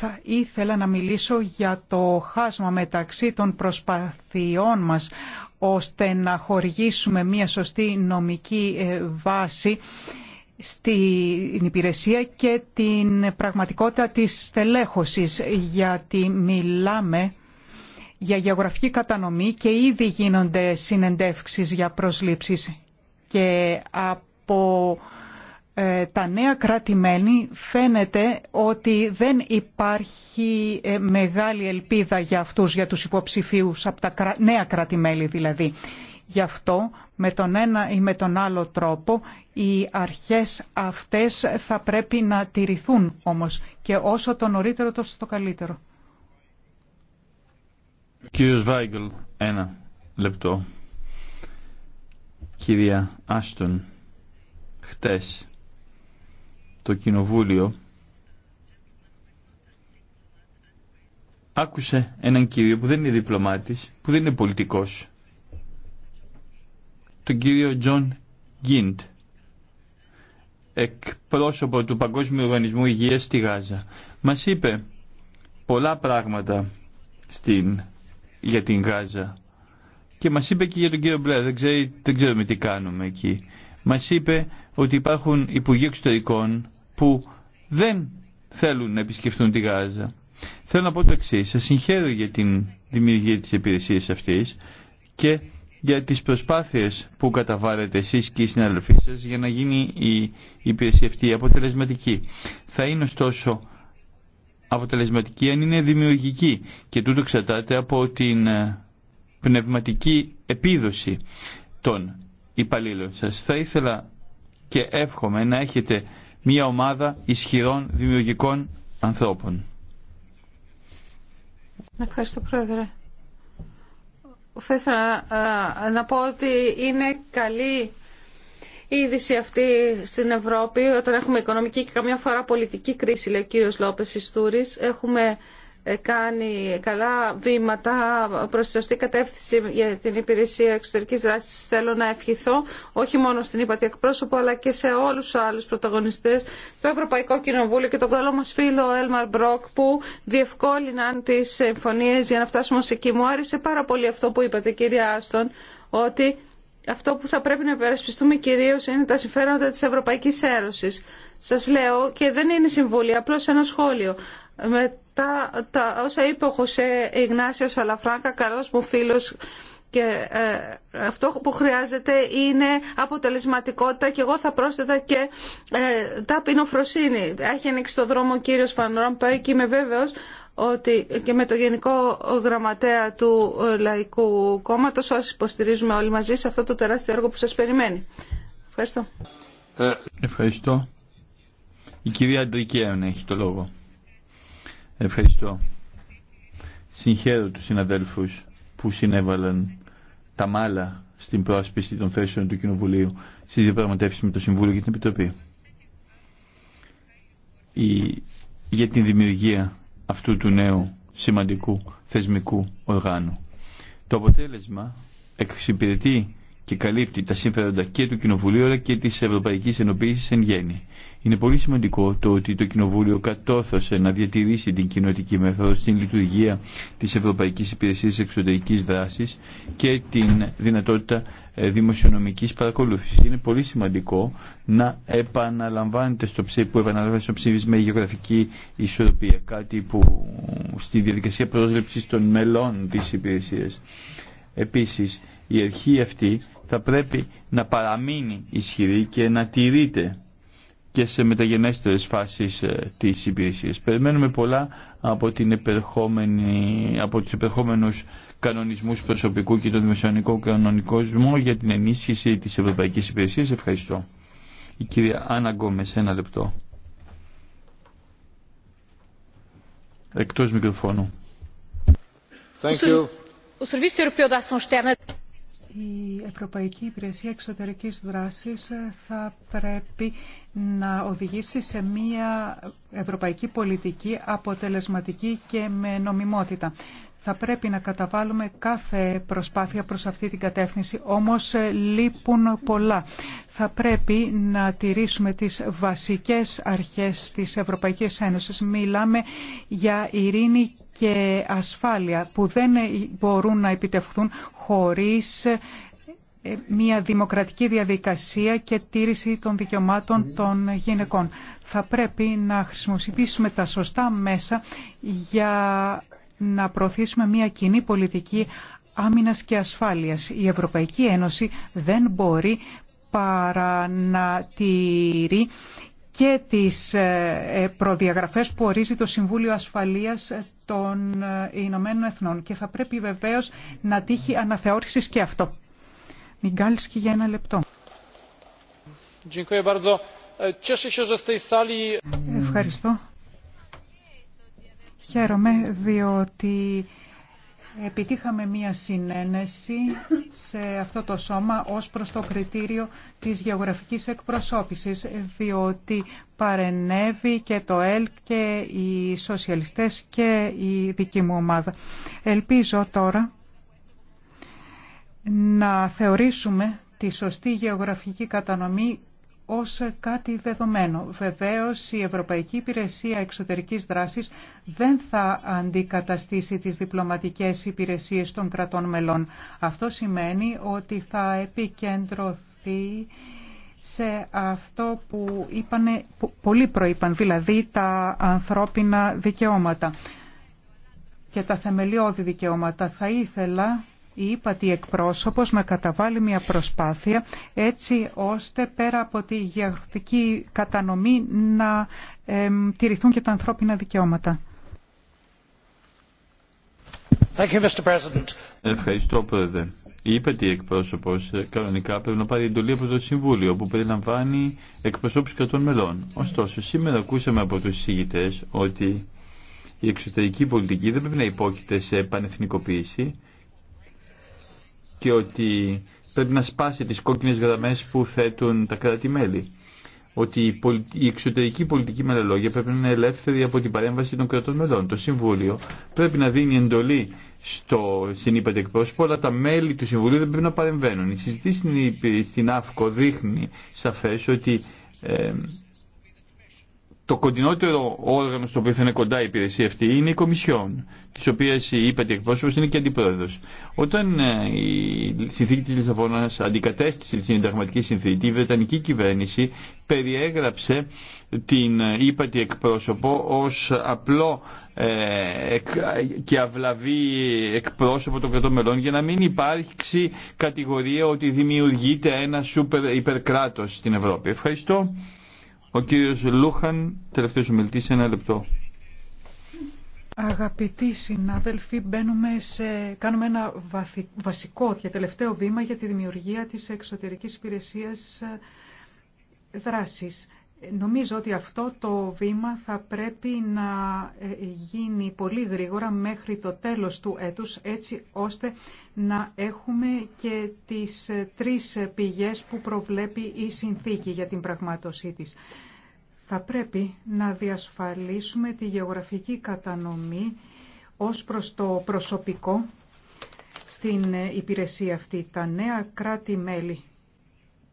Θα ήθελα να μιλήσω για το χάσμα μεταξύ των προσπαθειών μας ώστε να χορηγήσουμε μια σωστή νομική ε, βάση στην υπηρεσία και την πραγματικότητα της στελέχωσης γιατί μιλάμε για γεωγραφική κατανομή και ήδη γίνονται συνεντεύξεις για προσλήψεις και από ε, τα νεα κρατημένη φαίνεται ότι δεν υπάρχει ε, μεγάλη ελπίδα για αυτούς, για τους υποψηφίους, από τα νέα δηλαδή. Γι' αυτό με τον ένα ή με τον άλλο τρόπο οι αρχές αυτές θα πρέπει να τηρηθούν όμως και όσο το νωρίτερο τόσο το καλύτερο. Κύριος Βάιγκλ, ένα λεπτό. Κυρία Άστον, χτες το Κοινοβούλιο άκουσε έναν κύριο που δεν είναι διπλωμάτης, που δεν είναι πολιτικός, τον κύριο Τζον Γκίντ, εκπρόσωπο του Παγκόσμιου Οργανισμού Υγείας στη Γάζα. Μας είπε πολλά πράγματα στην, για την Γάζα και μας είπε και για τον κύριο Μπλερ, δεν, ξέρει, ξέρουμε τι κάνουμε εκεί. Μας είπε ότι υπάρχουν υπουργοί εξωτερικών που δεν θέλουν να επισκεφθούν τη Γάζα. Θέλω να πω το εξή. Σα συγχαίρω για την δημιουργία της υπηρεσία αυτής και για τις προσπάθειες που καταβάλλετε εσείς και οι συναδελφοί σας για να γίνει η υπηρεσία αυτή αποτελεσματική. Θα είναι ωστόσο αποτελεσματική αν είναι δημιουργική και τούτο εξαρτάται από την ε, πνευματική επίδοση των υπαλλήλων σας. Θα ήθελα και εύχομαι να έχετε μια ομάδα ισχυρών δημιουργικών ανθρώπων. Ευχαριστώ Πρόεδρε θα ήθελα ε, να πω ότι είναι καλή η είδηση αυτή στην Ευρώπη όταν έχουμε οικονομική και καμιά φορά πολιτική κρίση, λέει ο κύριος Λόπες Ιστούρης. Έχουμε ε, κάνει καλά βήματα προ τη σωστή κατεύθυνση για την υπηρεσία εξωτερική δράση. Θέλω να ευχηθώ όχι μόνο στην ΥΠΑΤΗ εκπρόσωπο αλλά και σε όλου του άλλου πρωταγωνιστέ, το Ευρωπαϊκό Κοινοβούλιο και τον καλό μα φίλο Έλμαρ Μπρόκ που διευκόλυναν τι συμφωνίε για να φτάσουμε σε εκεί. Μου άρεσε πάρα πολύ αυτό που είπατε κυρία Άστον ότι αυτό που θα πρέπει να υπερασπιστούμε κυρίω είναι τα συμφέροντα τη Ευρωπαϊκή Ένωση. Σα λέω και δεν είναι συμβούλη, απλώ ένα σχόλιο. Με τα, όσα είπε ο Χωσέ Ιγνάσιος Αλαφράγκα, καλός μου φίλος και ε, αυτό που χρειάζεται είναι αποτελεσματικότητα και εγώ θα πρόσθετα και ε, ταπεινοφροσύνη. Έχει ανοίξει το δρόμο ο κύριος Φανρόμπα και είμαι βέβαιος ότι και με το Γενικό Γραμματέα του Λαϊκού Κόμματος σας υποστηρίζουμε όλοι μαζί σε αυτό το τεράστιο έργο που σας περιμένει. Ευχαριστώ. Ε, ευχαριστώ. Η κυρία Αντρικέων έχει το λόγο. Ευχαριστώ. Συγχαίρω του συναδέλφους που συνέβαλαν τα μάλα στην πρόσπιση των θέσεων του Κοινοβουλίου στις διαπραγματεύσεις με το Συμβούλιο και την Επιτροπή. Η... Για την δημιουργία αυτού του νέου σημαντικού θεσμικού οργάνου. Το αποτέλεσμα εξυπηρετεί και καλύπτει τα συμφέροντα και του Κοινοβουλίου αλλά και της Ευρωπαϊκής Ενοποίησης εν γέννη. Είναι πολύ σημαντικό το ότι το Κοινοβούλιο κατόρθωσε να διατηρήσει την κοινοτική μέθοδο στην λειτουργία της Ευρωπαϊκής Υπηρεσίας Εξωτερικής Δράσης και την δυνατότητα ε, δημοσιονομικής παρακολούθησης. Είναι πολύ σημαντικό να επαναλαμβάνεται στο ψήφι που επαναλαμβάνεται στο ψήφισμα η γεωγραφική ισορροπία, κάτι που στη διαδικασία πρόσληψης των μελών της υπηρεσίας. Επίσης, η αρχή αυτή θα πρέπει να παραμείνει ισχυρή και να τηρείται και σε μεταγενέστερες φάσεις ε, της υπηρεσίας. Περιμένουμε πολλά από, την από τους επερχόμενους κανονισμούς προσωπικού και τον δημοσιονομικό κανονικό για την ενίσχυση της Ευρωπαϊκής Υπηρεσίας. Ευχαριστώ. Η κυρία Άννα Γκόμες, ένα λεπτό. Εκτός μικροφώνου. Thank η Ευρωπαϊκή Υπηρεσία Εξωτερικής Δράσης θα πρέπει να οδηγήσει σε μια ευρωπαϊκή πολιτική αποτελεσματική και με νομιμότητα. Θα πρέπει να καταβάλουμε κάθε προσπάθεια προς αυτή την κατεύθυνση, όμως ε, λείπουν πολλά. Θα πρέπει να τηρήσουμε τις βασικές αρχές της Ευρωπαϊκής Ένωσης. Μιλάμε για ειρήνη και ασφάλεια που δεν ε, μπορούν να επιτευχθούν χωρίς ε, μια δημοκρατική διαδικασία και τήρηση των δικαιωμάτων των γυναικών. Θα πρέπει να χρησιμοποιήσουμε τα σωστά μέσα για να προωθήσουμε μια κοινή πολιτική άμυνας και ασφάλειας. Η Ευρωπαϊκή Ένωση δεν μπορεί παρά να τηρεί και τις ε, ε, προδιαγραφές που ορίζει το Συμβούλιο Ασφαλείας των ε, Ηνωμένων Εθνών και θα πρέπει βεβαίως να τύχει αναθεώρησης και αυτό. Μιγκάλσκι για ένα λεπτό. Ευχαριστώ Χαίρομαι διότι επιτύχαμε μία συνένεση σε αυτό το σώμα ως προς το κριτήριο της γεωγραφικής εκπροσώπησης, διότι παρενέβη και το ΕΛΚ και οι σοσιαλιστές και η δική μου ομάδα. Ελπίζω τώρα να θεωρήσουμε τη σωστή γεωγραφική κατανομή ως κάτι δεδομένο. Βεβαίως, η Ευρωπαϊκή Υπηρεσία Εξωτερικής Δράσης δεν θα αντικαταστήσει τις διπλωματικές υπηρεσίες των κρατών μελών. Αυτό σημαίνει ότι θα επικεντρωθεί σε αυτό που είπανε, πολύ προείπαν, δηλαδή τα ανθρώπινα δικαιώματα και τα θεμελιώδη δικαιώματα. Θα ήθελα η ύπατη εκπρόσωπος να καταβάλει μια προσπάθεια έτσι ώστε πέρα από τη γεωγραφική κατανομή να ε, τηρηθούν και τα ανθρώπινα δικαιώματα. Thank you, Mr. Ευχαριστώ, Πρόεδρε. Η ύπατη εκπρόσωπο ε, κανονικά πρέπει να πάρει εντολή από το Συμβούλιο, που περιλαμβάνει εκπροσώπου κρατών μελών. Ωστόσο, σήμερα ακούσαμε από του συζητητέ ότι η εξωτερική πολιτική δεν πρέπει να υπόκειται σε πανεθνικοποίηση, και ότι πρέπει να σπάσει τις κόκκινες γραμμές που θέτουν τα κράτη-μέλη. Ότι η εξωτερική πολιτική με λόγια πρέπει να είναι ελεύθερη από την παρέμβαση των κρατών μελών. Το Συμβούλιο πρέπει να δίνει εντολή στο συνήπατε εκπρόσωπο, αλλά τα μέλη του Συμβουλίου δεν πρέπει να παρεμβαίνουν. Η συζήτηση στην ΑΦΚΟ δείχνει σαφές ότι ε, το κοντινότερο όργανο στο οποίο θα είναι κοντά η υπηρεσία αυτή είναι η Κομισιόν, τη οποία η ύπατη εκπρόσωπο είναι και αντιπρόεδρο. Όταν ε, η συνθήκη τη Λισαβόνα αντικατέστησε τη συνταγματική συνθήκη, η Βρετανική κυβέρνηση περιέγραψε την ύπατη εκπρόσωπο ως απλό ε, και αυλαβή εκπρόσωπο των κρατών μελών για να μην υπάρξει κατηγορία ότι δημιουργείται ένα σούπερ υπερκράτος στην Ευρώπη. Ευχαριστώ. Ο κύριος Λούχαν, τελευταίος ομιλητής, ένα λεπτό. Αγαπητοί συνάδελφοι, μπαίνουμε σε, κάνουμε ένα βασικό και τελευταίο βήμα για τη δημιουργία της εξωτερικής υπηρεσίας ε, δράσης. Νομίζω ότι αυτό το βήμα θα πρέπει να ε, γίνει πολύ γρήγορα μέχρι το τέλος του έτους, έτσι ώστε να έχουμε και τις ε, τρεις πηγές που προβλέπει η συνθήκη για την πραγμάτωσή της. Θα πρέπει να διασφαλίσουμε τη γεωγραφική κατανομή ως προς το προσωπικό στην ε, υπηρεσία αυτή. Τα νέα κράτη-μέλη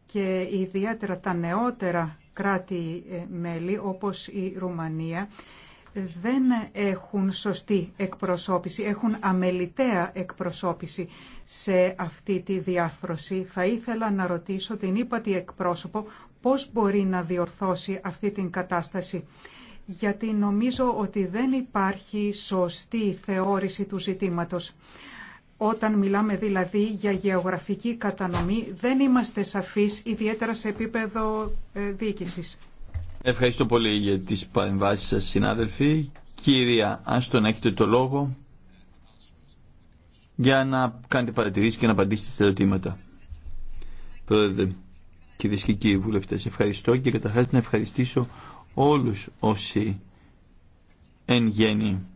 και ιδιαίτερα τα νεότερα κράτη-μέλη ε, όπως η Ρουμανία δεν έχουν σωστή εκπροσώπηση, έχουν αμεληταία εκπροσώπηση σε αυτή τη διάφρωση. Θα ήθελα να ρωτήσω την ύπατη εκπρόσωπο πώς μπορεί να διορθώσει αυτή την κατάσταση. Γιατί νομίζω ότι δεν υπάρχει σωστή θεώρηση του ζητήματος. Όταν μιλάμε δηλαδή για γεωγραφική κατανομή δεν είμαστε σαφείς ιδιαίτερα σε επίπεδο ε, διοίκησης. Ευχαριστώ πολύ για τις παρεμβάσεις σας συνάδελφοι. Κύρια, ας τον έχετε το λόγο για να κάνετε παρατηρήσεις και να απαντήσετε στα ερωτήματα. Πρόεδρε, κυρίες και κύριοι βουλευτές, ευχαριστώ και καταρχάς να ευχαριστήσω όλους όσοι εν γέννη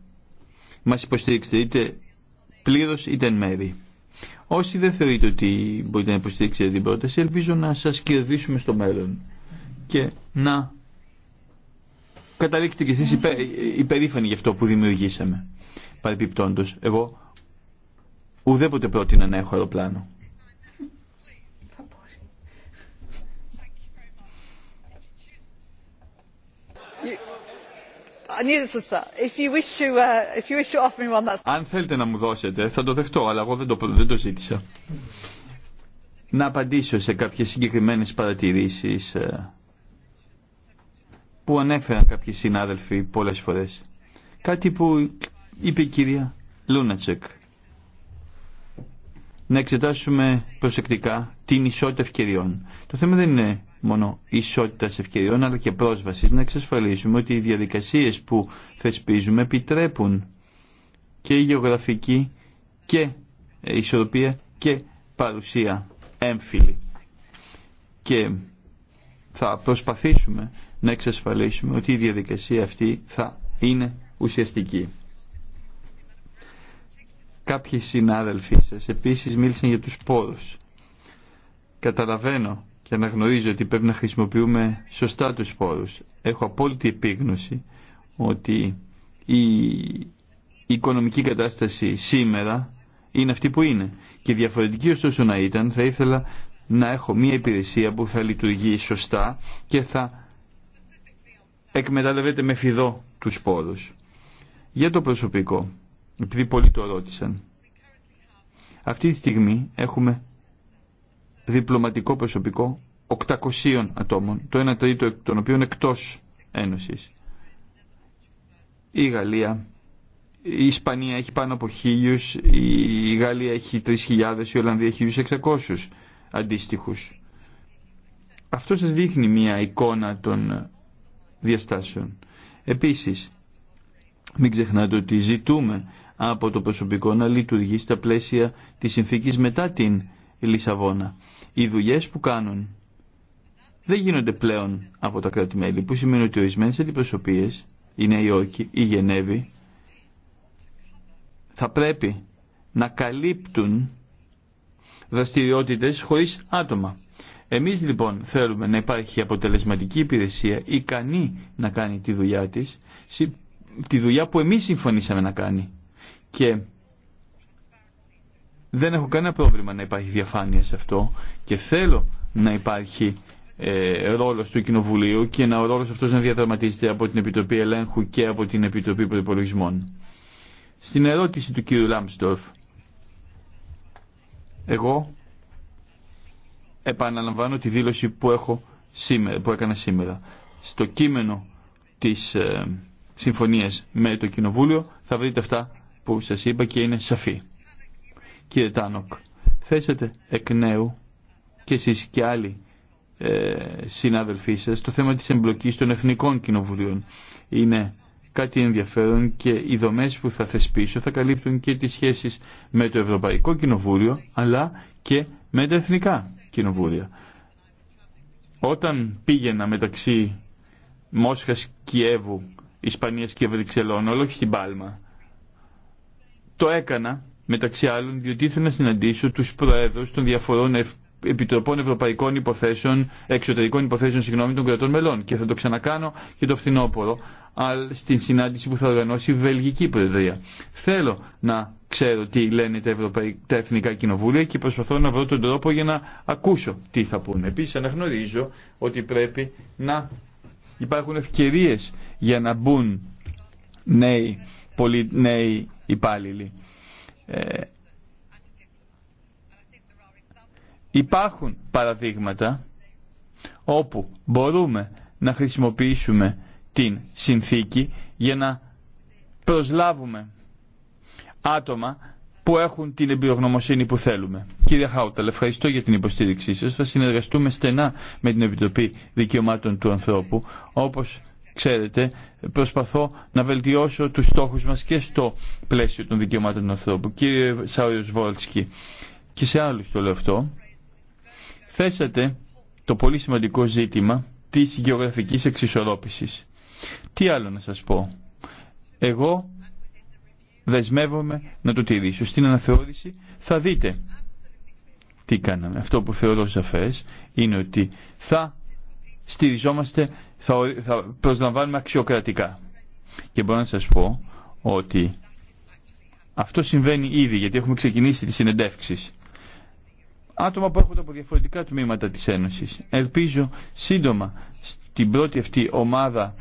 μας υποστηρίξετε πλήρω ή εν μέρη. Όσοι δεν θεωρείτε ότι μπορείτε να υποστηρίξετε την πρόταση, ελπίζω να σα κερδίσουμε στο μέλλον και να καταλήξετε κι εσείς υπερήφανοι γι' αυτό που δημιουργήσαμε. Παρεπιπτόντως, εγώ ουδέποτε πρότεινα να έχω αεροπλάνο. Αν θέλετε να μου δώσετε, θα το δεχτώ, αλλά εγώ δεν το, δεν το ζήτησα. Να απαντήσω σε κάποιες συγκεκριμένες παρατηρήσεις ε, που ανέφεραν κάποιοι συνάδελφοι πολλές φορές. Κάτι που είπε η κυρία Λούνατσεκ. Να εξετάσουμε προσεκτικά την ισότητα ευκαιριών. Το θέμα δεν είναι μόνο ισότητα ευκαιριών αλλά και πρόσβαση να εξασφαλίσουμε ότι οι διαδικασίες που θεσπίζουμε επιτρέπουν και η γεωγραφική και η ισορροπία και παρουσία έμφυλη. Και θα προσπαθήσουμε να εξασφαλίσουμε ότι η διαδικασία αυτή θα είναι ουσιαστική. Κάποιοι συνάδελφοί σας επίσης μίλησαν για τους πόρους. Καταλαβαίνω και αναγνωρίζω ότι πρέπει να χρησιμοποιούμε σωστά τους πόρους. Έχω απόλυτη επίγνωση ότι η οικονομική κατάσταση σήμερα είναι αυτή που είναι. Και διαφορετική ωστόσο να ήταν, θα ήθελα να έχω μια υπηρεσία που θα λειτουργεί σωστά και θα εκμεταλλεύεται με φιδό τους πόρους. Για το προσωπικό, επειδή πολλοί το ρώτησαν. Αυτή τη στιγμή έχουμε διπλωματικό προσωπικό 800 ατόμων, το 1 τρίτο των οποίων εκτός Ένωσης. Η Γαλλία, η Ισπανία έχει πάνω από χίλιους, η Γαλλία έχει 3.000, η Ολλανδία έχει 1.600 αντίστοιχους. Αυτό σας δείχνει μια εικόνα των διαστάσεων. Επίσης, μην ξεχνάτε ότι ζητούμε από το προσωπικό να λειτουργεί στα πλαίσια της συνθήκης μετά την Λισαβόνα. Οι δουλειές που κάνουν δεν γίνονται πλέον από τα κράτη-μέλη, που σημαίνει ότι ορισμένε αντιπροσωπείε, η Νέα Υόρκη, η Γενέβη, θα πρέπει να καλύπτουν δραστηριότητες χωρίς άτομα. Εμείς λοιπόν θέλουμε να υπάρχει αποτελεσματική υπηρεσία ικανή να κάνει τη δουλειά της, τη δουλειά που εμείς συμφωνήσαμε να κάνει. Και δεν έχω κανένα πρόβλημα να υπάρχει διαφάνεια σε αυτό και θέλω να υπάρχει ε, ρόλος του Κοινοβουλίου και να ο ρόλος αυτός να διαδραματίζεται από την Επιτροπή Ελέγχου και από την Επιτροπή Προπολογισμών. Στην ερώτηση του κύριου Λάμπστορφ, εγώ επαναλαμβάνω τη δήλωση που, έχω σήμερα, που έκανα σήμερα. Στο κείμενο της ε, συμφωνίας με το Κοινοβούλιο θα βρείτε αυτά που σας είπα και είναι σαφή κύριε Τάνοκ, θέσετε εκ νέου και εσείς και άλλοι ε, συνάδελφοί σας το θέμα της εμπλοκής των εθνικών κοινοβουλίων. Είναι κάτι ενδιαφέρον και οι δομές που θα θεσπίσω θα καλύπτουν και τις σχέσεις με το Ευρωπαϊκό Κοινοβούλιο αλλά και με τα εθνικά κοινοβούλια. Όταν πήγαινα μεταξύ Μόσχας, Κιέβου, Ισπανίας και Βρυξελών, όλο και στην Πάλμα, το έκανα μεταξύ άλλων διότι ήθελα να συναντήσω τους προέδρους των διαφορών Επιτροπών Ευρωπαϊκών Υποθέσεων, Εξωτερικών Υποθέσεων συγγνώμη, των κρατών μελών και θα το ξανακάνω και το φθινόπωρο στην συνάντηση που θα οργανώσει η Βελγική Προεδρία. Θέλω να ξέρω τι λένε τα, Ευρωπαϊ... τα Εθνικά Κοινοβούλια και προσπαθώ να βρω τον τρόπο για να ακούσω τι θα πούνε. Επίσης αναγνωρίζω ότι πρέπει να υπάρχουν ευκαιρίες για να μπουν νέοι, νέοι υπάλληλοι. Ε, υπάρχουν παραδείγματα όπου μπορούμε να χρησιμοποιήσουμε την συνθήκη για να προσλάβουμε άτομα που έχουν την εμπειρογνωμοσύνη που θέλουμε. Κύριε Χάουταλ, ευχαριστώ για την υποστήριξή σας. Θα συνεργαστούμε στενά με την Επιτροπή Δικαιωμάτων του Ανθρώπου, όπως ξέρετε, προσπαθώ να βελτιώσω τους στόχους μας και στο πλαίσιο των δικαιωμάτων του ανθρώπου. Κύριε Σάουριος Βόλτσκι, και σε άλλους το λέω αυτό, θέσατε το πολύ σημαντικό ζήτημα της γεωγραφικής εξισορρόπησης. Τι άλλο να σας πω. Εγώ δεσμεύομαι να το τηρήσω. Στην αναθεώρηση θα δείτε τι κάναμε. Αυτό που θεωρώ σαφές είναι ότι θα στηριζόμαστε θα, θα προσλαμβάνουμε αξιοκρατικά. Και μπορώ να σας πω ότι αυτό συμβαίνει ήδη γιατί έχουμε ξεκινήσει τις συνεντεύξεις. Άτομα που έρχονται από διαφορετικά τμήματα της Ένωσης. Ελπίζω σύντομα στην πρώτη αυτή ομάδα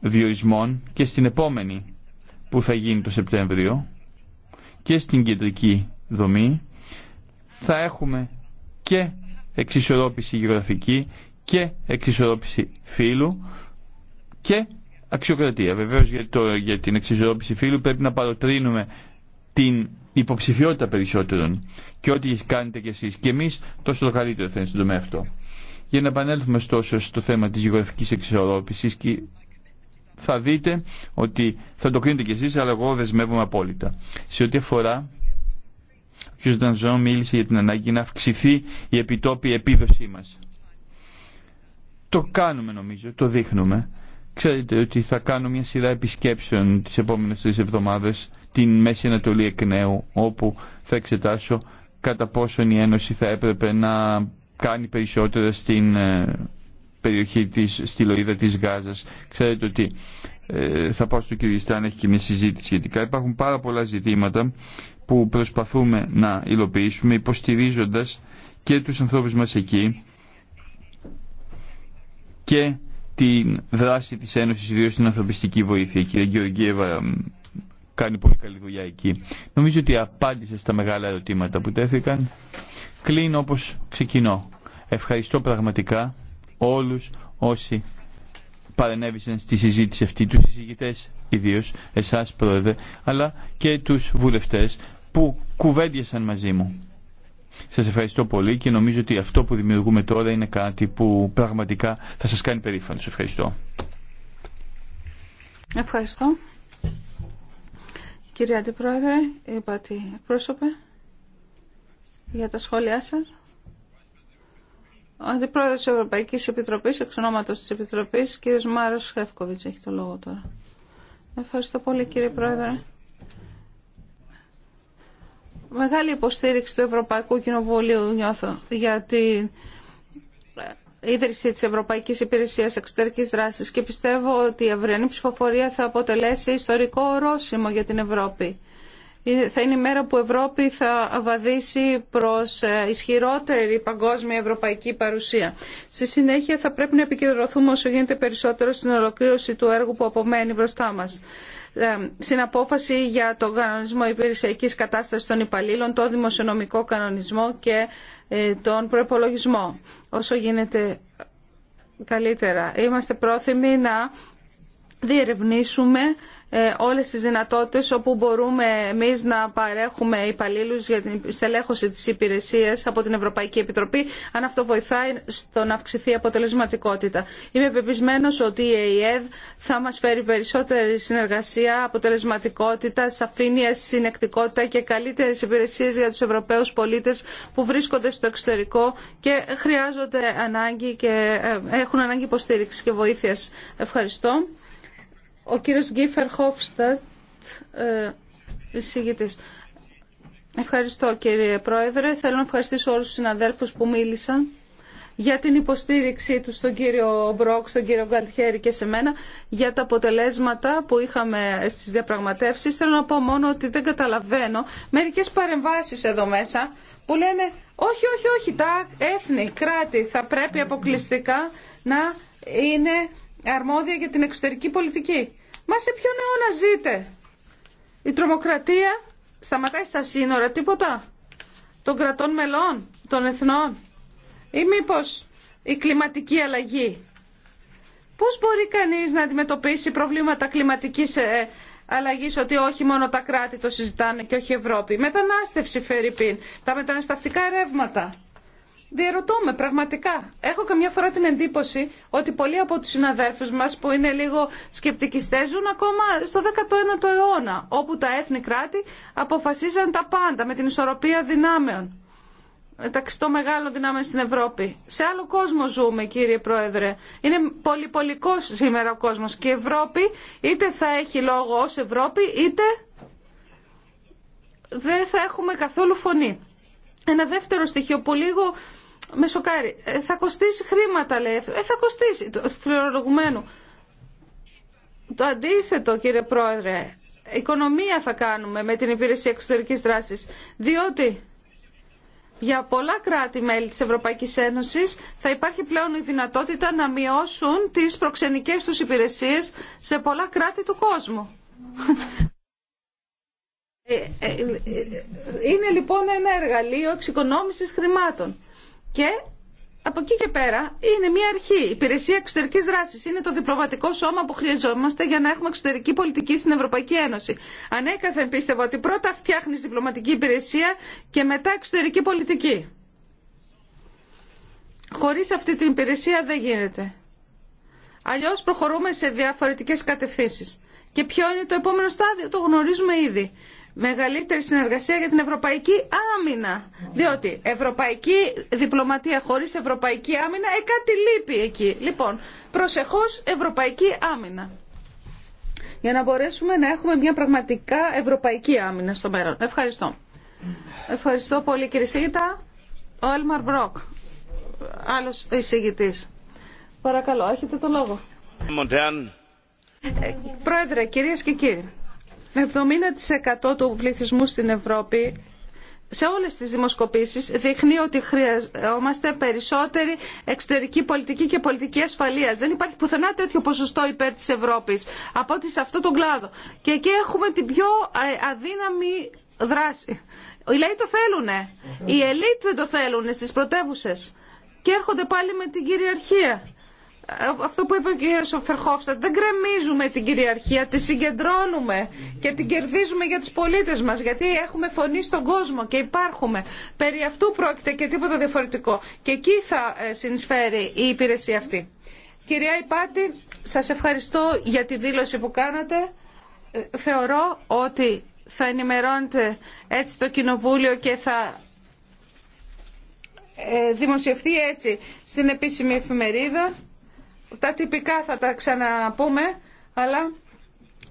διορισμών και στην επόμενη που θα γίνει το Σεπτέμβριο και στην κεντρική δομή θα έχουμε και εξισορρόπηση γεωγραφική και εξισορρόπηση φύλου και αξιοκρατία. Βεβαίως για, το, για την εξισορρόπηση φύλου πρέπει να παροτρύνουμε την υποψηφιότητα περισσότερων και ό,τι κάνετε κι εσείς και εμείς τόσο το καλύτερο θα είναι στον τομέα αυτό. Για να επανέλθουμε στόσο στο θέμα της γεωγραφικής εξισορρόπησης και θα δείτε ότι θα το κρίνετε κι εσείς αλλά εγώ δεσμεύομαι απόλυτα. Σε ό,τι αφορά ο κ. Ντανζόν μίλησε για την ανάγκη να αυξηθεί η επιτόπη επίδοσή μας. Το κάνουμε νομίζω, το δείχνουμε. Ξέρετε ότι θα κάνω μια σειρά επισκέψεων τις επόμενες τρεις εβδομάδες την Μέση Ανατολή εκ όπου θα εξετάσω κατά πόσον η Ένωση θα έπρεπε να κάνει περισσότερα στην ε, περιοχή της, στη Λοίδα της Γάζας. Ξέρετε ότι ε, θα πάω στο Κυριστάν, έχει και μια συζήτηση σχετικά. Υπάρχουν πάρα πολλά ζητήματα που προσπαθούμε να υλοποιήσουμε υποστηρίζοντας και τους ανθρώπους μας εκεί και τη δράση της Ένωσης, ιδίως στην ανθρωπιστική βοήθεια. Η κυρία Γεωργίευα κάνει πολύ καλή δουλειά εκεί. Νομίζω ότι απάντησε στα μεγάλα ερωτήματα που τέθηκαν. Κλείνω όπως ξεκινώ. Ευχαριστώ πραγματικά όλους όσοι παρενέβησαν στη συζήτηση αυτή, τους συζητητές ιδίως, εσάς πρόεδρε, αλλά και τους βουλευτές που κουβέντιασαν μαζί μου. Σας ευχαριστώ πολύ και νομίζω ότι αυτό που δημιουργούμε τώρα είναι κάτι που πραγματικά θα σας κάνει Σας Ευχαριστώ. Ευχαριστώ. Κύριε Αντιπρόεδρε, είπατε πρόσωπε για τα σχόλιά σας. Ο Αντιπρόεδρος της Ευρωπαϊκής Επιτροπής, εξ ονόματος της Επιτροπής, κύριος Μάρος Χεύκοβιτς, έχει το λόγο τώρα. Ευχαριστώ πολύ κύριε Πρόεδρε μεγάλη υποστήριξη του Ευρωπαϊκού Κοινοβουλίου νιώθω για την ίδρυση της Ευρωπαϊκής Υπηρεσίας Εξωτερικής Δράσης και πιστεύω ότι η αυριανή ψηφοφορία θα αποτελέσει ιστορικό ορόσημο για την Ευρώπη. Θα είναι η μέρα που η Ευρώπη θα βαδίσει προς ε, ισχυρότερη παγκόσμια ευρωπαϊκή παρουσία. Στη συνέχεια θα πρέπει να επικεντρωθούμε όσο γίνεται περισσότερο στην ολοκλήρωση του έργου που απομένει μπροστά μας. Ε, απόφαση για τον κανονισμό υπηρεσιακής κατάστασης των υπαλλήλων, το δημοσιονομικό κανονισμό και ε, τον προπολογισμό. Όσο γίνεται καλύτερα. Είμαστε πρόθυμοι να διερευνήσουμε ε, όλες τις δυνατότητες όπου μπορούμε εμείς να παρέχουμε υπαλλήλου για την στελέχωση της υπηρεσίας από την Ευρωπαϊκή Επιτροπή αν αυτό βοηθάει στο να αυξηθεί η αποτελεσματικότητα. Είμαι πεπισμένος ότι η ΕΕΔ θα μας φέρει περισσότερη συνεργασία, αποτελεσματικότητα, σαφήνεια, συνεκτικότητα και καλύτερες υπηρεσίες για τους Ευρωπαίους πολίτες που βρίσκονται στο εξωτερικό και χρειάζονται ανάγκη και ε, έχουν ανάγκη υποστήριξη και βοήθειας. Ευχαριστώ. Ο κύριος Γκίφερ Χόφστατ, ε, εισηγητής. Ευχαριστώ κύριε Πρόεδρε. Θέλω να ευχαριστήσω όλους τους συναδέλφους που μίλησαν για την υποστήριξή του στον κύριο Μπρόκ, στον κύριο Γκαλτιέρη και σε μένα για τα αποτελέσματα που είχαμε στις διαπραγματεύσεις. Θέλω να πω μόνο ότι δεν καταλαβαίνω μερικές παρεμβάσεις εδώ μέσα που λένε όχι, όχι, όχι, τα έθνη, κράτη θα πρέπει αποκλειστικά να είναι αρμόδια για την εξωτερική πολιτική. Μα σε ποιον αιώνα ζείτε. Η τρομοκρατία σταματάει στα σύνορα, τίποτα. Των κρατών μελών, των εθνών. Ή μήπω η κλιματική αλλαγή. Πώς μπορεί κανείς να αντιμετωπίσει προβλήματα κλιματικής ε, ε, αλλαγής ότι όχι μόνο τα κράτη το συζητάνε και όχι η Ευρώπη. Μετανάστευση, Φερρυπίν, τα μεταναστευτικά ευρωπη μεταναστευση πιν τα μεταναστευτικα ρευματα διερωτώ πραγματικά. Έχω καμιά φορά την εντύπωση ότι πολλοί από τους συναδέρφους μας που είναι λίγο σκεπτικιστές ζουν ακόμα στο 19ο αιώνα, όπου τα έθνη κράτη αποφασίζαν τα πάντα με την ισορροπία δυνάμεων μεταξύ των μεγάλων δυνάμεων στην Ευρώπη. Σε άλλο κόσμο ζούμε, κύριε Πρόεδρε. Είναι πολυπολικό σήμερα ο κόσμος και η Ευρώπη είτε θα έχει λόγο ως Ευρώπη, είτε δεν θα έχουμε καθόλου φωνή. Ένα δεύτερο στοιχείο που λίγο με σοκάρει. θα κοστίσει χρήματα, λέει. θα κοστίσει το Το αντίθετο, κύριε Πρόεδρε, οικονομία θα κάνουμε με την υπηρεσία εξωτερικής δράσης. Διότι για πολλά κράτη-μέλη της Ευρωπαϊκής Ένωσης θα υπάρχει πλέον η δυνατότητα να μειώσουν τις προξενικές τους υπηρεσίες σε πολλά κράτη του κόσμου. Είναι λοιπόν ένα εργαλείο εξοικονόμησης χρημάτων. Και από εκεί και πέρα είναι μια αρχή. Η υπηρεσία εξωτερική δράση είναι το διπλωματικό σώμα που χρειαζόμαστε για να έχουμε εξωτερική πολιτική στην Ευρωπαϊκή Ένωση. Ανέκαθεν πίστευα ότι πρώτα φτιάχνει διπλωματική υπηρεσία και μετά εξωτερική πολιτική. Χωρί αυτή την υπηρεσία δεν γίνεται. Αλλιώ προχωρούμε σε διαφορετικέ κατευθύνσει. Και ποιο είναι το επόμενο στάδιο, το γνωρίζουμε ήδη μεγαλύτερη συνεργασία για την ευρωπαϊκή άμυνα. Διότι ευρωπαϊκή διπλωματία χωρίς ευρωπαϊκή άμυνα, ε κάτι λείπει εκεί. Λοιπόν, προσεχώς ευρωπαϊκή άμυνα. Για να μπορέσουμε να έχουμε μια πραγματικά ευρωπαϊκή άμυνα στο μέλλον. Ευχαριστώ. Ευχαριστώ πολύ κύριε Σίγητα. Ο Έλμαρ Μπρόκ, άλλος εισηγητής. Παρακαλώ, έχετε το λόγο. Ε, πρόεδρε, κυρίες και κύριοι. 70% του πληθυσμού στην Ευρώπη σε όλες τις δημοσκοπήσεις δείχνει ότι χρειαζόμαστε περισσότερη εξωτερική πολιτική και πολιτική ασφαλείας. Δεν υπάρχει πουθενά τέτοιο ποσοστό υπέρ της Ευρώπης από ότι σε αυτόν τον κλάδο. Και εκεί έχουμε την πιο ε, αδύναμη δράση. Οι λαοί το θέλουνε. Οι ελίτ δεν το θέλουνε στις πρωτεύουσε. Και έρχονται πάλι με την κυριαρχία αυτό που είπε ο κ. Σοφερχόφστατ, δεν κρεμίζουμε την κυριαρχία, τη συγκεντρώνουμε και την κερδίζουμε για τους πολίτες μας, γιατί έχουμε φωνή στον κόσμο και υπάρχουμε. Περί αυτού πρόκειται και τίποτα διαφορετικό. Και εκεί θα ε, συνεισφέρει η υπηρεσία αυτή. Κυρία Υπάτη, σας ευχαριστώ για τη δήλωση που κάνατε. Ε, θεωρώ ότι θα ενημερώνετε έτσι το Κοινοβούλιο και θα ε, δημοσιευτεί έτσι στην επίσημη εφημερίδα τα τυπικά θα τα ξαναπούμε, αλλά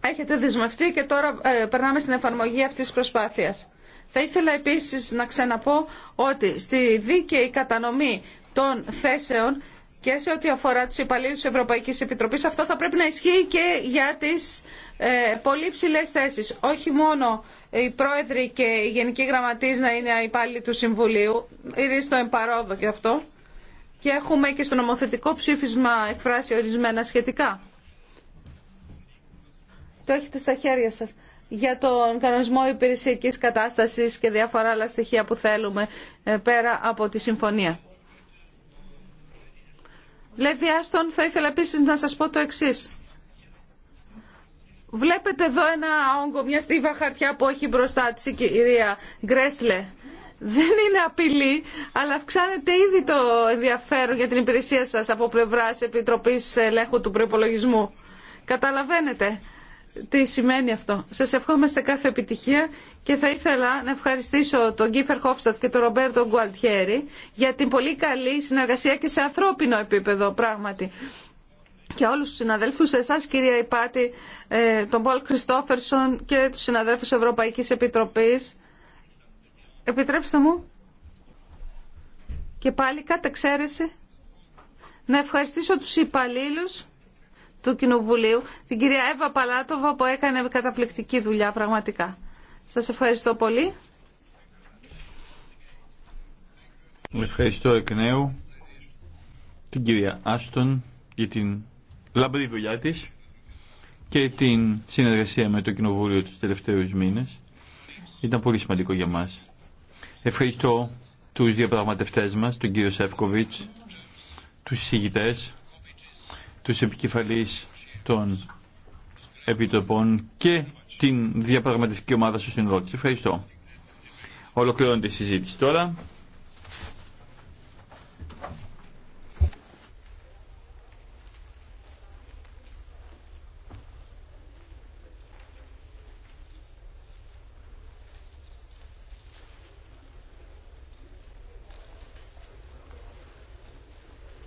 έχετε δεσμευτεί και τώρα ε, περνάμε στην εφαρμογή αυτής της προσπάθειας. Θα ήθελα επίσης να ξαναπώ ότι στη δίκαιη κατανομή των θέσεων και σε ό,τι αφορά τους υπαλλήλους της Ευρωπαϊκής Επιτροπής, αυτό θα πρέπει να ισχύει και για τις ε, πολύ ψηλέ θέσεις. Όχι μόνο οι πρόεδροι και οι γενικοί γραμματείς να είναι υπάλληλοι του Συμβουλίου, είναι στο εμπαρόδο και αυτό, και έχουμε και στο νομοθετικό ψήφισμα εκφράσει ορισμένα σχετικά. Το έχετε στα χέρια σας για τον κανονισμό υπηρεσιακή κατάστασης και διάφορα άλλα στοιχεία που θέλουμε ε, πέρα από τη συμφωνία. Λέει Άστον, θα ήθελα επίσης να σας πω το εξής. Βλέπετε εδώ ένα όγκο, μια στίβα χαρτιά που έχει μπροστά της η κυρία Γκρέστλε δεν είναι απειλή, αλλά αυξάνεται ήδη το ενδιαφέρον για την υπηρεσία σας από πλευράς Επιτροπής Ελέγχου του Προϋπολογισμού. Καταλαβαίνετε τι σημαίνει αυτό. Σας ευχόμαστε κάθε επιτυχία και θα ήθελα να ευχαριστήσω τον Κίφερ Χόφστατ και τον Ρομπέρτο Γκουαλτιέρη για την πολύ καλή συνεργασία και σε ανθρώπινο επίπεδο πράγματι. Και όλους τους συναδέλφους, εσάς κυρία Υπάτη, ε, τον Πολ Κριστόφερσον και τους συναδέλφους Ευρωπαϊκής Επιτροπής Επιτρέψτε μου και πάλι τα εξαίρεση να ευχαριστήσω τους υπαλλήλου του Κοινοβουλίου, την κυρία Εύα Παλάτοβα που έκανε καταπληκτική δουλειά πραγματικά. Σας ευχαριστώ πολύ. Ευχαριστώ εκ νέου την κυρία Άστον για την λαμπρή δουλειά της και την συνεργασία με το Κοινοβούλιο τους τελευταίους μήνες. Ήταν πολύ σημαντικό για μας. Ευχαριστώ τους διαπραγματευτές μας, τον κύριο Σεύκοβιτς, τους συζητητές, τους επικεφαλείς των επιτροπών και την διαπραγματευτική ομάδα στο συνολό Ευχαριστώ. Ολοκληρώνεται η συζήτηση τώρα.